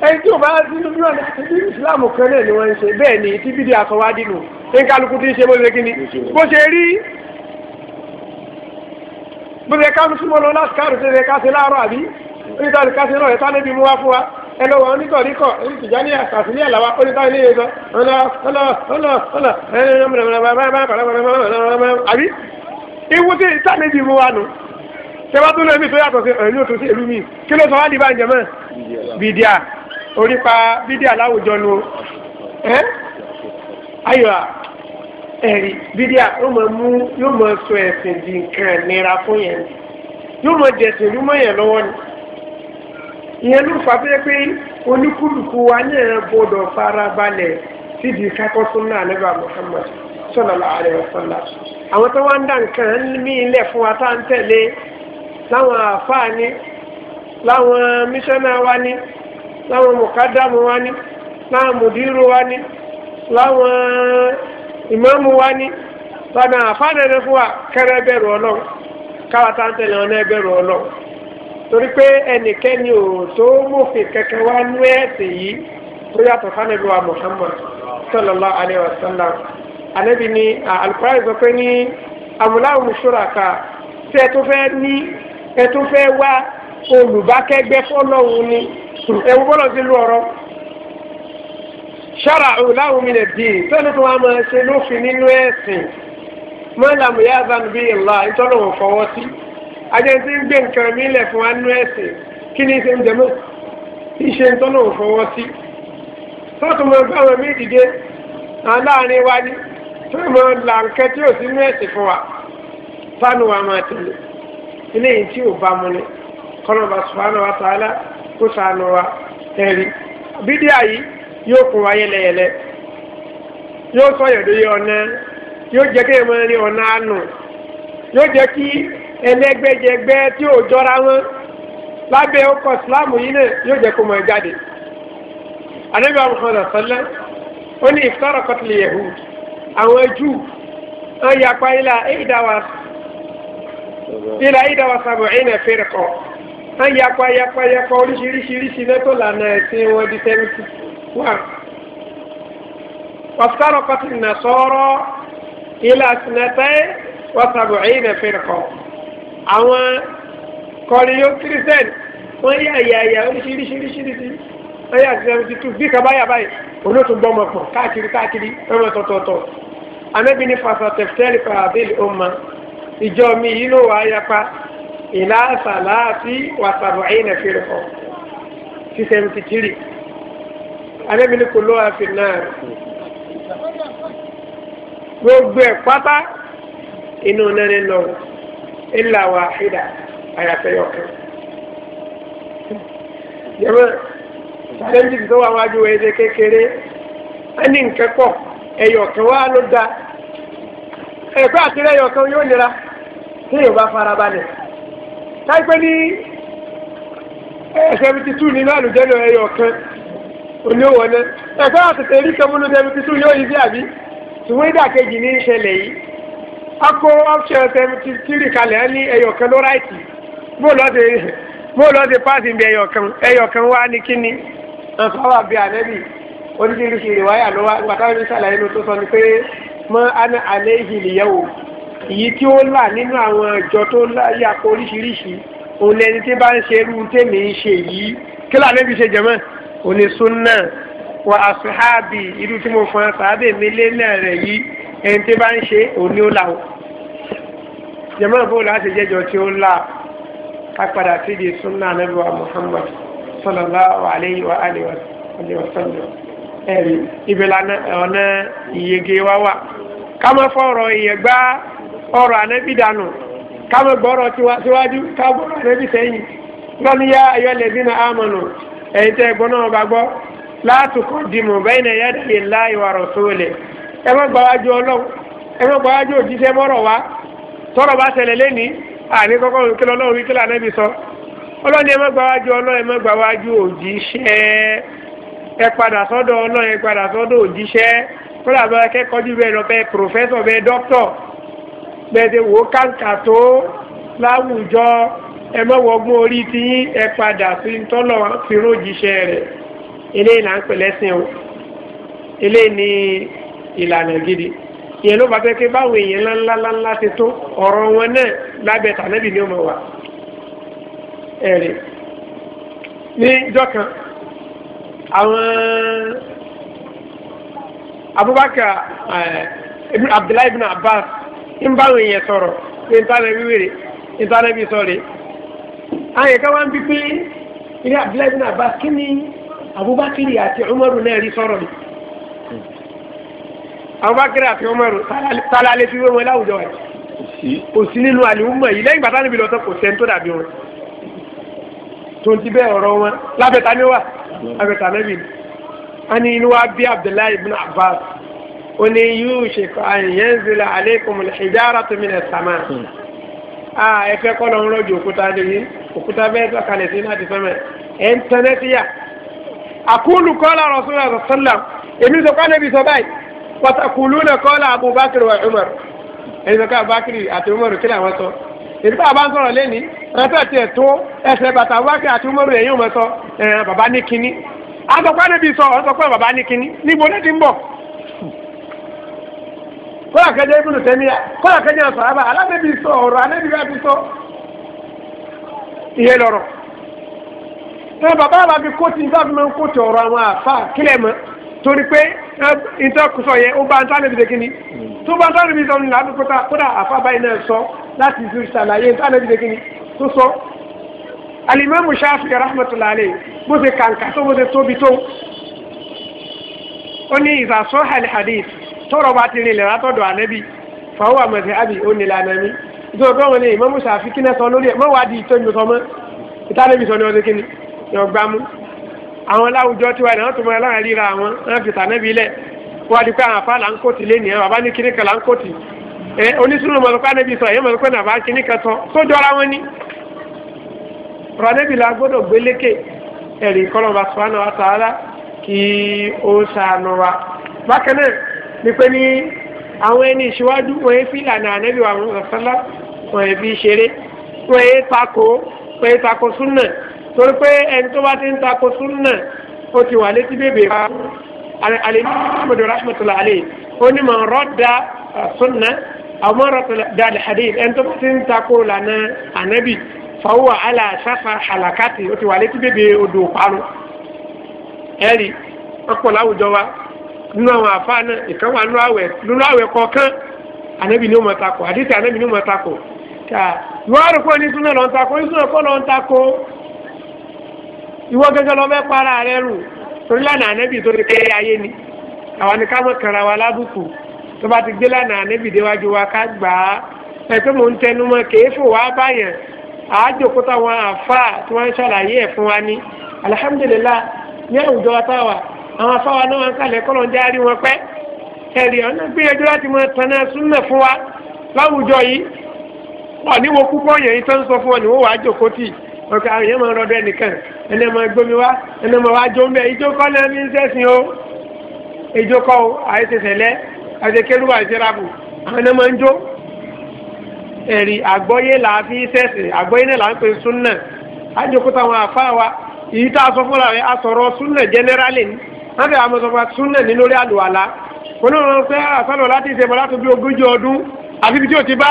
ẹni tí ò bá ti ní bí wọn ti islam kan náà ni wọn ń ṣe bẹ́ẹ̀ ni tí bídí àsọwádìí nù ní kálukú tí ń ṣe bó ṣe kí ni bó ṣe rí bó ṣe ká súnmọ́ lọ láti káàrò ṣe ṣe ká ṣe láàárọ̀ àbí oníkàlù ká ṣe náà ẹ̀ta níbi mú wá fún wa ẹ lọ wọn onítọ̀ríkọ̀ onítìjà ní àtàtìlẹ̀ àlàwà oníta ilé yẹn sọ ọlọ ọlọ ọlọ ọlọ àbí ewu tí ìta níbi mú wa nù ṣé wàá tún lọ èmi tó yàtọ̀ sí ẹ̀yìn òtún sí èlú mi kí ló sọ wá di bá ń bìdíà oripa bídíà láwùjọ nu ayọ̀ ẹ̀rí bídíà yóò máa mú yóò máa sọ ẹ̀sìn di nǹkan nira fún yẹn yóò máa dẹ̀sìn rú yẹn lọwọ ni ìyẹn ló fà bẹ́ẹ̀ pé oníkúlùkù wa náà gbọ́dọ̀ fara balẹ̀ síbi kákọ́ súnmọ́ Muhammad àwọn tó wá ń dá nǹkan fún wa tá wa ni. láwọn mùkádàmù wa ní láwọn mùdírù wa ní láwọn ìmáàmù wa ní lọ́nà àfáànàdé fún wa kẹ́rẹ́ bẹ̀rù ọlọ́run ọ na ń tẹ̀lé ọ̀nà ọlọ́run torí pé ẹnikẹ́ni ò tó mòfin kẹ̀kẹ́ wá nú ẹ̀sìn yìí tó yàtọ̀ fánàbí wa Muhammad sallallahu alayhi wa sallam ni sọ pé ní amúláwò fẹ́ ní fẹ́ wá olùbákẹ́gbẹ́ ni. ẹ̀wù bọ́lọ̀ sí lu ọ̀rọ̀ ṣọ́ra òláhùn mi tóní tó wá máa ṣe lófin nínú ẹ̀sìn mọ́làmù yá zan ìlà ìtọ́nà òun fọwọ́ sí ajẹ́sí ń gbé nǹkan mi lẹ̀ fún ẹ̀sìn kí ni ṣe ń jẹ́ mọ́ ìṣe ìtọ́nà òun fọwọ́ sí sọ́tún mọ́ bá wọn mí dìde wa ni tó mọ́ là tí ò sí ẹ̀sìn kó sànù wa ẹ̀rí bídíà yìí yóò kún wa yẹlẹyẹlẹ yóò sọyọ̀ lórí ọ̀nà yóò jẹ́ kéèyàn máa rí ọ̀nà àánú yóò jẹ́ kí tí ò jọra wọn lábẹ ọkọ̀ ìsìláàmù yìí náà yóò jẹ́ kó máa jáde. ó ní àwọn ilà ìdáwà ilà ìdáwà ẹ̀yìn wọ́n yapa yapa yapa oríṣiríṣiríṣi lẹ́tọ̀ lànà ẹ̀sìn wọn di seventy one. wàsáró kọ́tì nà sọ́ọ́rọ́ ilà sinẹ́tẹ́ wọ́sàbù ẹ̀yìn nà fẹ́rẹ̀kọ́. àwọn kọ́liyó kírísẹ́n wọ́n Oya, yà yà oríṣiríṣiríṣiríṣi wọ́n yà seventy two bí kaba yà báyìí olóòtú gbọ́mọ̀ pọ̀ káàkiri káàkiri ọmọ tọ̀tọ̀tọ̀. anábìíní fàṣà tẹ̀fẹ́lì fàdíl ọmọ ìjọ mi yìí ló wà á ìlà sàláàtì wàtàbọ̀ ẹ̀yìnà fìrìkọ̀ sí seventy three alẹ́bìnrin kò lọ́wọ́ àfin náà gbogbo ẹ̀ pátá inú nani lọ ilà wàhídà àyàfẹ́yọ̀kan yẹ́mọ̀ challenge tó wà wájú kekere. Ani kékeré ẹni nǹkan pọ̀ ẹ̀yọ̀kan da nira káìpẹ́ ní seventy two nínú àlùjẹ́nà ẹyọ kan oníwọ̀n náà ẹ̀kọ́ àtẹ̀tẹ̀ rí kẹ́múnú seventy two yóò yí sí àbí ṣùgbọ́n ìdàkejì ní ìṣẹ̀lẹ̀ yìí akó option seventy three kalẹ̀ ní ẹyọ kan ló ráìtì bó lọ́ọ́ mo lọ sí páàsì bí ẹyọkan ẹyọkan wá ní kíni ọ̀sọ́wà bí ànẹ́bì oríṣiríṣi ìwáyà ló wá gbàtà ní sàlàyé ló tó sọ ni pé mọ àná àlẹ́ ìhìlìyẹ́wò èyí tí ó là nínú àwọn àjọ tó láyé apò oríṣiríṣi òun ni ẹni tí bá ń ṣe irú tèmi ń ṣe yìí kí lànà ibi ṣe jẹmọ́ òní súnà wà àṣùhábì irú tí mo fọn sàábè mi lé náà rẹ yìí ẹni tí bá ń ṣe òní ó là ó jẹmọ́ bóòlù láti jẹjọ tí ó là á padà síbi súnà anábìwá Muhammad sallallahu alayhi wa alihi wa sallam ẹ̀rí ìbẹ̀lẹ̀ ọ̀nà ìyege wa wà ká má fọ̀rọ̀ ìyẹ̀gbá ọ̀rọ̀ ànábì dànù kámẹ́ gbọ́rọ̀ síwájú kágbọ́rọ̀ ànábì sẹ́yìn lọ́ni yá ayọ́lẹ̀bí náà àmọ̀nù ẹ̀yin tẹ́ gbọ́n náà bá gbọ́ látùkọ̀ dìmọ̀ bẹ́ẹ̀ náà yàdàyè láì wà rọ̀ sóòlẹ̀ ẹ má gbáwájú ọlọ́run ẹ má gbáwájú òjíṣẹ́ mọ́rọ̀ wa tọ́rọ̀ bá ṣẹlẹ̀ lẹ́ni àní kọ́kọ́ kílọ̀ ọlọ́run rí kílọ̀ ànábì sọ ọlọ́ni ẹ má gbáwájú ọlọ́run ẹ má gbáwájú òjíṣẹ́ ẹ padà sọ́dọ̀ ọlọ́run ẹ padà sọ́dọ̀ òjíṣẹ́ kó bẹ́ẹ̀dẹ̀ wò káńkà tó láwùjọ ẹ mọ́wọ́gbọ́n ti tí ẹ padà sí tọ́lọ̀ fi rójíṣẹ́ rẹ̀ eléyìí là ń pè lẹ́sìn o eléyìí ni ìlànà gidi ìyẹn ló bá fẹ́ pé báwo èèyàn ńláńlá ti tó ọ̀rọ̀ wọn náà lábẹ́ ni ó mọ̀ ẹ̀rẹ̀ ní àwọn Abubakar Abdullahi ibn Abbas. ń bá àwọn èèyàn sọ̀rọ̀ pé ń tánà bí wèrè ń tánà bí sọ̀rẹ́. àwọn èèyàn kan wá ń bi pé ilé Abdullahi bin Abbas kí ni Abubakar àti Umaru náà rí sọ̀rọ̀ mi. Abubakar àti Umaru tálá lè fi wé wọn láwùjọ wa òsì nínú àlùmọ̀ yìí lẹ́yìn bàtà níbi kò sẹ́ni tó dàbí wọn tó ń ti bẹ́ẹ̀ ọ̀rọ̀ wọn lábẹ́ta ni wà lábẹ́ta níbi. a ní inú wa bí Abdullahi bin Abbas ó ní yushiku an yanzila alaykumul hijaratu minas sama aa hmm. ẹ fẹ́ kọ́ lọ ń rọ̀jò òkúta níbi òkúta bẹ́ẹ̀ sọ̀kalẹ̀ sí láti sọ́mẹ̀ ẹ̀ ń tẹ́lẹ̀ sí yà àkúlù kọ́lá rasulullah sallam èmi sọ kọ́ níbi sọ báyìí wàtàkùlù náà kọ́lá abubakar wa umar ẹni sọ ká abubakar àti umar kí làwọn sọ èyí tá a bá ń sọ̀rọ̀ lẹ́ni ẹ̀sẹ̀ tó ẹsẹ̀ bàtà abubakar àti umar ẹ̀yìn òun sọ bàbá ní kínní àtọ̀kọ́ níbi sọ ọ̀sọ̀kọ́ bàbá ní kínní níbo kọ́lá kẹjẹ ibùdó tẹ́míyà kọ́lá kẹjẹ sọ̀rọ̀ alábẹ́bí sọ ọ̀rọ̀ alábẹ́bí bá ti sọ iye lọ́rọ̀ náà bàbá bá fi kóòtù nígbà fi máa kóòtù ọ̀rọ̀ àwọn àfa kílẹ̀ mọ́ torí pé ìtọ́kùsọ yẹn ó bá ń bìdẹ́ kínní tó bá ń bìdẹ́ kóta kódà àfa báyìí náà sọ láti bìdẹ́ kínní tó sọ. tó tóbi tó ó ní hadith tọrọ bá ti rin ilẹ̀ látọ̀dọ̀ ànẹ́bí fàwọn àmọ̀sẹ̀ àbí ó nílẹ̀ ànẹ́bí ìjọba tó wọn ní ìmọ̀ musa àfikínà sọ lórí ẹ̀ mọ̀ wá di ìtọ́jú sọmọ́ ìtànẹ́bí sọ ní ọdún kínní yọ gbámú àwọn láwùjọ tiwa náà tó mọ ẹlọ́run ríra àwọn wọn fi tànẹ́bí lẹ̀ wọ́n di pé àwọn afá là ń kóòtì lé nìyẹn bàbá ní kíníkà là ń kóòtì ẹ onísùnú mọ̀lùkọ́ la gbọ́dọ̀ gbélékè ẹ̀rí kọ́lọ́mù subhanahu wa ta'ala kí ó ṣàánú wa. bákan náà ni pé ní àwọn ẹni ìṣíwájú wọ́n yé fìlànà ànábì wa sọ́lá wọ́n yé fi ṣeré wọ́n yé tako wọ́n yé tako súnà torí pé ẹni tó bá ti ń tako súnà ó ti wà létí bèbè wa alẹ́ni ahmed rahmatulah alẹ́ ó ní mọ̀ rọ́dà súnà àwọn mọ̀ rọ́dà hadith ẹni tó bá ti ń tako lànà ànábì fàwọ́ àlà sáfà àlàkàtì ó ti wà létí bèbè odò parun ẹ̀rí ọ̀pọ̀ láwùjọ wa nínú àwọn àfa náà ìkan wà nínú àwẹ̀ nínú àwẹ̀ kọ̀ọ̀kan ànábì ni ó mọ̀ takò àdìsí ànábì ni ó mọ̀ takò ká ìwọ àrùkọ ní súnà lọ́n takò ní súnà kọ́ lọ́n takò ìwọ gẹ́gẹ́ lọ́ mẹ́pa ara rẹ rù torí lánàá ànábì tó ti kéré ayé ni àwọn ni ká mọ̀ kànra wa lábùkù tó bá ti gbé lánàá ànábì déwájú wa ká gbà á ẹ̀tọ́ mò ń tẹnu mọ́ kééfò wá báyàn àájòkó táwọn àfa tí wọ́n ń ṣàlàyé ẹ̀ fún wa ní alihamudulilayi ní àwùjọ wa táwa àwọn afáwa náà wọn kálẹ̀ kọ́lọ̀ ń járí wọn pẹ́ ẹ̀rì ọ̀nà gbìyànjú láti mọ tanná súnmọ̀ fún wa láwùjọ yìí wọn púpọ̀ yẹn yìí tó ń sọ fún wọn ni wọ́n wàá jòkó tì ọkọ àwọn yẹn máa rọdọ ẹnìkan ẹnì máa gbomi wá ẹnì máa wá jó ń bẹ ìjó kọ́ náà ní sẹ́sìn o ìjó kọ́ o àìsèsèlẹ́ àìsèkérúwà àìsèrabù àwọn ẹnì máa ń jó ẹ̀rì àgbọ́yé là á fi sẹ́sìn àgbọ́yé náà là ń pè súnà àjòkúta àwọn àfáà wa ìyí tá a sọ fúnra rẹ̀ a sọ̀rọ̀ jẹ́nẹ́rálì ni wọ́n fẹ́ àwọn ọmọ súnà ní lórí àlùwàlá olóòrùn pé àsálọ̀ láti ṣe bọ́lá tó bí ogójì ọdún àti ibi tí ò ti bá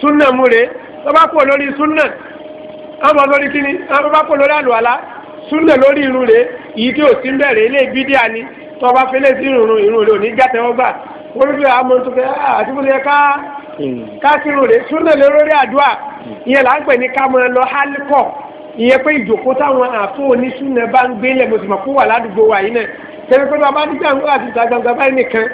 súnà mú rè tó bá kú lórí súnà ọmọ lórí kíni ọmọ bá lórí àlùwàlá súnà lórí irun rè èyí tí ò sí ń bẹ̀rẹ̀ ilé bídíà ni tó bá fẹ́lẹ́ sí irun irun rè ò ní gàtẹ́wọ́gbà wọ́n fi àmọ́ tó fẹ́ àti bó ṣe ká hmm. ká sírun rè súnà lórí àdúrà ìyẹn là ń pè ní ká mọ́ ẹ lọ hálíkọ̀ ìyẹn pé ìjòkó táwọn àfọ oníṣúná bá ń gbélé mo sì mọ̀ kó wà ládùúgbò wa yìí náà tẹ́lẹ̀ pé bàbá nígbà ń gbà tìta gbangba báyìí nìkan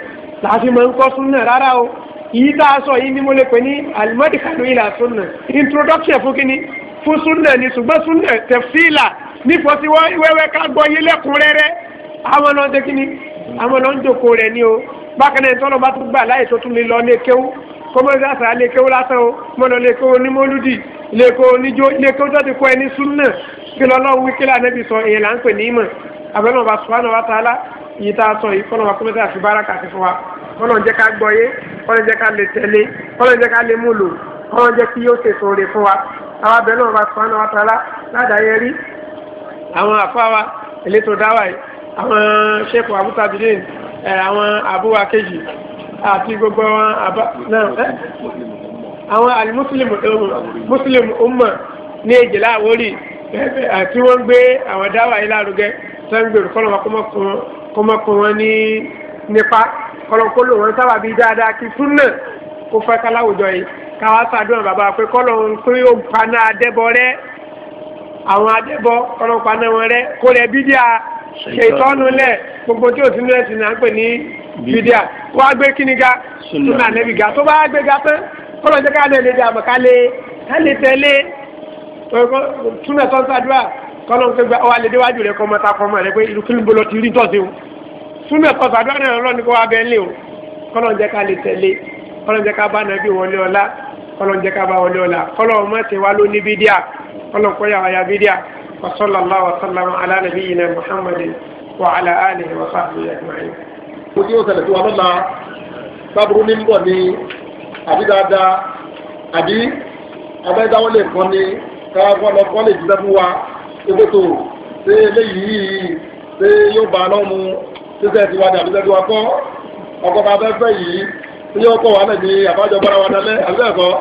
láti máa ń kọ́ súnà rárá o yìí tá a sọ yìí ni mo lè pè ní alimọ́dìkàlù ìlà súnà introduction fún kínní fún súnà ni ṣùgbọ́n súnà tẹ̀fíìlà nífọ̀sí wẹ́wẹ́ ká gbọ́ yé lẹ́kùnrẹ́rẹ́ àwọn àwọn náà ni o bákan náà ìtọ́nà bá tún gbà láì kọ́mọ́ dáta lẹ́kẹ́wó látàn o mọ́nà lẹ́kẹ́wó ní mọ́lúdì lẹ́kẹ́wó níjó lẹ́kẹ́wó tó ti kọ́ ẹni súnà kí lọ́lọ́run wí kílà nẹ́bí sọ èèyàn là ń pè ní ìmọ̀ abẹ́nà ọba sùpánà wa tààlà yìí tá a sọ yìí kọ́nà wa kọ́mọ́ dáta fi bára kàfi fún wa kọ́nà jẹ́ ká gbọ́ yé kọ́nà jẹ́ ká lè tẹ̀lé kọ́nà jẹ́ ká lè mú lò kọ́nà jẹ́ kí yóò ṣe àti gbogbo wọn àbá náà ẹ àwọn alimusulimu eh, musulimu umma ní èjìlá àwórì àti eh, wọn gbé àwọn dáwà yìí lárugẹ tó ń gbèrú kọlọmọ kọmọkùn wọn ní nípa kọlọkọlọ wọn sábà bíi dáadáa kí súnà kó fẹ́ káláwùjọ yìí káwá sàdúrà bàbá pé kọlọ ń pín òǹpaná adẹ́bọ rẹ àwọn adẹ́bọ kọlọ ń paná wọn rẹ kó rẹ bídíà ṣètọ́nu lẹ̀ gbogbo tí òsínú ẹ̀sìn náà ń pè ní bídíà wọ́n á gbé kíni ga súnà nẹ́bí ga tó bá gbé ga tán kọ́lọ̀ jẹ́ ká lè lè dé àmọ́ ká lè ká lè tẹ̀lé túnà tó ń sàdúrà kọ́lọ̀ ń gbégbá ọwọ́ àlejò wájú rẹ̀ kọ́ mọ́ ta kọ́ mọ́ rẹ̀ pé irú kí níbo lọ ti rí tọ́sí o túnà tó sàdúrà náà lọ́ni kó wá bẹ́ẹ̀ lé o kọ́lọ̀ jẹ́ ká lè tẹ̀lé kọ́lọ̀ jẹ́ ká bá nàbí wọlé ọlá kọlọ́n jẹ́ ká bá wọlé ọ̀la kọlọ́n má ti wá lóní bídíà kọlọ́n kọ́ yàrá ya wa sallallahu wa sallama ala nabiyyina muhammadin wa ala alihi wa sahbihi ajma'in kó tí yóò ṣẹlẹ̀ sí wa lọ́la sábúrú ní bọ̀ ni àbí dáadáa àbí abẹ́dáwọ́ lè kàn ní káwọn lọ kọ́ lè jíṣẹ́ fún wa ewé tó ṣé eléyìí ṣé yóò bá lọ́mu ṣíṣẹ́ tiwa ní àbí sẹ́tiwa kọ́ ọkọ̀ bá fẹ́ fẹ́ yìí ṣé yóò kọ́ wa lẹ́ni àbájọ bára wa dalẹ́ àbí ẹ̀kọ́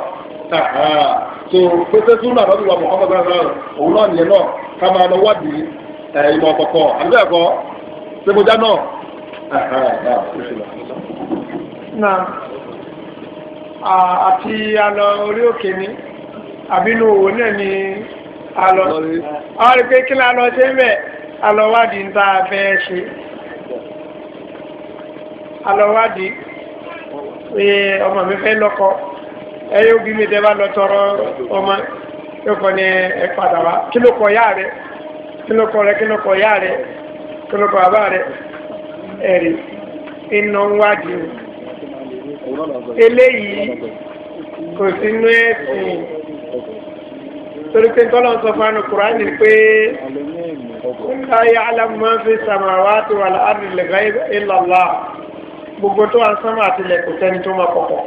so pépé súnà lọ́dún wa Muhammad sallallahu alaihi wasallam òun náà nìyẹn náà ká máa lọ wádìí ìmọ̀ ọ̀kọ̀ọ̀kọ̀ àbí ẹ̀kọ́ ṣé mo já náà na àti alọ orí òkè ni àbínú òwò náà ni alọ àwọn rí pé kí ni alọ ṣe ń bẹ alọ wádìí ń tá a fẹ́ ṣe alọ wádìí pé ọmọ mi fẹ́ lọ́kọ ẹ yóò bí mi tẹ́ bá lọ tọrọ ọmọ yóò kọ́ ni ẹ padà wá kí ló kọ yá rẹ kí ló kọ rẹ kí ló kọ yá rẹ kí ló kọ bàbá rẹ ẹ̀rí iná ń wájú eléyìí kò sínú ẹ̀sìn torí pé tọ́lọ́ sọ fún anu kùránì pé la ya'lamu ma fi samawati wal ardi al-ghaib illa Allah gbogbo tó wà sánmà àtìlẹ̀ kò sẹ́ni tó máa kọ̀kọ̀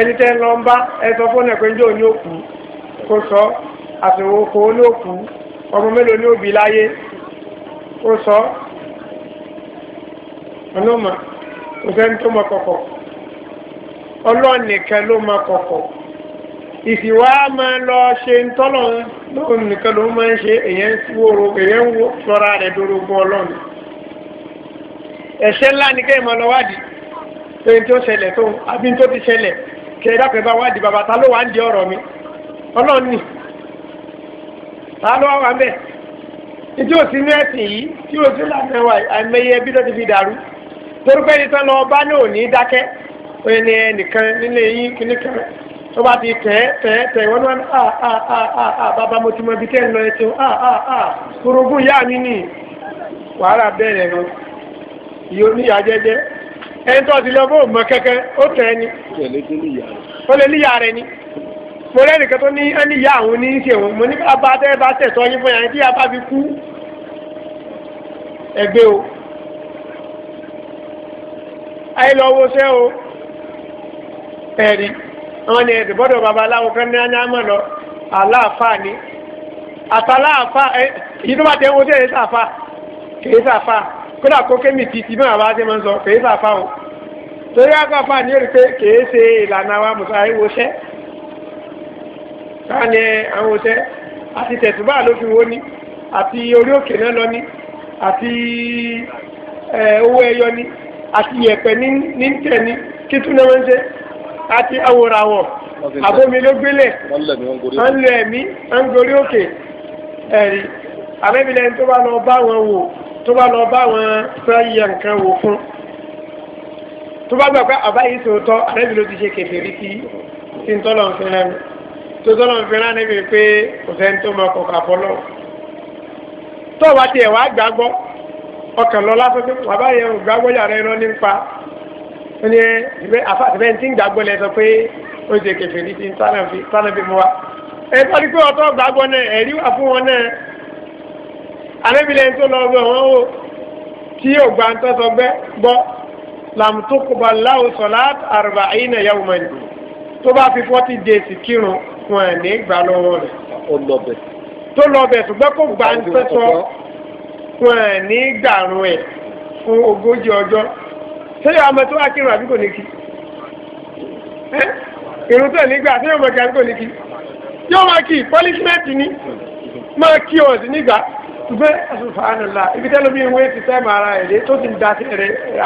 ẹni tẹ́ ń lọ ń bá ẹ sọ fún ẹ̀pẹ́ ń jẹ́ òní òkú kó sọ àfihàn oko olóòkú ọmọ mélòó ní òbí láyé kó sọ ọlọ́mà kò sẹ́ni tó mọ kọ̀kọ̀ ọlọ́run ló mọ kọ̀kọ̀ máa lọ ṣe ń tọ́lọ̀ lóun nìkan ló máa ń ṣe èyàn ń wòrò èyàn ń sọra rẹ̀ dorogbó ọlọ́run ẹ̀ṣẹ̀ ńlá ni kéèmọ lọ wádìí pé n tó ṣẹlẹ̀ tó àbí tó ti ṣẹlẹ̀ kẹ́ẹ̀dá pé bá wádìí bàbá ta ló wà ń di ọ̀rọ̀ mi ọlọ́run ta ló wà ń bẹ̀ ìdí òsínú ẹ̀sìn yìí tí òsínú àmẹ́wà àìmẹyẹ torúkọ ẹni tán lọ bá ní òní dákẹ́ n'i ẹnìkan nílé yín kíní kan tó bá ti tẹ̀ tẹ̀ tẹ̀ wọ́n a a ah ah bàbá mo ti mọ ibi tẹ́ ń lọ ẹ ti a a a kúrúgùn yá mi nì wàhálà bẹ̀rẹ̀ lọ ìyó níyà jẹ́jẹ́ ẹni tó ti lọ bó mọ kẹ́kẹ́ ó tẹ̀ ni ó lè níyà rẹ̀ ni mo tó ní ẹni ìyá àwọn mo ní bá bá tẹ́ bá tẹ̀ yín ayé lọ wo sẹ́ o ẹ̀rí wọn ni ẹ̀dì bọ́dọ̀ babaláwo kan ní anyámọ̀ lọ aláàfà ni àtàláàfà ẹ yìí tó bá tẹ wọn sí ẹ̀yẹ sàfà kèé sàfà kódà kó kémi títí bá tẹ ń sọ kèé sàfà o torí àgbàfà ni èrè pé kèé ṣe ìlànà wa mùsà ayé wo sẹ́ káà ni àwọn wo àti tẹ̀tùbà ló fi wo ni àti orí òkè náà lọ ni àti owó ẹyọ ni àti yẹ̀pẹ̀ ní tẹ̀ni kí tún náà wọ́n ṣe àti awòràwọ̀ àbomi ló gbélẹ̀ wọ́n lọ ẹ̀mí wọ́n gorí òkè ẹ̀rí àbẹ́bílẹ̀ tó bá lọ bá wọn wò tó bá lọ bá wọn fẹ́ yẹ nǹkan wò fún tó bá gbà pé àbáyé sòótọ́ àbẹ́bí ló ti ṣe kẹfẹ́rí sí sí ntọ́lọ̀ ń fi rán mi tó tọ́lọ̀ ń fi rán níbi pé kò sẹ́ni tó mọ kọ̀ọ̀kan fọlọ́ tó o bá tiẹ̀ wá gbàgbọ́ ọkàn lọ lásán pé bàbá yẹn ò gbàgbọ́ yàrá ẹran ní pa ó ní ẹ àfàtìfẹ́ ti ń gbàgbọ́ lẹ sọ pé ó ṣe kẹfẹ́ ní ti ń tánàbí mu wa ẹ sọ́ni pé ọ̀tọ́ gbàgbọ́ náà ẹ̀rí wà fún wọn náà alẹ́bìlẹ̀ tó lọ bẹ̀ wọ́n o tí yóò gba ń tọ́sọ gbọ́ làmùtòkùbà láwùsọ̀ láti àrùbà àyínà yàwó mẹ́ni tó bá fi fọ́tí déèsì kírun fún ẹ̀ ní ìgbà lọ́wọ́ rẹ̀. tó lọ bẹ̀ ṣùgbọ́n kò gba ń tọ́sọ wọn ẹ̀ ní gbàrún ẹ̀ fún ogójì ọjọ́ sẹ́yìn ọmọ tó wá kírun àbí kò ní kí irun tó ní gbà sẹ́yìn ọmọ kí àbí kò ní kí yóò máa kí pọ́lísímẹ́ǹtì ni máa kí ọ̀ sí nígbà ṣùgbọ́n àṣùfàánùlà ibi tẹ́lẹ̀ bí wọ́n ti tẹ́ ara ẹ̀ dé tó ti ń da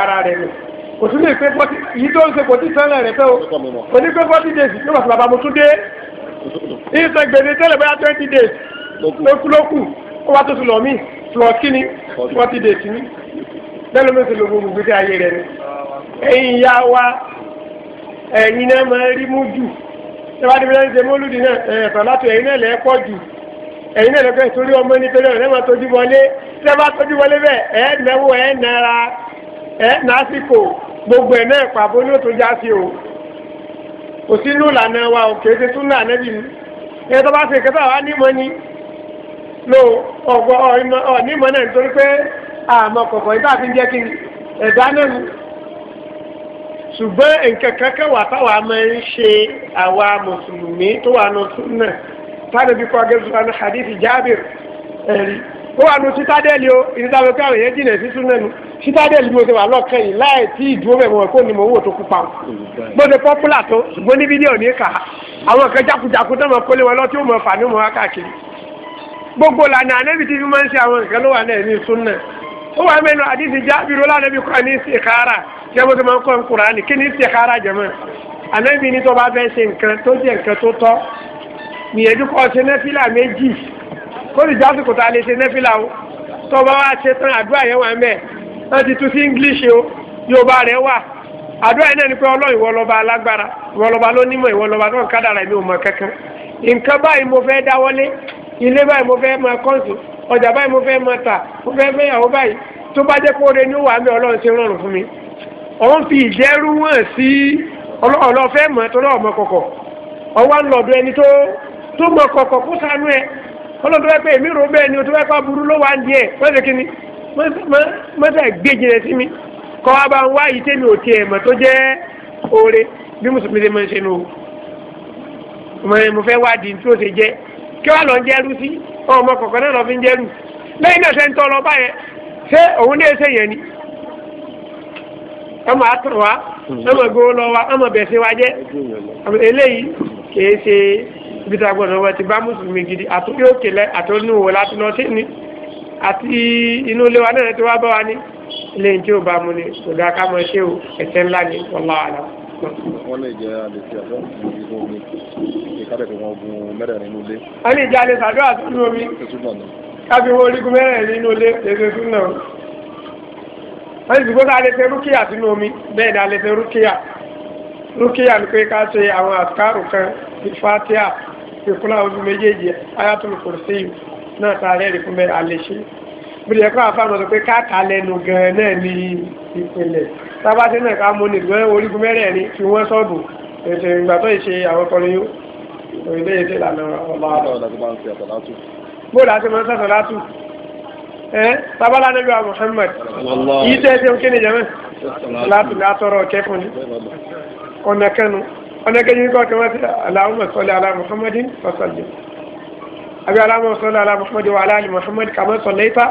ara rẹ̀ nù kò tún lè pé pọ́tí yìí tó ń ṣe kò tí sẹ́lẹ̀ rẹ̀ pẹ́ o kò ní pé pọ́tí days yóò bàtà bàbá mo tún dé ìṣègbèdè tẹ́lẹ̀ bóyá twenty days lókùlókù ó wá tó sùn lọ míì plot kí ni forty days ni bẹ́ẹ̀ ló mẹ́sì ló gbogbo gbèsè ayé rẹ̀ ni ẹ̀yin ìyá wa ẹ̀yin náà máa rí mú jù tẹ́wádìí bíi ṣe mọ́lúdì náà ẹ̀ẹ̀tọ̀ látọ̀ ẹ̀yin náà lẹ́ẹ̀pọ̀ jù ẹ̀yin náà lẹ́ẹ̀pẹ̀ sórí ọmọ ní pẹ̀lú ọ̀rẹ́ máa tọ́jú wọlé tẹ́ bá tọ́jú wọlé bẹ́ẹ̀ ẹ̀ náwó ẹ̀ nára ẹ̀ násìkò gbogbo ẹ̀ náà pàbó ní òtún o kò sí nù lànà wa òkè ṣe tún lànà bì ní ẹ̀ tó bá ṣe lo ọ̀gbọ́ ọ̀nímọ̀ náà nítorí pé àmọ́ kọ̀kọ̀ yìí táà fi ń jẹ́ kí ẹ̀dá náà ni ṣùgbọ́n nǹkan kankan wà táwa máa ń ṣe àwa mùsùlùmí tó wà nù súnà táwọn ibi kọ́ gẹ́gẹ́ sọ́nà hadith jábìr ẹ̀rí ó wà nù sítádẹ́ẹ̀lì o ìdíjáwé pé àwọn èèyàn jìnà sí súnà nù sítádẹ́ẹ̀lì mo ṣe wà lọ́kàn yìí láì tí ìdúró bẹ̀ mọ̀ kó ni mo wò tó kú pa mo ṣe pọ́pùlà tó ṣùgbọ́n níbi ní òní kà àwọn kan jákujáku tó mọ̀ kólé wọn lọ́tí ó mọ̀ fà ní mọ̀ wá káàkiri gbogbo lànà ànábì tí fi máa ń ṣe àwọn nǹkan ló wà náà ní súnà ó wà mẹ́nu àdìsí jábìrì ọlọ́ànábì kọ́ ní istikhara tí wọ́n ti máa ń kọ́ Kùránì kí ní istikhara jẹ̀mọ́ ànábì ní tó bá fẹ́ ṣe nǹkan tó jẹ́ nǹkan tó tọ́ gbìyànjú kọ́ ṣe nẹ́fìlà méjì kó lè jásìkò tá lè ṣe nẹ́fìlà o tó bá wá ṣe tán àdúrà yẹn wà mẹ́ẹ̀ wọ́n ti tú sí English o Yorùbá rẹ̀ wà àdúrà yìí náà ni pé ọlọ́run ìwọ lọ́ba alágbára ìwọ lọ́ba lónímọ̀ ìwọ lọ́ba tó ń kádàrà mi ò ilé báyìí mo fẹ́ máa kọ́ǹsì ọjà báyìí mo fẹ́ máa tà mo fẹ́ fẹ́ ìyàwó báyìí tó bá jẹ́ kóore ní wàá mi ọlọ́run ṣe rọrùn fún mi ọ̀hún fi ìjẹ́rú wọ̀n sí ọlọ́fẹ́ mọ̀ tó lọ́ọ̀ mọ kọ̀kọ̀ ọwọ́ ń lọ́dọ̀ ẹni tó mọ kọ̀kọ̀ kó sánú ẹ ọlọ́dọ̀ ẹ pé èmi rò bẹ́ẹ̀ ni o tó fẹ́ pa burú ló wà ń díẹ̀ mọ́tẹ́ kí ni mọ́tẹ́ gbé jìnà sí mi kọ́ wa bá ń wá yìí tẹ́mi òtí ẹ̀ mọ̀ tó jẹ́ oore bí mùsùlùmí ṣe máa ń ṣe nù mo fẹ́ wádìí tí ó ṣe jẹ́ kí wàá lọ ń jẹ́rú sí ọmọ kọ̀ọ̀kan náà lọ fi ń jẹ́rú lẹ́yìn náà ṣe ń tọ́ lọ báyẹn ṣé òun náà ṣe yẹn ni ọmọ àtúrò wa ọmọ gbowó lọ wa ọmọ bẹ̀sẹ̀ wa jẹ́ eléyìí kìí ṣe ibi tá a gbọ́dọ̀ wọ́n ti bá mùsùlùmí gidi àtúndì òkè lẹ àtúndìwò láti lọ sí ni àti inú ilé wa náà ti wá bá wa ní ilé tí ó bá mu ni kò dáa ká mọ ṣé o ẹ̀ṣẹ̀ ńlá ni wọ́n lọ́wọ́ àná. wọ́n lè jẹ́ àdèsí àtọ́ kálẹ̀ fi wọn gun mẹ́rẹ̀ẹ̀rin nínú ilé. a ní ìjà lè sàdúrà tó dúró mi káfí wo orígun mẹ́rẹ̀ẹ̀rin nínú ilé èdè tún náà. a ní ìdìbò tá a lè ṣe rúkìá sínú omi bẹ́ẹ̀ ni a lè ṣe rúkìá rúkìá ni pé ká ṣe àwọn àkàrò kan ti fatia ìkúnlá ojú méjèèjì ayatul kursi náà tá a rẹ́rìí fún bẹ́ẹ̀ a lè ṣe bóde ẹ̀kọ́ àfáàmọ̀ sọ pé káàkà lẹ́nu gan-an náà ní ìpìlẹ̀ tábàtì náà ká mú ní ìgbẹ́ orígun mẹ́rẹ̀ẹ̀rin fi wọ́n sọ́ọ̀bù ètò ìgbà tó ì ṣe àwọn ọkùnrin yóò òun ilé yẹn tẹ́lá lọ́rọ̀ ọlá bó la ti máa ń sọ̀tọ̀ látù ẹ́ sábàlá níbi wa Muhammad yìí tẹ́ ẹ ti ń kéde jẹ́mẹ́ látù látọ̀rọ̀ kẹ́kùn ni ọ̀nà kẹnu ọ̀nà kẹjú ní kọ́ọ̀kẹ́ wọ́n ti Allahumma salli ala Muhammadin fasallim abi Allahumma salli ala Muhammadin wa ala ali Muhammad kama sallaita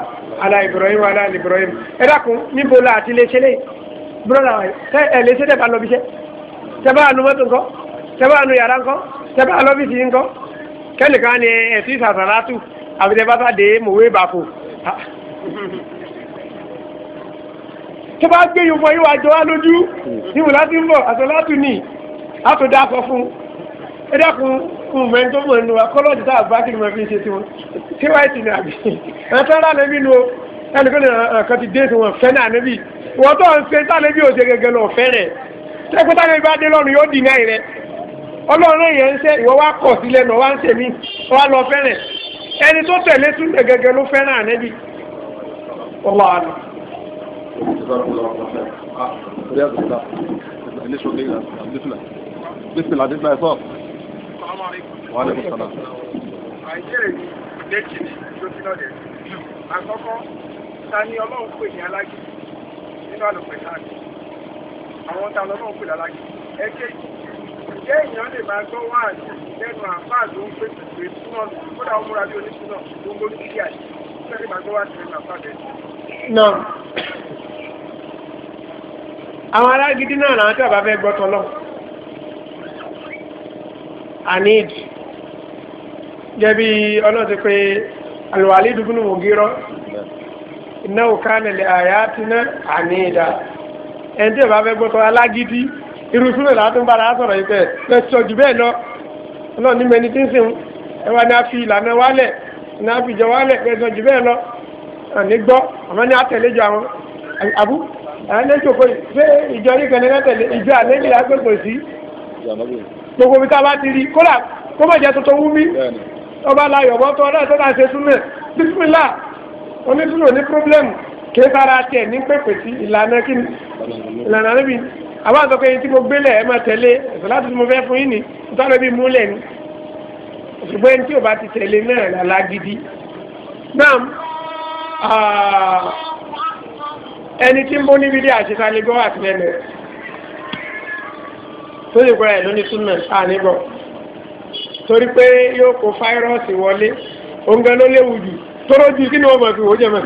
ala Ibrahim wa ala Ibrahim ẹ dákun níbo la àti léṣe lé tẹ́bà anu yàrá ńkọ́ tẹ́bà lọ́fíìsì ńkọ́ kẹ́nìkan ni ẹ̀sí sàṣàlátù àfitẹ́bàtà dé mòwe bàfò. tó bá gbé yòmọ yìí wà jọ wá lójú níbo láti ń bọ̀ àṣàlátù ni a tó dá akọ fún ẹ dákun mọ̀mọ́ tó mọ̀ nù akọ́lọ́ọ̀dì tá a bá kí ni mo fi ń ṣe tiwọn tí wáyé ti ní àbí ẹ̀ tọ́ ra lẹ́bí nu o ẹnìkan ní ọ̀kan ti dé sí wọn fẹ́ náà lẹ́bí wọ́n tó ń ṣe tá lẹ́bí òṣèré gẹ́gẹ́ lọ fẹ́ rẹ̀ tẹ́kùtà lẹ́bí bá dé lọ́rùn yóò dì náà rẹ̀ ọlọ́run yẹn ń ṣe ìwọ wá kọ̀ sílẹ̀ náà wá ń ṣe mí wá lọ fẹ́rẹ̀ ẹni tó tẹ̀lé súnmọ̀ gẹ́gẹ́ ló fẹ́ràn ànẹ́bí ọlọ́ àná. àkọ́kọ́ ta ni ọlọ́run pè ní alágídí nínú àlùpẹ̀ náà àwọn ta lọ́lọ́run pè ní alágídí ẹgbẹ́ yìí ṣé èèyàn lè máa gbọ́ wá àti lẹ́nu àfáà tó ń pè pé túnà kódà ó múra bí oníṣúná tó ń gbójú sí àyè ṣé lè máa gbọ́ wá àti lẹ́nu àfáà bẹ́ẹ̀. náà àwọn alágídí náà làwọn tí bàbá fẹ́ gbọ́ tọ́lọ́ anid gẹ́bí ọlọ́sẹ̀ pé alùwàlí dùgbùnú mògírọ́ iná òkà nílẹ̀ àyà tinẹ́ anida ẹni tí bàbá fẹ́ gbọ́ tọ́lọ́ alágídí irú súnmọ̀ látún bára sọ̀rọ̀ yìí pé ẹ sọ jù bẹ́ẹ̀ lọ ọlọ́run ní mẹni tí ń sìn ẹ wá ní a fi ìlànà wálẹ̀ ní a fi ìjọ wálẹ̀ pé ẹ sọ jù bẹ́ẹ̀ lọ àní gbọ́ àmọ́ ní àtẹ̀lẹ́jọ àwọn àbú àlejò kò ṣe ìjọ yìí kan ní látẹ̀lẹ́ ìjọ àlejò lágbè kò sí gbogbo mi ká bá ti rí kódà kó má jẹ́ tuntun wú mi ọba láyọ̀ bọ́ tọ́ náà tó náà ṣe súnmọ̀ bísímìlà onísùnmọ̀ ní pírọ́blẹ́mù kí sára tiẹ̀ ní pèpè sí ìlànà kí ìlànà àbá sọ pé tí mo gbélé ẹ máa tẹ̀lé ẹ̀sọ́ láti tí mo fẹ́ fún yín ni ìtọ́lẹ̀ bí múlẹ̀ ni ṣùgbọ́n ẹni tí ò bá ti tẹ̀lé náà lálá gidi náà ẹni tí ń bó níbi dé àṣetálẹ̀ gbọ́ àti tó lè gbọ́ra ẹ̀ lóní súnmọ̀ àníbọ̀ torí pé yóò kó fáírọ́ọ̀sì wọlé oúnjẹ ló léwu jù tó lójú kí ni wọ́n mọ̀ fi wọ́n jẹ́ mọ̀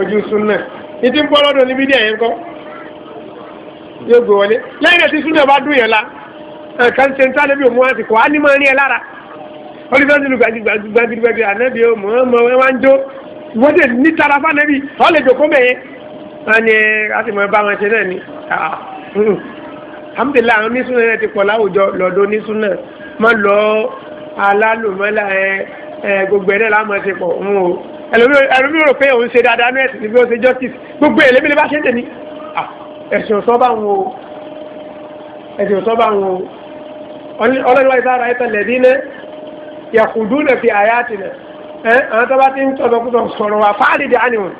ojú súnmọ̀ ní tí ń bọ́ lọ́dọ̀ níbi dé ẹ̀yẹn kọ́ yóò gbé wọlé lẹ́yìn ẹ̀sìn súnà bá dùn yẹn la nǹkan ṣe ń tá níbi òmùwà ti kọ́ á ní máa ní ẹ lára olùfẹ́sì lu gbajúgbajúgbajúgbajù ànábì ọmọ ọmọ ẹ wá ń jó wọ́n ti ní tara fánẹ́bì wọ́n lè jòkó mẹ́yẹ wọ́n ní láti mọ bá wọn ṣe náà ni alhamdulilayi àwọn onísùnà yẹn ti pọ̀ láwùjọ lọ́dọ̀ onísùnà má lọ alálùmọ́lá ẹ gbogbo ẹ̀ náà láwọn ti pọ̀ ń o ẹlòmíràn rò pé òun ṣe dáadáa nọ́ọ̀sì ni bí ó ṣe justice gbogbo ẹ̀ lébílẹ̀ bá ṣe ń tẹ̀ ní ẹ̀sìn òsọ́bà wọn o ẹ̀sìn òsọ́bà wọn o ọlọ́run wáyé sára ẹ̀tàn lẹ́dí náà yàkùdú náà fi àyà ti nà ẹ̀ àwọn tó bá ti ń tọ̀tọ̀ kútọ̀ sọ̀rọ̀ wà fáàlì dì ánì wọn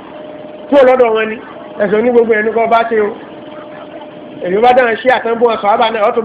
kú ọlọ́dọ̀ wọn ni ẹ̀sìn oní gbogbo ẹnu kọ́ bá ṣe o èyí bá dáhùn ṣe àtàǹbù ọ̀sọ̀ àbá náà ọ̀tún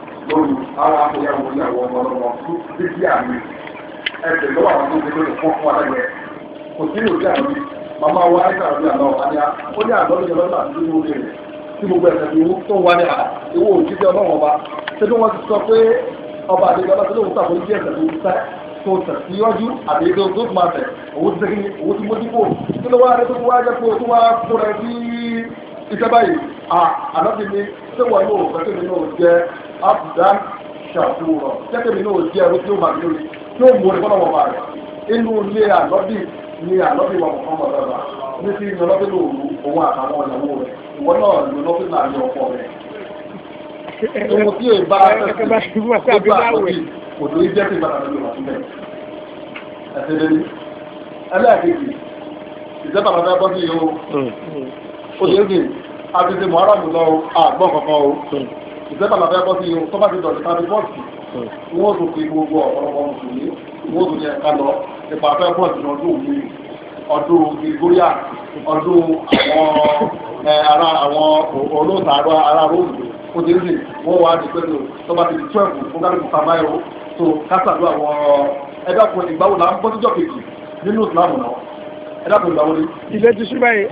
lórí ara ìyàwó ìyàwó ọmọlọmọ tó ti di àmì ẹsẹ̀ lọ́wọ́ àwọn tó ti lórí fún fún alágbẹ̀ kò sí ìròyìn àná màmá wa ẹ̀ka àbí àná ọ̀hán ó ní àná lóye lọ́dọ̀ àti nínú oge rẹ̀ tí gbogbo ẹ̀sẹ̀ fi wú tó wà ní àná ìwọ òjijì ọlọ́wọ́n ọba ṣé bí wọ́n ti sọ pé ọba àdéjọba tó lóun sàkóso díẹ̀ ẹ̀sẹ̀ tó ń tó tẹ̀síwájú tó máa tẹ̀ owó ti tó tó wá kóra àná ti ní ṣé wọ́n ní òun fẹ́ abdan ṣàkóso jẹ́kẹ́ mi náà jẹ́ ẹrú tí ó máa lórí tí o mú orí fọ́nà wọn bá rẹ̀ inú ilé àlọ́bì ni àlọ́bì wọn kàn mọ̀ bàbá ní ti yan lọ́bì lòru òun àtàwọn ìyàwó rẹ̀ ìwọ náà yan lọ́bì náà yan ọkọ rẹ̀. ohun tí èèbá fẹ́ẹ́ fi gbogbo àkọ́bí òdò yìí jẹ́ pé ìbára lórí wọn sílẹ̀ ẹ̀sẹ̀ lórí ẹlẹ́ẹ̀kejì ìjọba bàbá bọ́ sí yìí o òdò yìí àti ti mọ̀ ìgbẹ́ta làbẹ́ bọ́ sí irun tó bá ti dọ̀tí tàbí bọ́ọ̀sì wọ́n tó fi gbogbo ọ̀pọ̀lọpọ̀ mùsùlùmí wọ́n tó ní ẹ̀ka lọ ipa afẹ́ bọ́ọ̀sì ọdún òní ọdún Gregorian ọdún àwọn ara àwọn olóòtà ara róòlù ó ti rí wọ́n wá di pẹ́lú tó bá ti di twelve fún kálukú sàmáyọ̀ tó kásàdú àwọn ẹgbẹ́ ọkùnrin ìgbàwò là ń bọ́ síjọ́ kejì nínú ìsìlámù náà ilé ti ṣú báyìí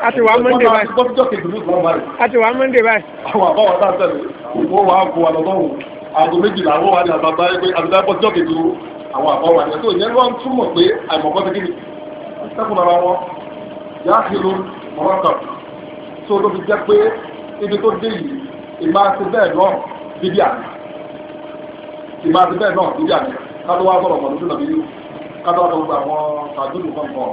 a ti wà mọ́ndé báyìí a ti wà mọ́ndé báyìí. àwọn àbáwọ̀ tá a sẹ́nu ìwọ wa kó wa lọ́wọ́ wò aago méjìlá àwọn wa ni àbábá ẹgbẹ́ àbídá bọ́ jọ́kì tó àwọn àbáwọ̀ àti ẹ̀tọ́ ìyẹn wọ́n túmọ̀ pé àìmọ̀kọ́ ti kíni sẹ́kùn ara wọn yá sí ló mọ́rọ́ kan tó ló fi jẹ́ pé ibi tó dé yìí ìmá ti bẹ́ẹ̀ náà bíbí àná ìmá ti bẹ́ẹ̀ náà bíbí àná kátó wá sọ̀rọ̀ mọ̀ lójú nàbí kátó wá sọ̀rọ̀ àwọn tàdúrù kọ̀ọ̀kan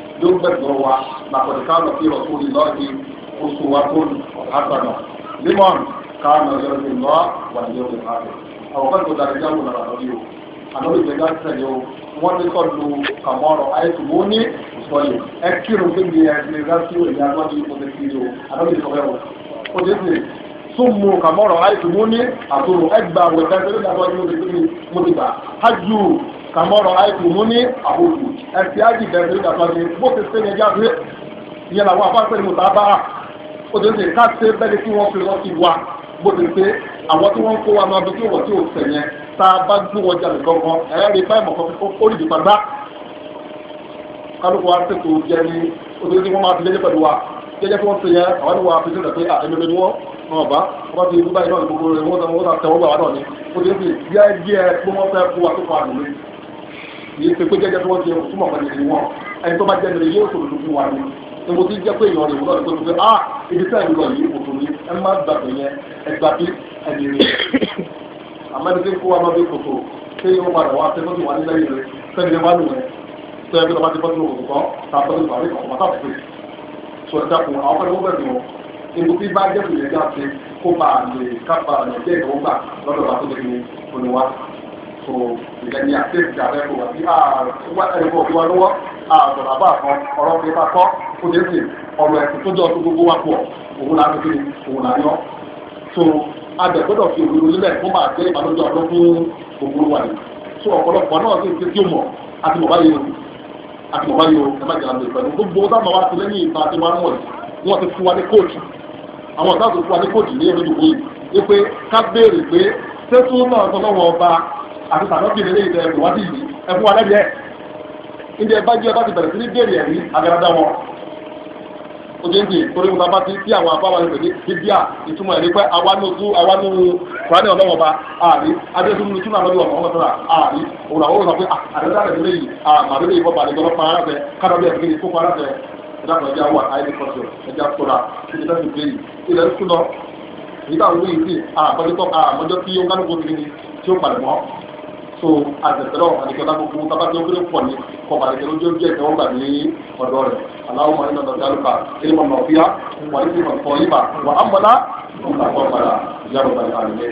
yóò gbẹ̀gbọ́ wa làkọ̀díkà lọ sí ọ̀tún ìlọ́ọ̀dì oṣù wa tó àtàlà limon káàmù ọ̀yọ́ ti lọ́ wà ní ọ̀dẹ̀ ààrẹ àwọn kan tó darí jáwó lára lórí o àlọ́ ìgbẹ́gá tẹ̀lé o wọ́n ní kọ́ lu kàmọ́rọ̀ àìsàn mú ní ìsọ̀lẹ̀ ẹ kírun kí ni ẹ ti rá sí òyìn agbọ́n ní ìfọ̀tẹ́ sí o àlọ́ ìfọ̀tẹ́ o ó dé sí tún mú kàmọ́rọ̀ àìsàn mú ní àtòrò ẹgbàá wẹ̀ fẹ́ fẹ́ kàmọ́rọ̀ àìkú mú ní àbòkù ẹ̀fí ájì bẹ̀rẹ̀ ìdàgbà ní bó ti ṣe ní ẹjá gbé ìyẹn làwọn afáfẹ́ ni mo ta bá a ó ti ṣe ká ṣe bẹ́ẹ̀ tí wọ́n fi wọ́n ti wá bó ti ṣe àwọn tí wọ́n ń kó wa máa bí tí wọ́n ti ò sẹ̀ yẹn tá a bá gbé wọn jalè gangan ẹ̀yà rí báyìí mọ̀ kọ́kọ́ ó rí ìdìpá gbá kálukú wa ṣètò jẹ ní odòdó wọn máa fi lé pẹ̀lú wa jẹ́jẹ́ tí wọ́n ṣe yẹn àwọn ni wọ́n á fi sílẹ̀ pé àtẹ̀mí ni wọ́n wọn bá wọ́n ti ibú báyìí náà ní gbogbo rẹ̀ wọ́n ti tẹ̀wọ́ gbà wá náà ni ó ti ń fi díẹ̀ díẹ̀ gbọ́mọ́fẹ́ wa tó fà á kì í ṣe pé jẹ́jẹ́ tí wọ́n ti yẹ kó túmọ̀ pẹ̀lú ìlú wọn ẹni tó bá jẹ́ nìyẹn yóò sòrò lókun wa ni èmo ti jẹ́ pé èèyàn rẹ̀ wúlọ́ nípa pé ah ibi tí àìlú lọ yìí kò tó ní ẹ má gbà pé yẹn ẹ gbà bí ẹni rẹ̀ àmọ́ ẹni tí ń kó wa máa bí kòtò ṣé yóò padà wá ṣe fọ́tò wà nílẹ̀ yìí rẹ̀ sẹ́ni wá lù rẹ̀ tó yẹ kí lọ́ba ti fọ́tò òkùnkùn kan tá a fọ́tò ìpàdé kan wọ́n tàbí sọ ti bá jẹ́ kò yẹ a ṣe kó so ìyẹn ni àti èdè ààrẹ kò wá sí ẹni kò fi wá lọ́wọ́ àgbọ̀dà bá kan ọ̀rọ̀ pé bá kọ́ kó dé sí ọ̀rọ̀ ẹ̀sìn tó jọ tó gbogbo wa pọ̀ òun là fi òun là so àgbẹ̀ gbọ́dọ̀ fi òwúrò nílẹ̀ fún bá jẹ́ ìbálòjọ ọdún fún òwúrò wa yìí so ọ̀pọ̀lọpọ̀ náà sì ti kí mọ̀ àti mọ̀ báyìí o àti mọ̀ báyìí o ẹ má jẹ́ra lórí pẹ̀lú gbogbo táwọn wa ti lẹ́yìn ìta àti wọn wọ̀nyí wọ́n ti fún wa ní kóòtù àti sàdọ́kìnrin lè tẹ ìwádìí yìí ẹ fún wa lẹ́bi ẹ̀ níbi ẹ bá jẹ́ bá ti bẹ̀rẹ̀ sí ní bèrè ẹ̀rí agarada wọn ojú ń di torí wọn bá ti tí àwọn afáwọn ẹgbẹ̀dẹ bíbí à ìtumọ̀ ẹ̀rí pé awánútú awánú kùránì ọlọ́wọ́ bá àrí adéṣúnú túnú àlọ́bí ọ̀pọ̀ ọmọ sọ́ra àrí òun àwọn òun pé àdéṣá rẹ̀ lè yìí àmàlú lè yìnbọn balẹ̀ gbọ́dọ̀ pa ara fẹ́ kára bí ẹ̀fẹ́ kókó ara fẹ́ ẹ̀dá kan ẹja so àtẹ̀tẹ̀rọ̀ àdìgbọ́dá gbogbo tábàtì ó kéré pọ̀ ní kọ̀ọ̀bà àdìgbẹ́ lójú ojú ẹ̀jẹ̀ wọn gbà ní ọ̀dọ́ rẹ̀ aláwọ̀ mọ̀ nínú ọ̀dọ́ àlùkà eré mọ̀ nàfíà wà ní ìmọ̀ kọ̀ yíba wà á mọ̀lá ìmọ̀ kọ̀ padà ìyá rọ̀ bàlẹ̀ àlùmẹ́.